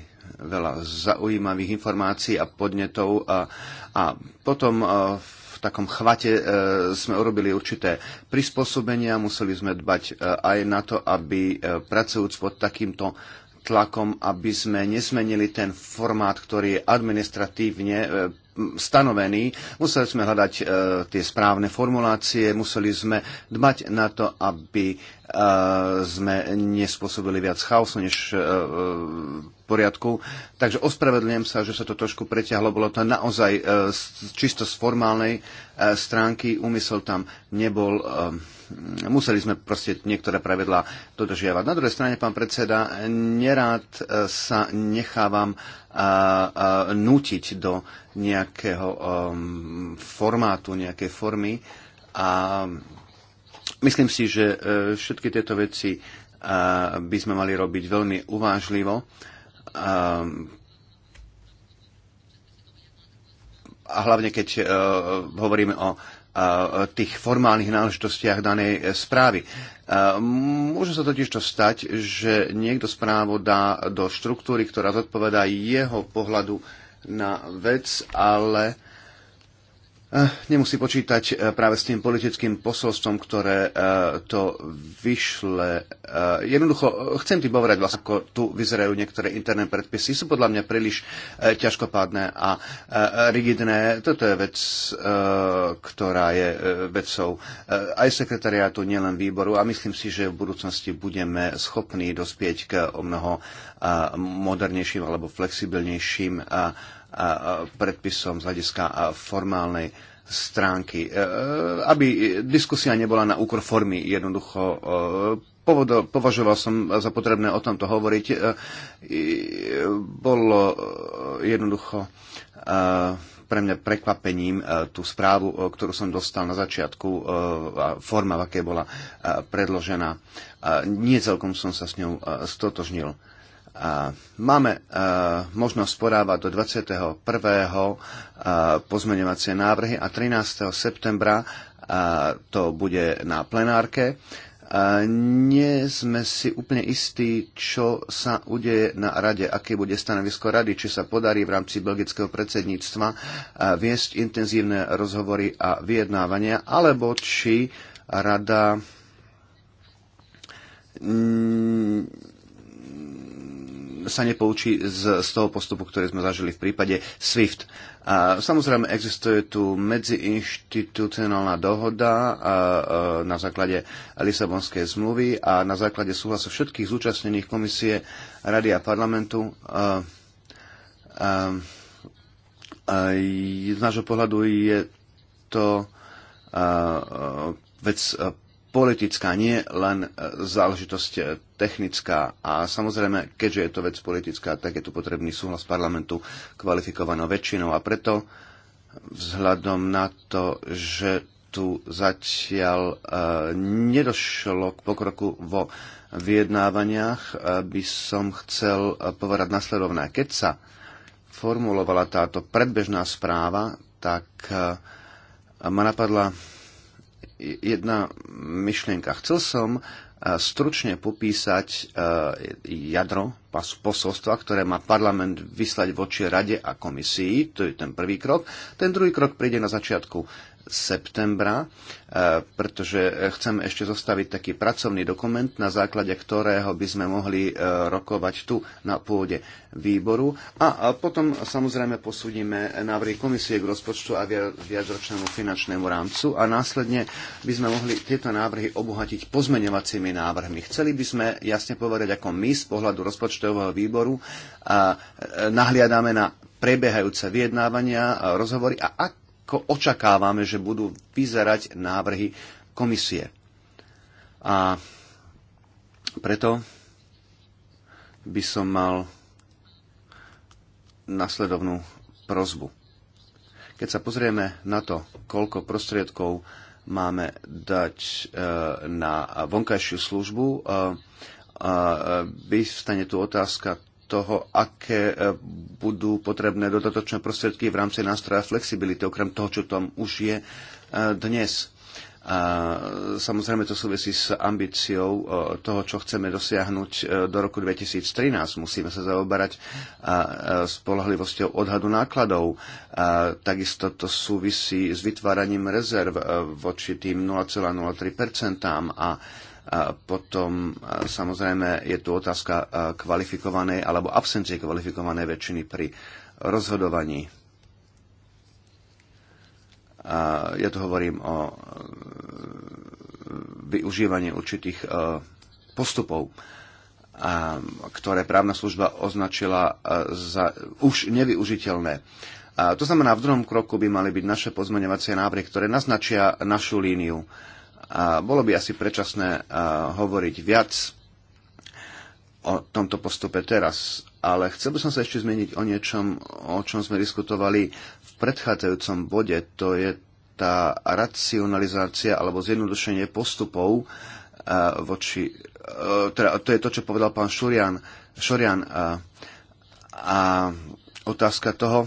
[SPEAKER 1] veľa zaujímavých informácií a podnetov a, a potom v takom chvate e, sme urobili určité prispôsobenia, museli sme dbať e, aj na to, aby e, pracujúc pod takýmto tlakom, aby sme nesmenili ten formát, ktorý je administratívne stanovený. Museli sme hľadať e, tie správne formulácie, museli sme dbať na to, aby e, sme nespôsobili viac chaosu než e, v poriadku. Takže ospravedlňujem sa, že sa to trošku preťahlo. Bolo to naozaj čisto z formálnej stránky. Úmysel tam nebol museli sme proste niektoré pravidlá dodržiavať. Na druhej strane, pán predseda, nerád e, sa nechávam e, e, nútiť do nejakého formátu, nejakej formy a myslím si, že všetky tieto veci by sme mali robiť veľmi uvážlivo. A hlavne keď hovoríme o tých formálnych náležitostiach danej e, správy. Môže sa totiž to stať, že niekto správu dá do štruktúry, ktorá zodpovedá jeho pohľadu na vec, ale Eh, nemusí počítať eh, práve s tým politickým posolstvom, ktoré eh, to vyšle. Jednoducho, chcem ti povedať, vlastne, ako tu vyzerajú niektoré interné predpisy. Sú podľa mňa príliš ťažkopádne a rigidné. Toto je vec, ktorá je vecou aj sekretariátu, nielen výboru a myslím si, že v budúcnosti budeme schopní dospieť k o mnoho modernejším alebo flexibilnejším predpisom z hľadiska formálnej stránky. E, e, aby diskusia nebola na úkor formy, jednoducho e, považoval som za potrebné o tomto hovoriť. Bolo jednoducho pre mňa prekvapením tú správu, ktorú som dostal na začiatku, forma, v aké bola predložená. Nie celkom som sa s ňou stotožnil a máme e, možnosť porávať do 21. E, pozmeňovacie návrhy a 13. septembra e, to bude na plenárke. nie sme si úplne istí, čo sa udeje na rade, aké bude stanovisko rady, či sa podarí v rámci belgického predsedníctva viesť intenzívne rozhovory a vyjednávania, alebo či rada mm, sa nepoučí z, z toho postupu, ktorý sme zažili v prípade SWIFT. A samozrejme, existuje tu medziinštitucionálna dohoda a, a, na základe Lisabonskej zmluvy a na základe súhlasu všetkých zúčastnených komisie, rady a parlamentu. A, a, a, z nášho pohľadu je to a, a, vec politická, nie len e, záležitosť e, technická. A samozrejme, keďže je to vec politická, tak je tu potrebný súhlas parlamentu kvalifikovanou väčšinou. A preto vzhľadom na to, že tu zatiaľ e, nedošlo k pokroku vo vyjednávaniach, e, by som chcel e, povedať nasledovné. Keď sa formulovala táto predbežná správa, tak e, ma napadla jedna myšlienka. Chcel som eh, stručne popísať eh, jadro posolstva, ktoré má parlament vyslať voči rade a komisii. To je ten prvý krok. Ten druhý krok príde na začiatku septembra, e, pretože chcem ešte zostaviť taký pracovný dokument, na základe ktorého by sme mohli e, rokovať tu na pôde výboru. A potom samozrejme posúdime návrhy komisie k rozpočtu a viacročnému finančnému rámcu a následne by sme mohli tieto návrhy obohatiť pozmeňovacími návrhmi. Chceli by sme jasne povedať, ako my z pohľadu rozpočtového výboru e, nahliadame na prebiehajúce vyjednávania, rozhovory a ak ako očakávame, že budú vyzerať návrhy komisie. A preto by som mal nasledovnú prozbu. Keď sa pozrieme na to, koľko prostriedkov máme dať e, na vonkajšiu službu, e, e, vystane tu otázka toho, aké e, budú potrebné dodatočné prostriedky v rámci nástroja flexibility, okrem toho, čo tam už je e, dnes. A samozrejme to súvisí s ambíciou e, toho, čo chceme dosiahnuť do roku 2013. Musíme sa zaoberať spolahlivosťou odhadu nákladov. A takisto to súvisí s vytváraním rezerv voči tým 0,03% a potom samozrejme je tu otázka kvalifikovanej alebo absencie kvalifikovanej väčšiny pri rozhodovaní. ja tu hovorím o e, využívaní určitých e, postupov, ktoré právna služba označila e, za už nevyužiteľné. A to znamená, v druhom kroku by mali byť naše pozmeňovacie návrhy, ktoré naznačia našu líniu. A bolo by asi predčasné hovoriť viac o tomto postupe teraz, ale chcel by som sa ešte zmeniť o niečom, o čom sme diskutovali v predchádzajúcom bode, to je tá racionalizácia alebo zjednodušenie postupov voči, e, teda to je to, čo povedal pán Šurian, Šorian uh, a otázka toho,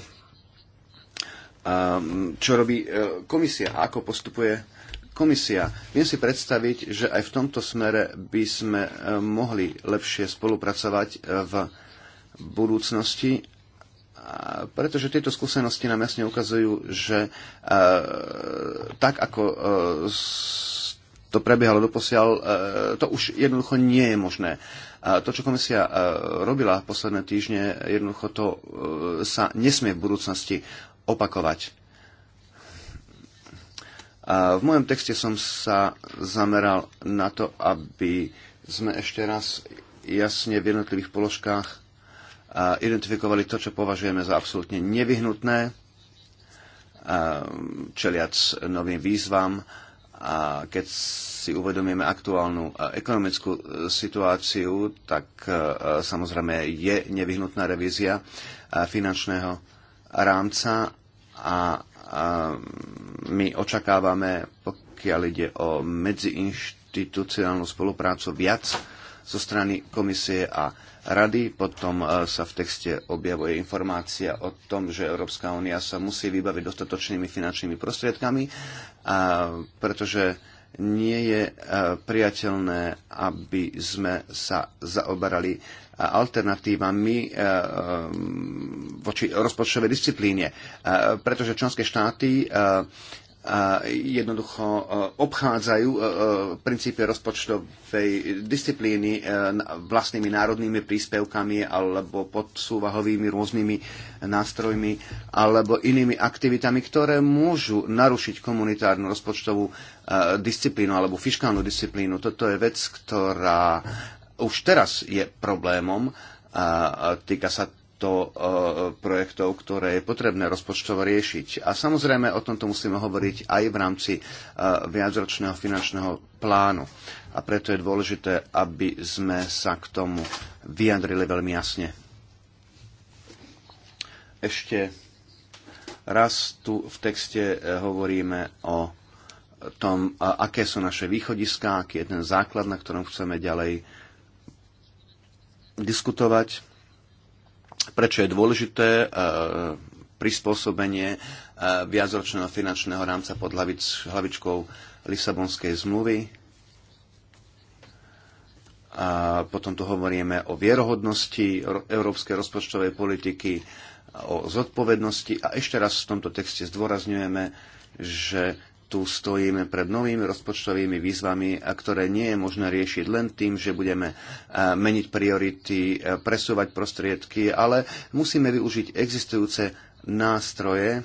[SPEAKER 1] čo robí e, komisia, ako postupuje komisia. Viem si predstaviť, že aj v tomto smere by sme e, mohli lepšie spolupracovať e, v budúcnosti, pretože tieto skúsenosti nám jasne ukazujú, že e, tak ako to prebiehalo doposiaľ, to už jednoducho nie je možné. To, čo komisia robila posledné týždne, jednoducho to sa nesmie v budúcnosti opakovať a v mojom texte som sa zameral na to, aby sme ešte raz jasne v jednotlivých položkách identifikovali to, čo považujeme za absolútne nevyhnutné, čeliac novým výzvam. A keď si uvedomíme aktuálnu ekonomickú e, situáciu, tak e, samozrejme je nevyhnutná revízia finančného rámca a my očakávame, pokiaľ ide o medziinštitucionálnu spoluprácu, viac zo strany komisie a rady. Potom e, sa v texte objavuje informácia o tom, že Európska únia sa musí vybaviť dostatočnými finančnými prostriedkami, a pretože nie je e, priateľné, aby sme sa zaoberali alternatívami e, e, voči rozpočtovej disciplíne, e, pretože členské štáty jednoducho obchádzajú princípy rozpočtovej disciplíny vlastnými národnými príspevkami alebo podsúvahovými rôznymi nástrojmi alebo inými aktivitami, ktoré môžu narušiť komunitárnu rozpočtovú disciplínu alebo fiskálnu disciplínu. Toto je vec, ktorá už teraz je problémom a týka sa to e, projektov, ktoré je potrebné rozpočtovo riešiť. A samozrejme o tomto musíme hovoriť aj v rámci e, viacročného finančného plánu. A preto je dôležité, aby sme sa k tomu vyjadrili veľmi jasne. Ešte raz tu v texte e, hovoríme o tom, aké sú naše východiska, aký je ten základ, na ktorom chceme ďalej diskutovať, prečo je dôležité e, prispôsobenie e, viacročného finančného rámca pod hlavičkou Lisabonskej zmluvy. A potom tu hovoríme o vierohodnosti európskej rozpočtovej politiky, o zodpovednosti a ešte raz v tomto texte zdôrazňujeme, že tu stojíme pred novými rozpočtovými výzvami, a ktoré nie je možné riešiť len tým, že budeme e, meniť priority, e, presúvať prostriedky, ale musíme využiť existujúce nástroje,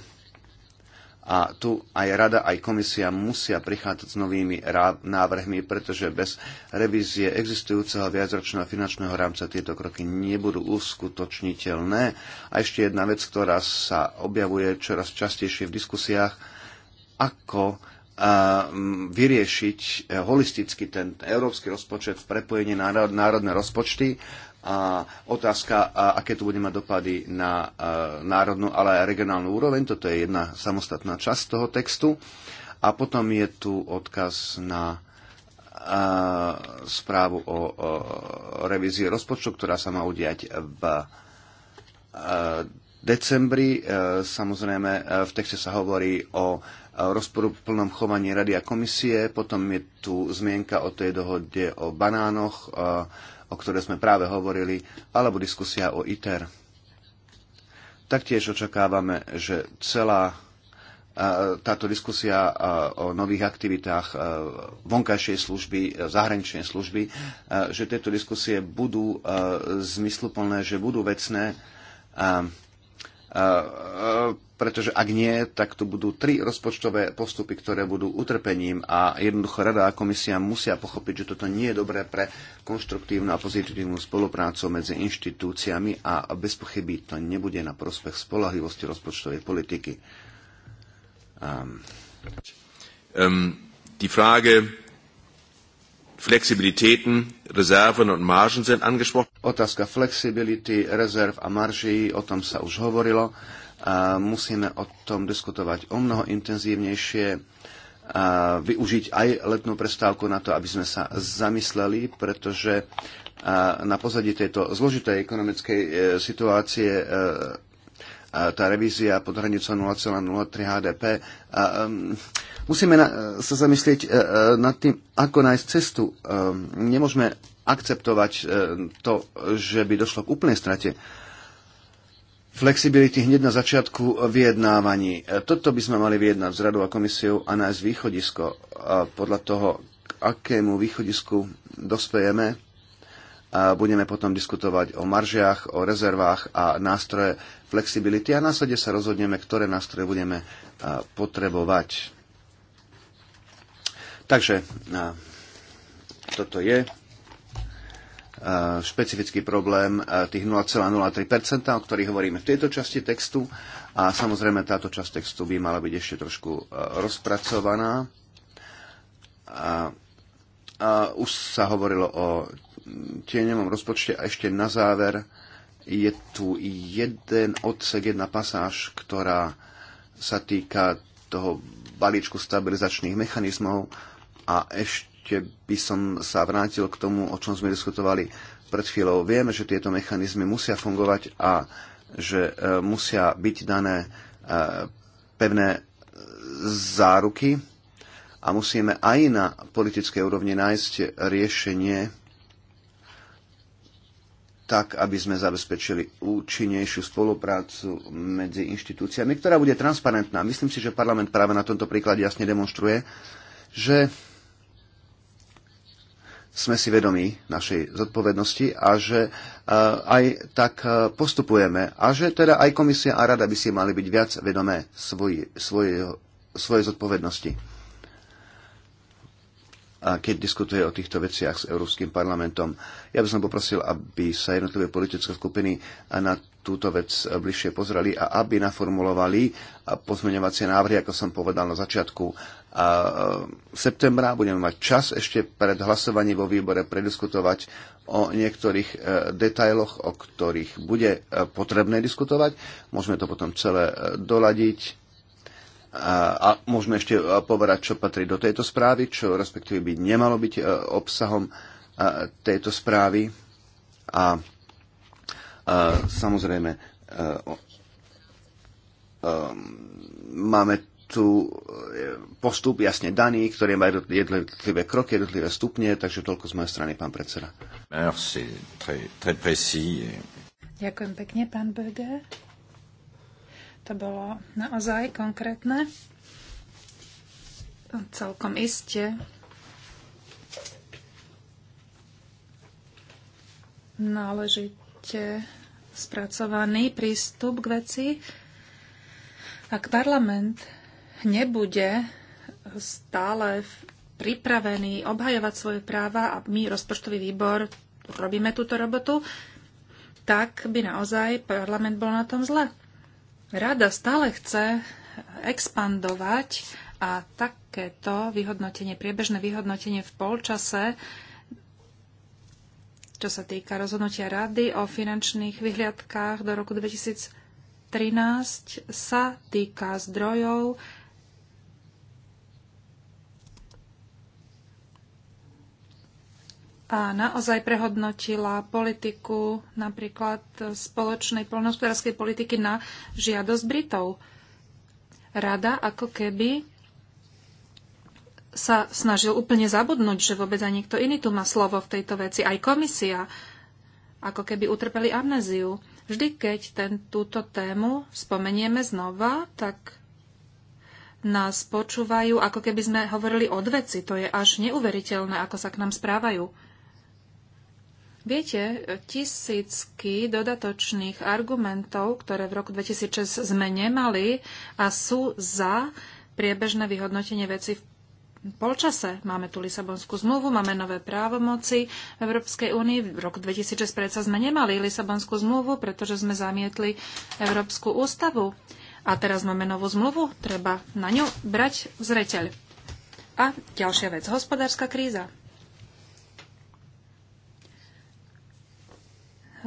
[SPEAKER 1] a tu aj rada, aj komisia musia prichádzať s novými návrhmi, pretože bez revízie existujúceho viacročného finančného rámca tieto kroky nebudú uskutočniteľné. A ešte jedna vec, ktorá sa objavuje čoraz častejšie v diskusiách, ako eh, vyriešiť eh, holisticky ten európsky rozpočet v prepojení na národné rozpočty a otázka, a aké tu bude mať dopady na eh, národnú, ale aj regionálnu úroveň. Toto je jedna samostatná časť toho textu. A potom je tu odkaz na správu o revízii rozpočtu, ktorá sa má udiať v decembri. Samozrejme, v texte sa hovorí o rozporuplnom chovaní Rady a komisie. Potom je tu zmienka o tej dohode o banánoch, o ktorej sme práve hovorili, alebo diskusia o ITER. Taktiež očakávame, že celá táto diskusia o nových aktivitách vonkajšej služby, zahraničnej služby, že tieto diskusie budú zmysluplné, že budú vecné pretože ak nie, tak to budú tri rozpočtové postupy, ktoré budú utrpením a jednoducho Rada a komisia musia pochopiť, že toto nie je dobré pre konštruktívnu a pozitívnu spoluprácu medzi inštitúciami a bez pochyby to nebude na prospech spolahlivosti rozpočtovej politiky. Um. Um, die Frage Flexibilitäten, Reserven und Margen sind angesprochen. Otázka flexibility, rezerv a marží, o tom sa už hovorilo. A musíme o tom diskutovať o mnoho intenzívnejšie. A využiť aj letnú prestávku na to, aby sme sa zamysleli, pretože na pozadí tejto zložitej ekonomickej e, situácie e, tá revízia pod hranicou 0,03 HDP a, Musíme na, e, sa zamyslieť e, e, nad tým, ako nájsť cestu. E, nemôžeme akceptovať e, to, že by došlo k úplnej strate flexibility hneď na začiatku vyjednávaní. E, toto by sme mali vyjednať s radou a komisiou a nájsť východisko. A podľa toho, k akému východisku dospejeme, a budeme potom diskutovať o maržiach, o rezervách a nástroje flexibility a následne sa rozhodneme, ktoré nástroje budeme potrebovať. Takže toto je špecifický problém tých 0,03%, o ktorých hovoríme v tejto časti textu. A samozrejme táto časť textu by mala byť ešte trošku rozpracovaná. A, a už sa hovorilo o tieňovom rozpočte a ešte na záver je tu jeden odsek, jedna pasáž, ktorá sa týka toho balíčku stabilizačných mechanizmov, a ešte by som sa vrátil k tomu, o čom sme diskutovali pred chvíľou. Vieme, že tieto mechanizmy musia fungovať a že e, musia byť dané e, pevné záruky a musíme aj na politickej úrovni nájsť riešenie tak, aby sme zabezpečili účinnejšiu spoluprácu medzi inštitúciami, ktorá bude transparentná. Myslím si, že parlament práve na tomto príklade jasne demonstruje, že sme si vedomí našej zodpovednosti a že eh, aj tak eh, postupujeme a že teda aj komisia a rada by si mali byť viac vedomé svoje svoje, svoje zodpovednosti a keď diskutuje o týchto veciach s Európskym parlamentom. Ja by som poprosil, aby sa jednotlivé politické skupiny na túto vec bližšie pozreli a aby naformulovali pozmeňovacie návrhy, ako som povedal na začiatku. A v e, septembra budeme mať čas ešte pred hlasovaním vo výbore prediskutovať o niektorých e, detailoch, o ktorých bude e, potrebné diskutovať. Môžeme to potom celé doladiť a, a môžeme ešte povedať, čo patrí do tejto správy, čo respektíve by nemalo byť e, obsahom e, tejto správy. A, a samozrejme, a, e, a, máme tu postup jasne daný, ktorý má jednotlivé kroky, jednotlivé stupne, takže toľko z mojej strany, pán predseda. Merci, très, très précis.
[SPEAKER 2] Ďakujem pekne, pán Berger. To bolo naozaj konkrétne. Celkom iste. Náležite spracovaný prístup k veci. Ak parlament nebude stále pripravený obhajovať svoje práva a my, rozpočtový výbor, robíme túto robotu, tak by naozaj parlament bol na tom zle. Rada stále chce expandovať a takéto vyhodnotenie, priebežné vyhodnotenie v polčase, čo sa týka rozhodnutia rady o finančných vyhliadkách do roku 2013, sa týka zdrojov a naozaj prehodnotila politiku napríklad spoločnej poľnohospodárskej politiky na žiadosť Britov. Rada ako keby sa snažil úplne zabudnúť, že vôbec aj niekto iný tu má slovo v tejto veci. Aj komisia ako keby utrpeli amnéziu. Vždy, keď ten, túto tému spomenieme znova, tak nás počúvajú, ako keby sme hovorili od veci. To je až neuveriteľné, ako sa k nám správajú. Viete, tisícky dodatočných argumentov, ktoré v roku 2006 sme nemali a sú za priebežné vyhodnotenie veci v polčase. Máme tu Lisabonskú zmluvu, máme nové právomoci v Európskej únii. V roku 2006 predsa sme nemali Lisabonskú zmluvu, pretože sme zamietli Európsku ústavu. A teraz máme novú zmluvu, treba na ňu brať zreteľ. A ďalšia vec, hospodárska kríza.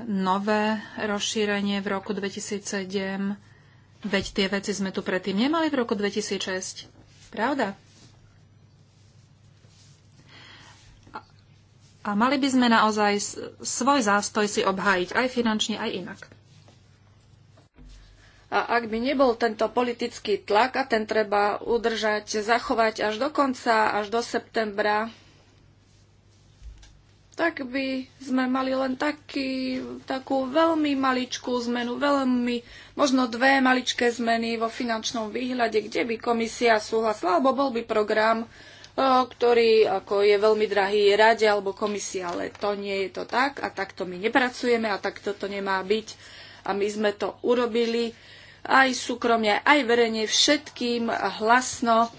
[SPEAKER 2] nové rozšírenie v roku 2007, veď tie veci sme tu predtým nemali v roku 2006. Pravda? A mali by sme naozaj svoj zástoj si
[SPEAKER 3] obhájiť aj finančne, aj inak. A ak by nebol tento politický tlak, a ten treba udržať, zachovať až do konca, až do septembra tak by sme mali len taký, takú veľmi maličkú zmenu, veľmi, možno dve maličké zmeny vo finančnom výhľade, kde by komisia súhlasila, alebo bol by program, e, ktorý ako je veľmi drahý rade alebo komisia, ale to nie je to tak a takto my nepracujeme a takto to nemá byť. A my sme to urobili aj súkromne, aj verejne všetkým hlasno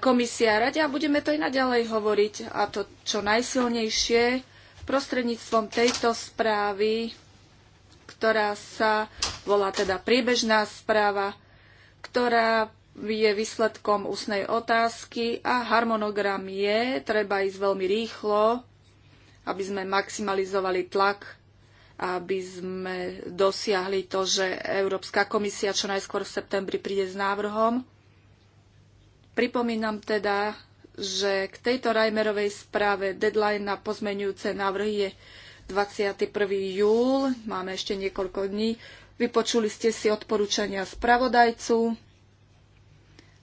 [SPEAKER 3] komisia a rade a budeme to aj naďalej hovoriť a to čo najsilnejšie prostredníctvom tejto správy, ktorá sa volá teda priebežná správa, ktorá je výsledkom ústnej otázky a harmonogram je, treba ísť veľmi rýchlo, aby sme maximalizovali tlak, aby sme dosiahli to, že Európska komisia čo najskôr v septembri príde s návrhom Pripomínam teda, že k tejto Rajmerovej správe deadline na pozmenujúce návrhy je 21. júl. Máme ešte niekoľko dní. Vypočuli ste si odporúčania spravodajcu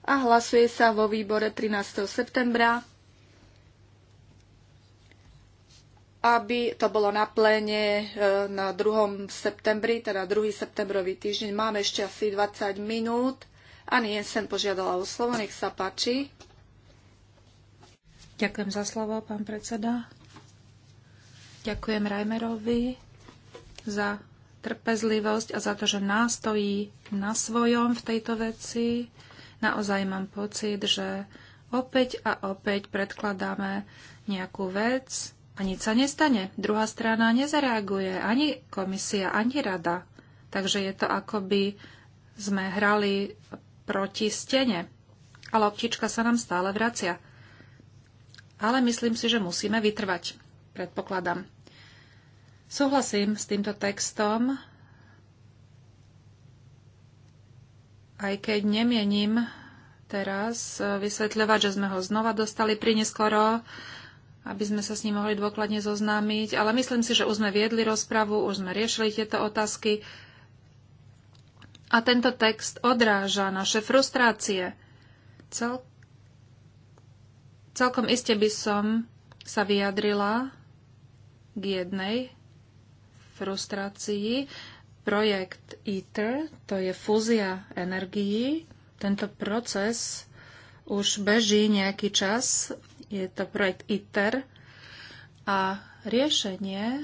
[SPEAKER 3] a hlasuje sa vo výbore 13. septembra, aby to bolo na pléne e, na 2. septembri, teda 2. septembrový týždeň. Máme ešte asi 20 minút ani Jensen požiadala o slovo, nech sa páči.
[SPEAKER 2] Ďakujem za slovo, pán predseda. Ďakujem Rajmerovi za trpezlivosť a za to, že nás stojí na svojom v tejto veci. Naozaj mám pocit, že opäť a opäť predkladáme nejakú vec a nič sa nestane. Druhá strana nezareaguje, ani komisia, ani rada. Takže je to akoby sme hrali proti stene. A loptička sa nám stále vracia. Ale myslím si, že musíme vytrvať, predpokladám. Súhlasím s týmto textom, aj keď nemienim teraz vysvetľovať, že sme ho znova dostali pri neskoro, aby sme sa s ním mohli dôkladne zoznámiť, ale myslím si, že už sme viedli rozpravu, už sme riešili tieto otázky a tento text odráža naše frustrácie. Cel... Celkom iste by som sa vyjadrila k jednej frustrácii. Projekt ITER, to je fúzia energií. Tento proces už beží nejaký čas. Je to projekt ITER. A riešenie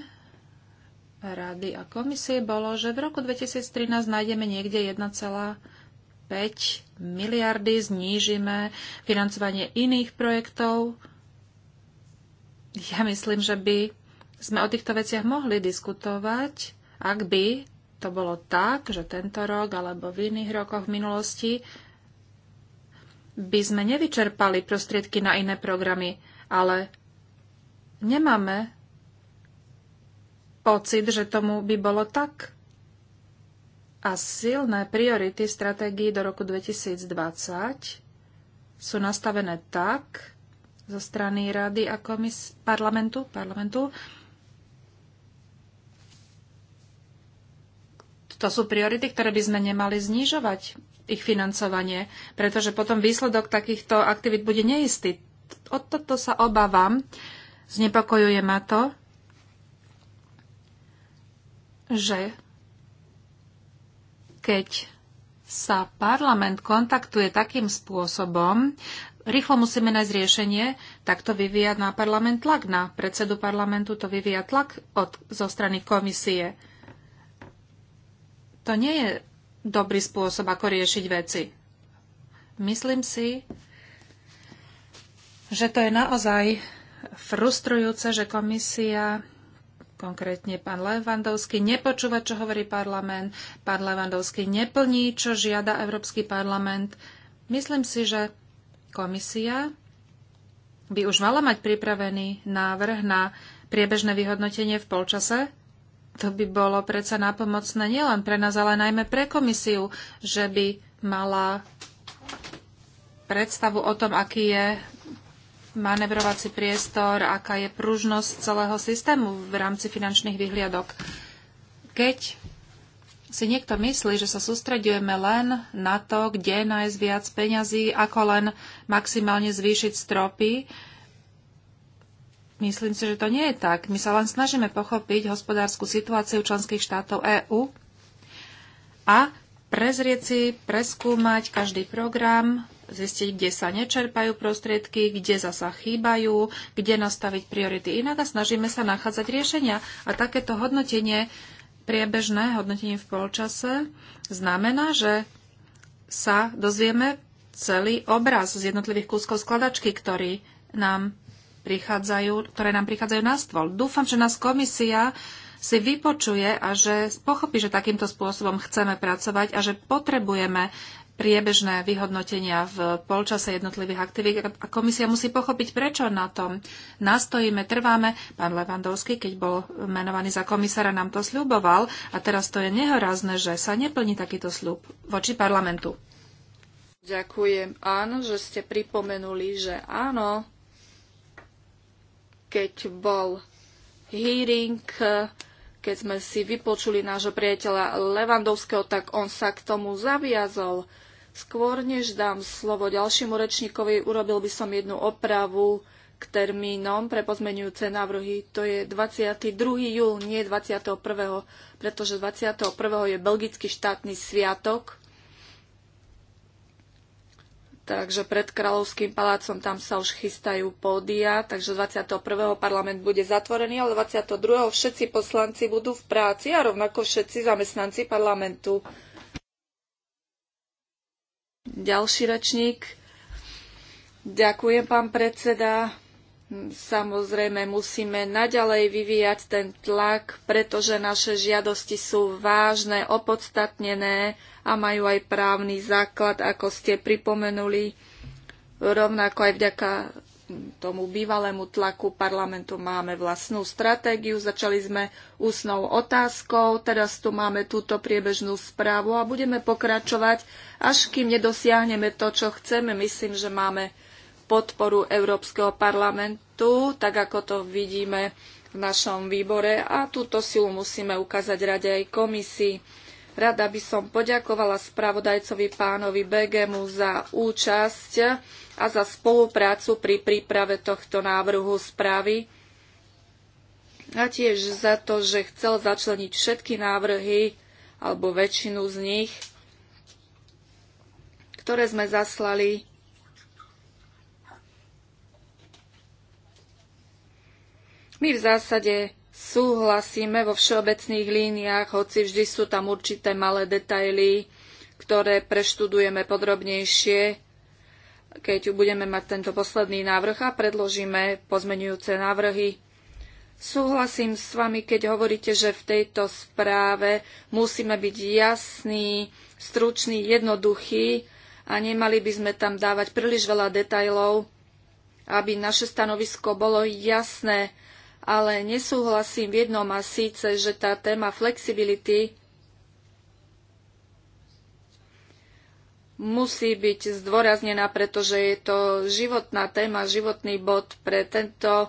[SPEAKER 2] Rady a komisie bolo, že v roku 2013 nájdeme niekde 1,5 miliardy, znížime financovanie iných projektov. Ja myslím, že by sme o týchto veciach mohli diskutovať, ak by to bolo tak, že tento rok alebo v iných rokoch v minulosti by sme nevyčerpali prostriedky na iné programy, ale nemáme pocit, že tomu by bolo tak. A silné priority stratégií do roku 2020 sú nastavené tak zo strany rady a komis- parlamentu, parlamentu, to sú priority, ktoré by sme nemali znižovať ich financovanie, pretože potom výsledok takýchto aktivít bude neistý. O toto sa obávam, znepokojuje ma to, že keď sa parlament kontaktuje takým spôsobom, rýchlo musíme nájsť riešenie, tak to vyvíja na parlament tlak. Na predsedu parlamentu to vyvíja tlak od, zo strany komisie. To nie je dobrý spôsob, ako riešiť veci. Myslím si, že to je naozaj frustrujúce, že komisia konkrétne pán Levandovský nepočúva, čo hovorí parlament, pán Levandovský neplní, čo žiada Európsky parlament. Myslím si, že komisia by už mala mať pripravený návrh na priebežné vyhodnotenie v polčase. To by bolo predsa napomocné nielen pre nás, ale najmä pre komisiu, že by mala predstavu o tom, aký je manevrovací priestor, aká je pružnosť celého systému v rámci finančných vyhliadok. Keď si niekto myslí, že sa sústredujeme len na to, kde nájsť viac peňazí, ako len maximálne zvýšiť stropy, myslím si, že to nie je tak. My sa len snažíme pochopiť hospodárskú situáciu členských štátov EÚ a prezrieť si, preskúmať každý program, zistiť, kde sa nečerpajú prostriedky, kde zasa chýbajú, kde nastaviť priority inak a snažíme sa nachádzať riešenia. A takéto hodnotenie, priebežné hodnotenie v polčase, znamená, že sa dozvieme celý obraz z jednotlivých kúskov skladačky, ktorý nám prichádzajú, ktoré nám prichádzajú na stôl. Dúfam, že nás komisia si vypočuje a že pochopí, že takýmto spôsobom chceme pracovať a že potrebujeme priebežné vyhodnotenia v polčase jednotlivých aktivít a komisia musí pochopiť, prečo na tom nastojíme, trváme. Pán Levandovský, keď bol menovaný za komisára, nám to sľuboval a teraz to je nehorazné, že sa neplní takýto sľub voči parlamentu.
[SPEAKER 3] Ďakujem. Áno, že ste pripomenuli, že áno, keď bol hearing, keď sme si vypočuli nášho priateľa Levandovského, tak on sa k tomu zaviazol Skôr než dám slovo ďalšiemu rečníkovi, urobil by som jednu opravu k termínom pre pozmenujúce návrhy. To je 22. júl, nie 21. pretože 21. je belgický štátny sviatok. Takže pred Kráľovským palácom tam sa už chystajú pódia, takže 21. parlament bude zatvorený, ale 22. všetci poslanci budú v práci a rovnako všetci zamestnanci parlamentu. Ďalší rečník. Ďakujem, pán predseda. Samozrejme, musíme naďalej vyvíjať ten tlak, pretože naše žiadosti sú vážne, opodstatnené a majú aj právny základ, ako ste pripomenuli, rovnako aj vďaka tomu bývalému tlaku parlamentu máme vlastnú stratégiu. Začali sme úsnou otázkou, teraz tu máme túto priebežnú správu a budeme pokračovať, až kým nedosiahneme to, čo chceme. Myslím, že máme podporu Európskeho parlamentu, tak ako to vidíme v našom výbore a túto silu musíme ukázať rade aj komisii. Rada by som poďakovala spravodajcovi pánovi Begemu za účasť a za spoluprácu pri príprave tohto návrhu správy a tiež za to, že chcel začleniť všetky návrhy alebo väčšinu z nich, ktoré sme zaslali My v zásade súhlasíme vo všeobecných líniách, hoci vždy sú tam určité malé detaily, ktoré preštudujeme podrobnejšie, keď budeme mať tento posledný návrh a predložíme pozmenujúce návrhy. Súhlasím s vami, keď hovoríte, že v tejto správe musíme byť jasný, stručný, jednoduchý a nemali by sme tam dávať príliš veľa detajlov, aby naše stanovisko bolo jasné ale nesúhlasím v jednom a síce, že tá téma flexibility musí byť zdôraznená, pretože je to životná téma, životný bod pre tento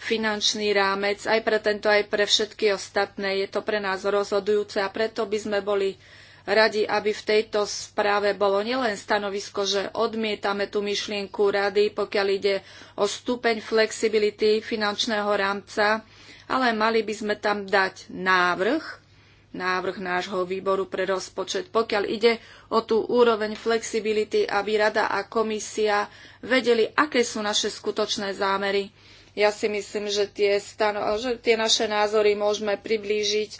[SPEAKER 3] finančný rámec, aj pre tento, aj pre všetky ostatné. Je to pre nás rozhodujúce a preto by sme boli radi, aby v tejto správe bolo nielen stanovisko, že odmietame tú myšlienku rady, pokiaľ ide o stupeň flexibility finančného rámca, ale mali by sme tam dať návrh, návrh nášho výboru pre rozpočet, pokiaľ ide o tú úroveň flexibility, aby rada a komisia vedeli, aké sú naše skutočné zámery. Ja si myslím, že tie, že tie naše názory môžeme priblížiť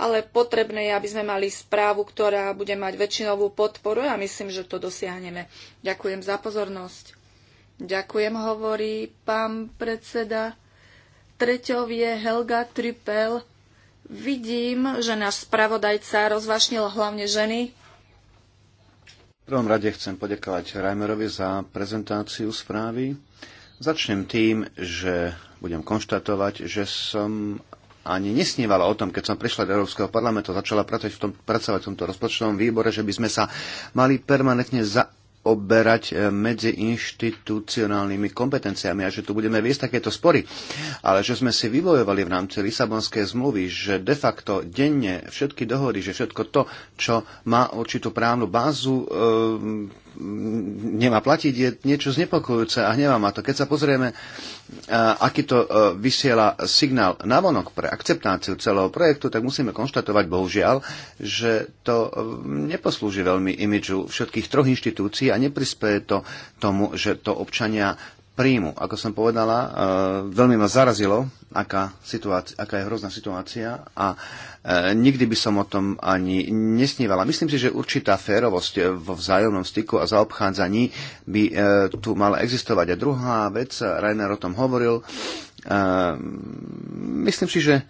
[SPEAKER 3] ale potrebné je, aby sme mali správu, ktorá bude mať väčšinovú podporu a myslím, že to dosiahneme. Ďakujem za pozornosť. Ďakujem, hovorí pán predseda. Treťov je Helga Trypel. Vidím, že náš spravodajca rozvašnil hlavne ženy.
[SPEAKER 1] V prvom rade chcem podekovať Reimerovi za prezentáciu správy. Začnem tým, že budem konštatovať, že som ani nesnívala o tom, keď som prišla do Európskeho parlamentu, začala pracovať v, tom, pracovať v tomto rozpočtovom výbore, že by sme sa mali permanentne zaoberať eh, medzi inštitucionálnymi kompetenciami a že tu budeme viesť takéto spory. Ale že sme si vybojovali v rámci Lisabonskej zmluvy, že de facto denne všetky dohody, že všetko to, čo má určitú právnu bázu, e, nemá platiť, je niečo znepokojúce a hnevá ma to. Keď sa pozrieme aký to e, vysiela signál navonok pre akceptáciu celého projektu, tak musíme konštatovať bohužiaľ, že to e, neposlúži veľmi imidžu všetkých troch inštitúcií a neprispieje to tomu, že to občania príjmu. Ako som povedala, e, veľmi ma zarazilo, aká, situácia, aká je hrozná situácia a E, nikdy by som o tom ani nesnívala. Myslím si, že určitá férovosť vo vzájomnom styku a zaobchádzaní by e, tu mala existovať. A druhá vec, Rainer o tom hovoril, e, myslím si, že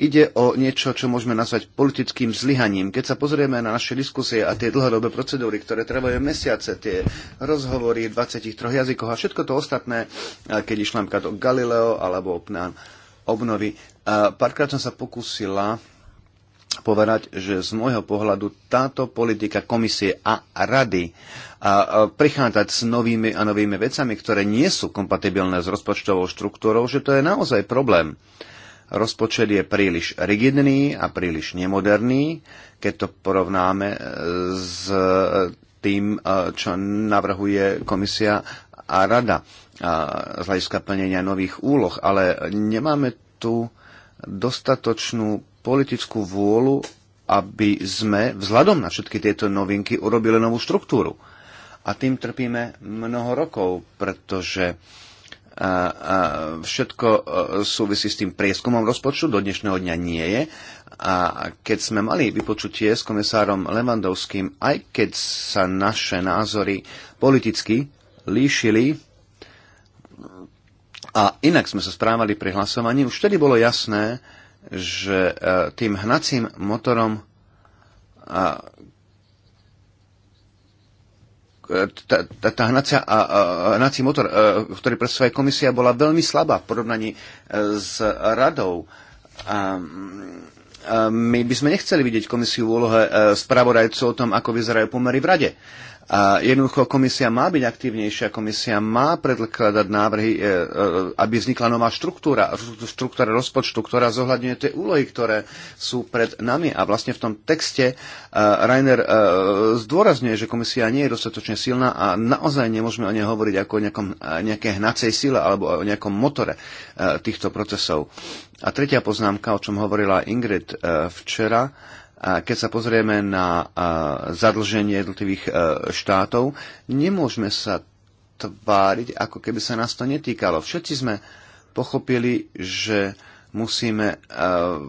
[SPEAKER 1] ide o niečo, čo môžeme nazvať politickým zlyhaním. Keď sa pozrieme na naše diskusie a tie dlhodobé procedúry, ktoré trvajú mesiace, tie rozhovory v 23 jazykoch a všetko to ostatné, keď išla o Galileo alebo o obnovy, párkrát som sa pokúsila povedať, že z môjho pohľadu táto politika komisie a rady a prichádzať s novými a novými vecami, ktoré nie sú kompatibilné s rozpočtovou štruktúrou, že to je naozaj problém. Rozpočet je príliš rigidný a príliš nemoderný, keď to porovnáme e, s e, tým, e, čo navrhuje komisia a rada a z hľadiska plnenia nových úloh, ale nemáme tu dostatočnú politickú vôľu, aby sme vzhľadom na všetky tieto novinky urobili novú štruktúru. A tým trpíme mnoho rokov, pretože a, e, a e, všetko e, súvisí s tým prieskumom rozpočtu, do dnešného dňa nie je. A keď sme mali vypočutie s komisárom Levandovským, aj keď sa naše názory politicky líšili a inak sme sa správali pri hlasovaní, už vtedy bolo jasné, že e, tým hnacím motorom tá, e, tá, hnacia, hnací motor, e, ktorý predstavuje komisia, bola veľmi slabá v porovnaní s radou. A, my by sme nechceli vidieť komisiu v úlohe spravodajcu o tom, ako vyzerajú pomery v rade. A jednoducho komisia má byť aktívnejšia, komisia má predkladať návrhy, e, e, aby vznikla nová štruktúra, štruktúra rozpočtu, ktorá zohľadňuje tie úlohy, ktoré sú pred nami. A vlastne v tom texte e, Rainer zdôrazňuje, že komisia nie je dostatočne silná a naozaj nemôžeme o nej hovoriť ako o nejakom, nejaké hnacej sile alebo o nejakom motore týchto procesov. A tretia poznámka, o čom hovorila Ingrid včera, keď sa pozrieme na zadlženie jednotlivých e, štátov, nemôžeme sa tváriť, ako keby sa nás to netýkalo. Všetci sme pochopili, že musíme e,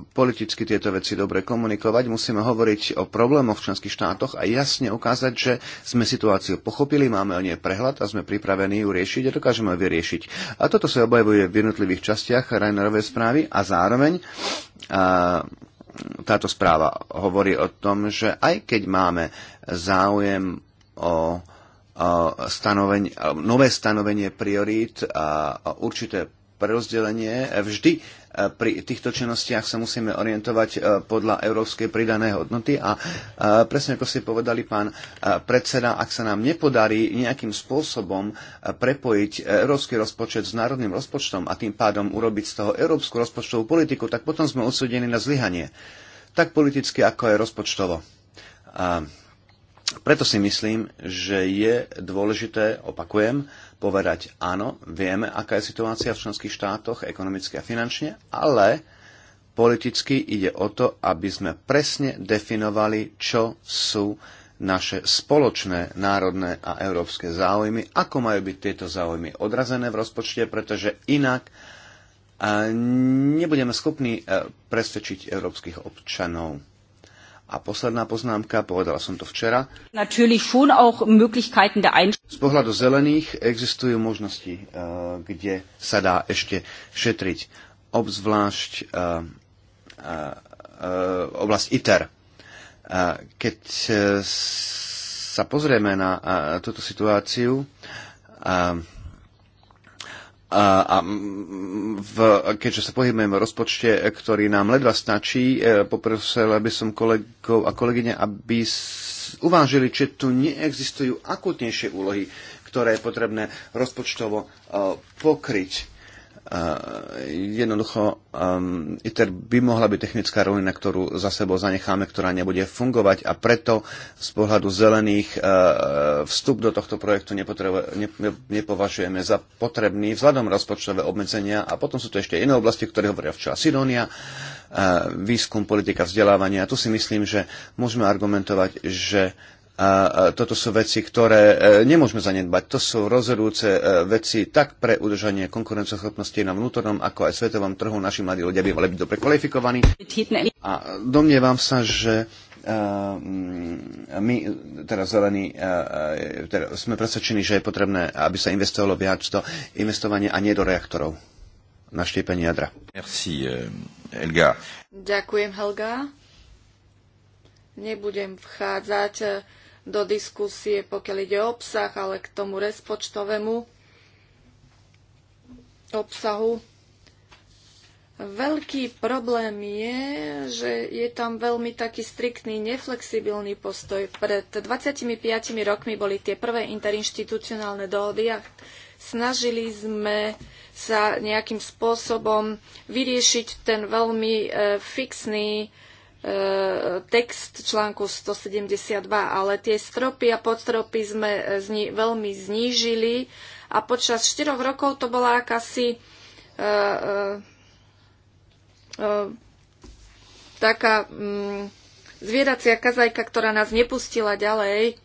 [SPEAKER 1] politicky tieto veci dobre komunikovať, musíme hovoriť o problémoch v členských štátoch a jasne ukázať, že sme situáciu pochopili, máme o nej prehľad a sme pripravení ju riešiť a dokážeme ju vyriešiť. A toto sa objavuje v jednotlivých častiach Rainerovej správy a zároveň táto správa hovorí o tom, že aj keď máme záujem o stanovenie, nové stanovenie priorít a určité prerozdelenie, vždy E, pri týchto činnostiach sa musíme orientovať e, podľa európskej pridanej hodnoty a e, presne ako ste povedali, pán predseda, ak sa nám nepodarí nejakým spôsobom prepojiť európsky rozpočet s národným rozpočtom a tým pádom urobiť z toho európsku rozpočtovú politiku, tak potom sme odsudení na zlyhanie. Tak politicky, ako aj rozpočtovo. Preto si myslím, že je dôležité, opakujem, povedať áno, vieme, aká je situácia v členských štátoch, ekonomicky a finančne, ale politicky ide o to, aby sme presne definovali, čo sú naše spoločné národné a európske záujmy, ako majú byť tieto záujmy odrazené v rozpočte, pretože inak eh, nebudeme schopní eh, presvedčiť európskych občanov. A posledná poznámka, povedala som to včera. Z pohľadu zelených existujú možnosti, eh, kde sa dá ešte šetriť. Obzvlášť eh, eh, oblasť ITER. Keď sa pozrieme na túto situáciu, a, a v, keďže sa pohybujeme v rozpočte, ktorý nám ledva stačí, e, poprosil by som kolegov a kolegyne, aby uvážili, či tu neexistujú akutnejšie úlohy, ktoré je potrebné rozpočtovo e, pokryť Eh, jednoducho um, ITER by mohla byť technická rovina, ktorú za sebou zanecháme, ktorá nebude fungovať a preto z pohľadu zelených uh, vstup do tohto projektu ne, nepovažujeme za potrebný vzhľadom rozpočtové obmedzenia a potom sú tu ešte iné oblasti, ktoré hovoria včera Sidonia, uh, výskum, politika, vzdelávania. Tu si myslím, že môžeme argumentovať, že a toto sú veci, ktoré e, nemôžeme zanedbať. To sú rozhodujúce e, veci tak pre udržanie konkurencochopnosti na vnútornom, ako aj svetovom trhu. Naši mladí ľudia by mali byť dobre kvalifikovaní. A domnievam sa, že e, my teraz zelení teda sme presvedčení, že je potrebné, aby sa investovalo viac do investovania a nie do reaktorov na štiepenie jadra. Merci, Helga.
[SPEAKER 3] Ďakujem, Helga. Nebudem vchádzať do diskusie, pokiaľ ide o obsah, ale k tomu rozpočtovému obsahu. Veľký problém je, že je tam veľmi taký striktný, neflexibilný postoj. Pred 25 rokmi boli tie prvé interinštitucionálne dohody a snažili sme sa nejakým spôsobom vyriešiť ten veľmi e, fixný E, text článku 172, ale tie stropy a podstropy sme e, zni- veľmi znížili a počas 4 rokov to bola akási uh, uh, uh, taká um, zvieracia kazajka, ktorá nás nepustila ďalej.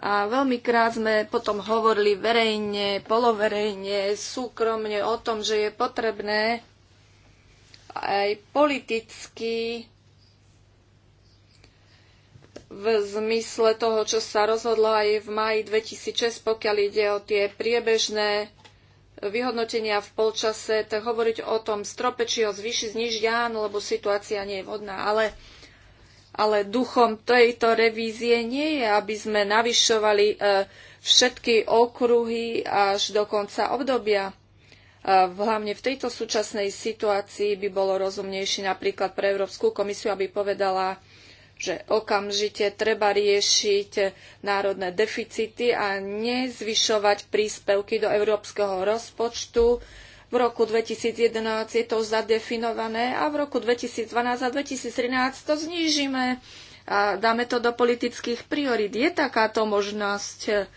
[SPEAKER 3] A veľmi krát sme potom hovorili verejne, poloverejne, súkromne o tom, že je potrebné aj politicky v zmysle toho, čo sa rozhodlo aj v maji 2006, pokiaľ ide o tie priebežné vyhodnotenia v polčase, tak hovoriť o tom strope, či ho zvýši, znižiť, áno, lebo situácia nie je vhodná, ale, ale duchom tejto revízie nie je, aby sme navyšovali eh, všetky okruhy až do konca obdobia. Hlavne v tejto súčasnej situácii by bolo rozumnejšie napríklad pre Európsku komisiu, aby povedala, že okamžite treba riešiť národné deficity a nezvyšovať príspevky do európskeho rozpočtu. V roku 2011 je to zadefinované a v roku 2012 a 2013 to znížime a dáme to do politických priorít. Je takáto možnosť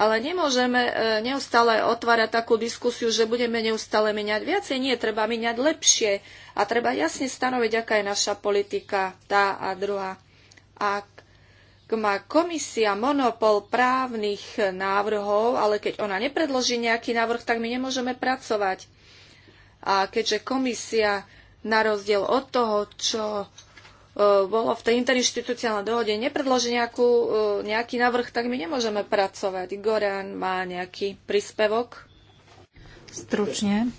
[SPEAKER 3] ale nemôžeme e, neustále otvárať takú diskusiu, že budeme neustále miňať viacej. Nie, treba miňať lepšie a treba jasne stanoviť, aká je naša politika, tá a druhá. Ak má komisia monopol právnych návrhov, ale keď ona nepredloží nejaký návrh, tak my nemôžeme pracovať. A keďže komisia na rozdiel od toho, čo E, bolo v tej interinstitucionálnej dohode, nepredloží nejakú, e, nejaký navrh, tak my nemôžeme pracovať. Goran má nejaký príspevok?
[SPEAKER 2] Stručne.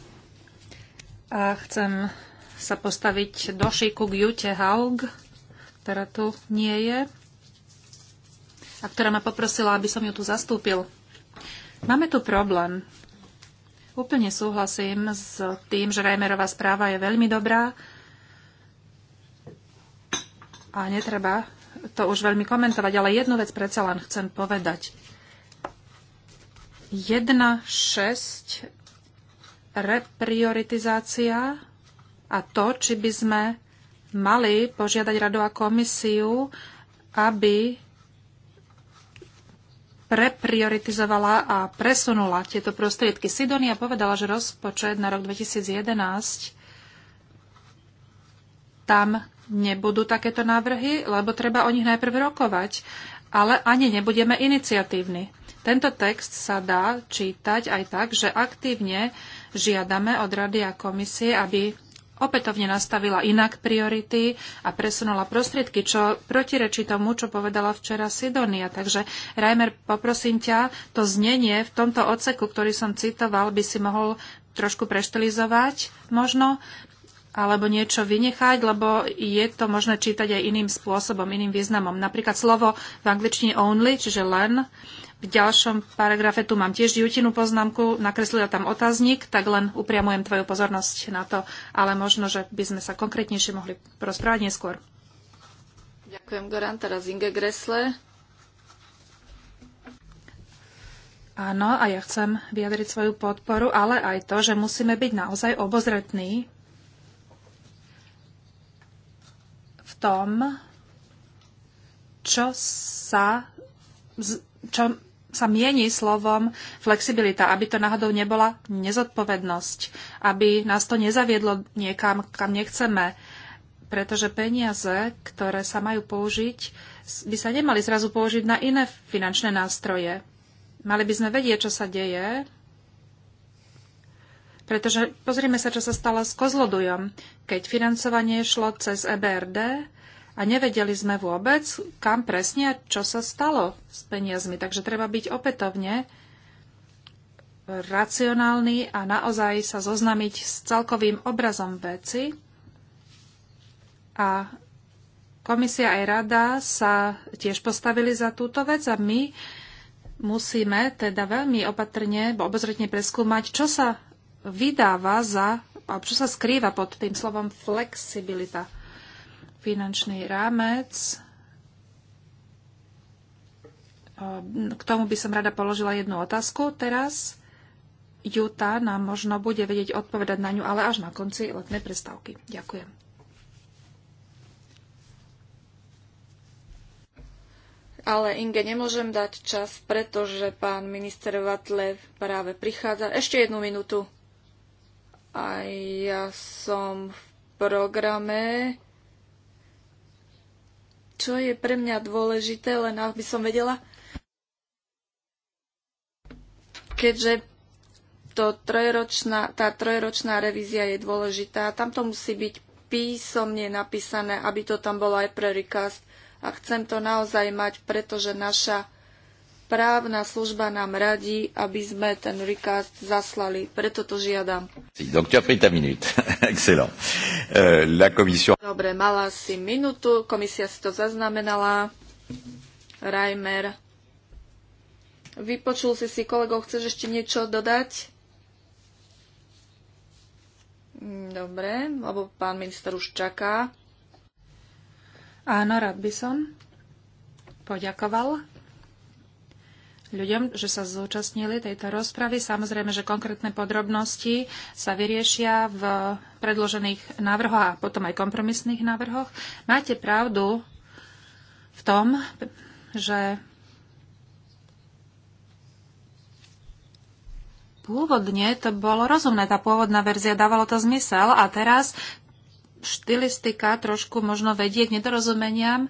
[SPEAKER 2] A chcem sa postaviť do šíku k Jute Haug, ktorá tu nie je a ktorá ma poprosila, aby som ju tu zastúpil. Máme tu problém. Úplne súhlasím s tým, že Reimerová správa je veľmi dobrá, a netreba to už veľmi komentovať, ale jednu vec predsa len chcem povedať. 1.6 reprioritizácia a to, či by sme mali požiadať radu a komisiu, aby preprioritizovala a presunula tieto prostriedky. Sidonia povedala, že rozpočet na rok 2011 tam nebudú takéto návrhy, lebo treba o nich najprv rokovať, ale ani nebudeme iniciatívni. Tento text sa dá čítať aj tak, že aktívne žiadame od Rady a komisie, aby opätovne nastavila inak priority a presunula prostriedky, čo protirečí tomu, čo povedala včera Sidonia. Takže, Reimer, poprosím ťa, to znenie v tomto odseku, ktorý som citoval, by si mohol trošku preštelizovať možno, alebo niečo vynechať, lebo je to možné čítať aj iným spôsobom, iným významom. Napríklad slovo v angličtine only, čiže len. V ďalšom paragrafe tu mám tiež jutinu poznámku, nakreslila tam otáznik, tak len upriamujem tvoju pozornosť na to, ale možno, že by sme sa konkrétnejšie mohli rozprávať neskôr.
[SPEAKER 3] Ďakujem, Goran. Teraz Inge Gressle.
[SPEAKER 2] Áno, a ja chcem vyjadriť svoju podporu, ale aj to, že musíme byť naozaj obozretní tom, čo sa, čo sa mieni slovom flexibilita, aby to náhodou nebola nezodpovednosť, aby nás to nezaviedlo niekam, kam nechceme, pretože peniaze, ktoré sa majú použiť, by sa nemali zrazu použiť na iné finančné nástroje. Mali by sme vedieť, čo sa deje, pretože pozrieme sa, čo sa stalo s Kozlodujom, keď financovanie šlo cez EBRD a nevedeli sme vôbec, kam presne, čo sa stalo s peniazmi. Takže treba byť opätovne racionálny a naozaj sa zoznamiť s celkovým obrazom veci. A komisia aj rada sa tiež postavili za túto vec a my musíme teda veľmi opatrne, obozretne preskúmať, čo sa vydáva za, a čo sa skrýva pod tým slovom flexibilita. Finančný rámec. Eh, k tomu by som rada položila jednu otázku teraz. Juta nám možno bude vedieť odpovedať na ňu, ale až na konci letnej prestávky. Ďakujem.
[SPEAKER 3] Ale Inge, nemôžem dať čas, pretože pán minister Vatlev práve prichádza. Ešte jednu minútu. A ja som v programe, čo je pre mňa dôležité, len aby som vedela, keďže to trojročná, tá trojročná revízia je dôležitá. Tam to musí byť písomne napísané, aby to tam bolo aj pre recast. A chcem to naozaj mať, pretože naša právna služba nám radí, aby sme ten recast zaslali. Preto to žiadam. Donc tu as pris ta minute. <laughs> Excellent. Euh, la commission... Dobre, mala si minútu, komisia si to zaznamenala. Reimer, vypočul si si kolegov, chceš ešte niečo dodať? Mm, dobre, lebo pán minister už čaká.
[SPEAKER 2] Áno, rád by som poďakoval ľuďom, že sa zúčastnili tejto rozpravy. Samozrejme, že konkrétne podrobnosti sa vyriešia v predložených návrhoch a potom aj kompromisných návrhoch. Máte pravdu v tom, že pôvodne to bolo rozumné, tá pôvodná verzia dávalo to zmysel a teraz štilistika trošku možno vedie k nedorozumeniam,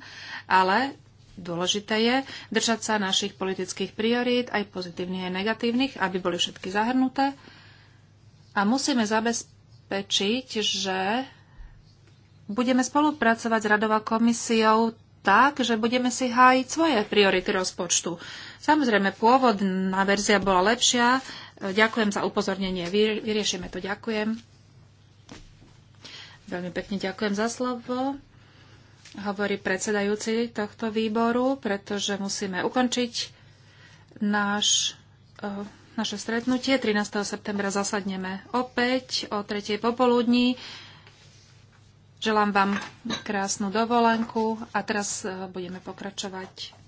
[SPEAKER 2] ale Dôležité je držať sa našich politických priorít, aj pozitívnych, aj negatívnych, aby boli všetky zahrnuté. A musíme zabezpečiť, že budeme spolupracovať s Radovou komisiou tak, že budeme si hájiť svoje priority rozpočtu. Samozrejme, pôvodná verzia bola lepšia. Ďakujem za upozornenie. Vyriešime to. Ďakujem. Veľmi pekne ďakujem za slovo hovorí predsedajúci tohto výboru, pretože musíme ukončiť náš, e, naše stretnutie. 13. septembra zasadneme opäť o 3. popoludní. Želám vám krásnu dovolenku a teraz e, budeme pokračovať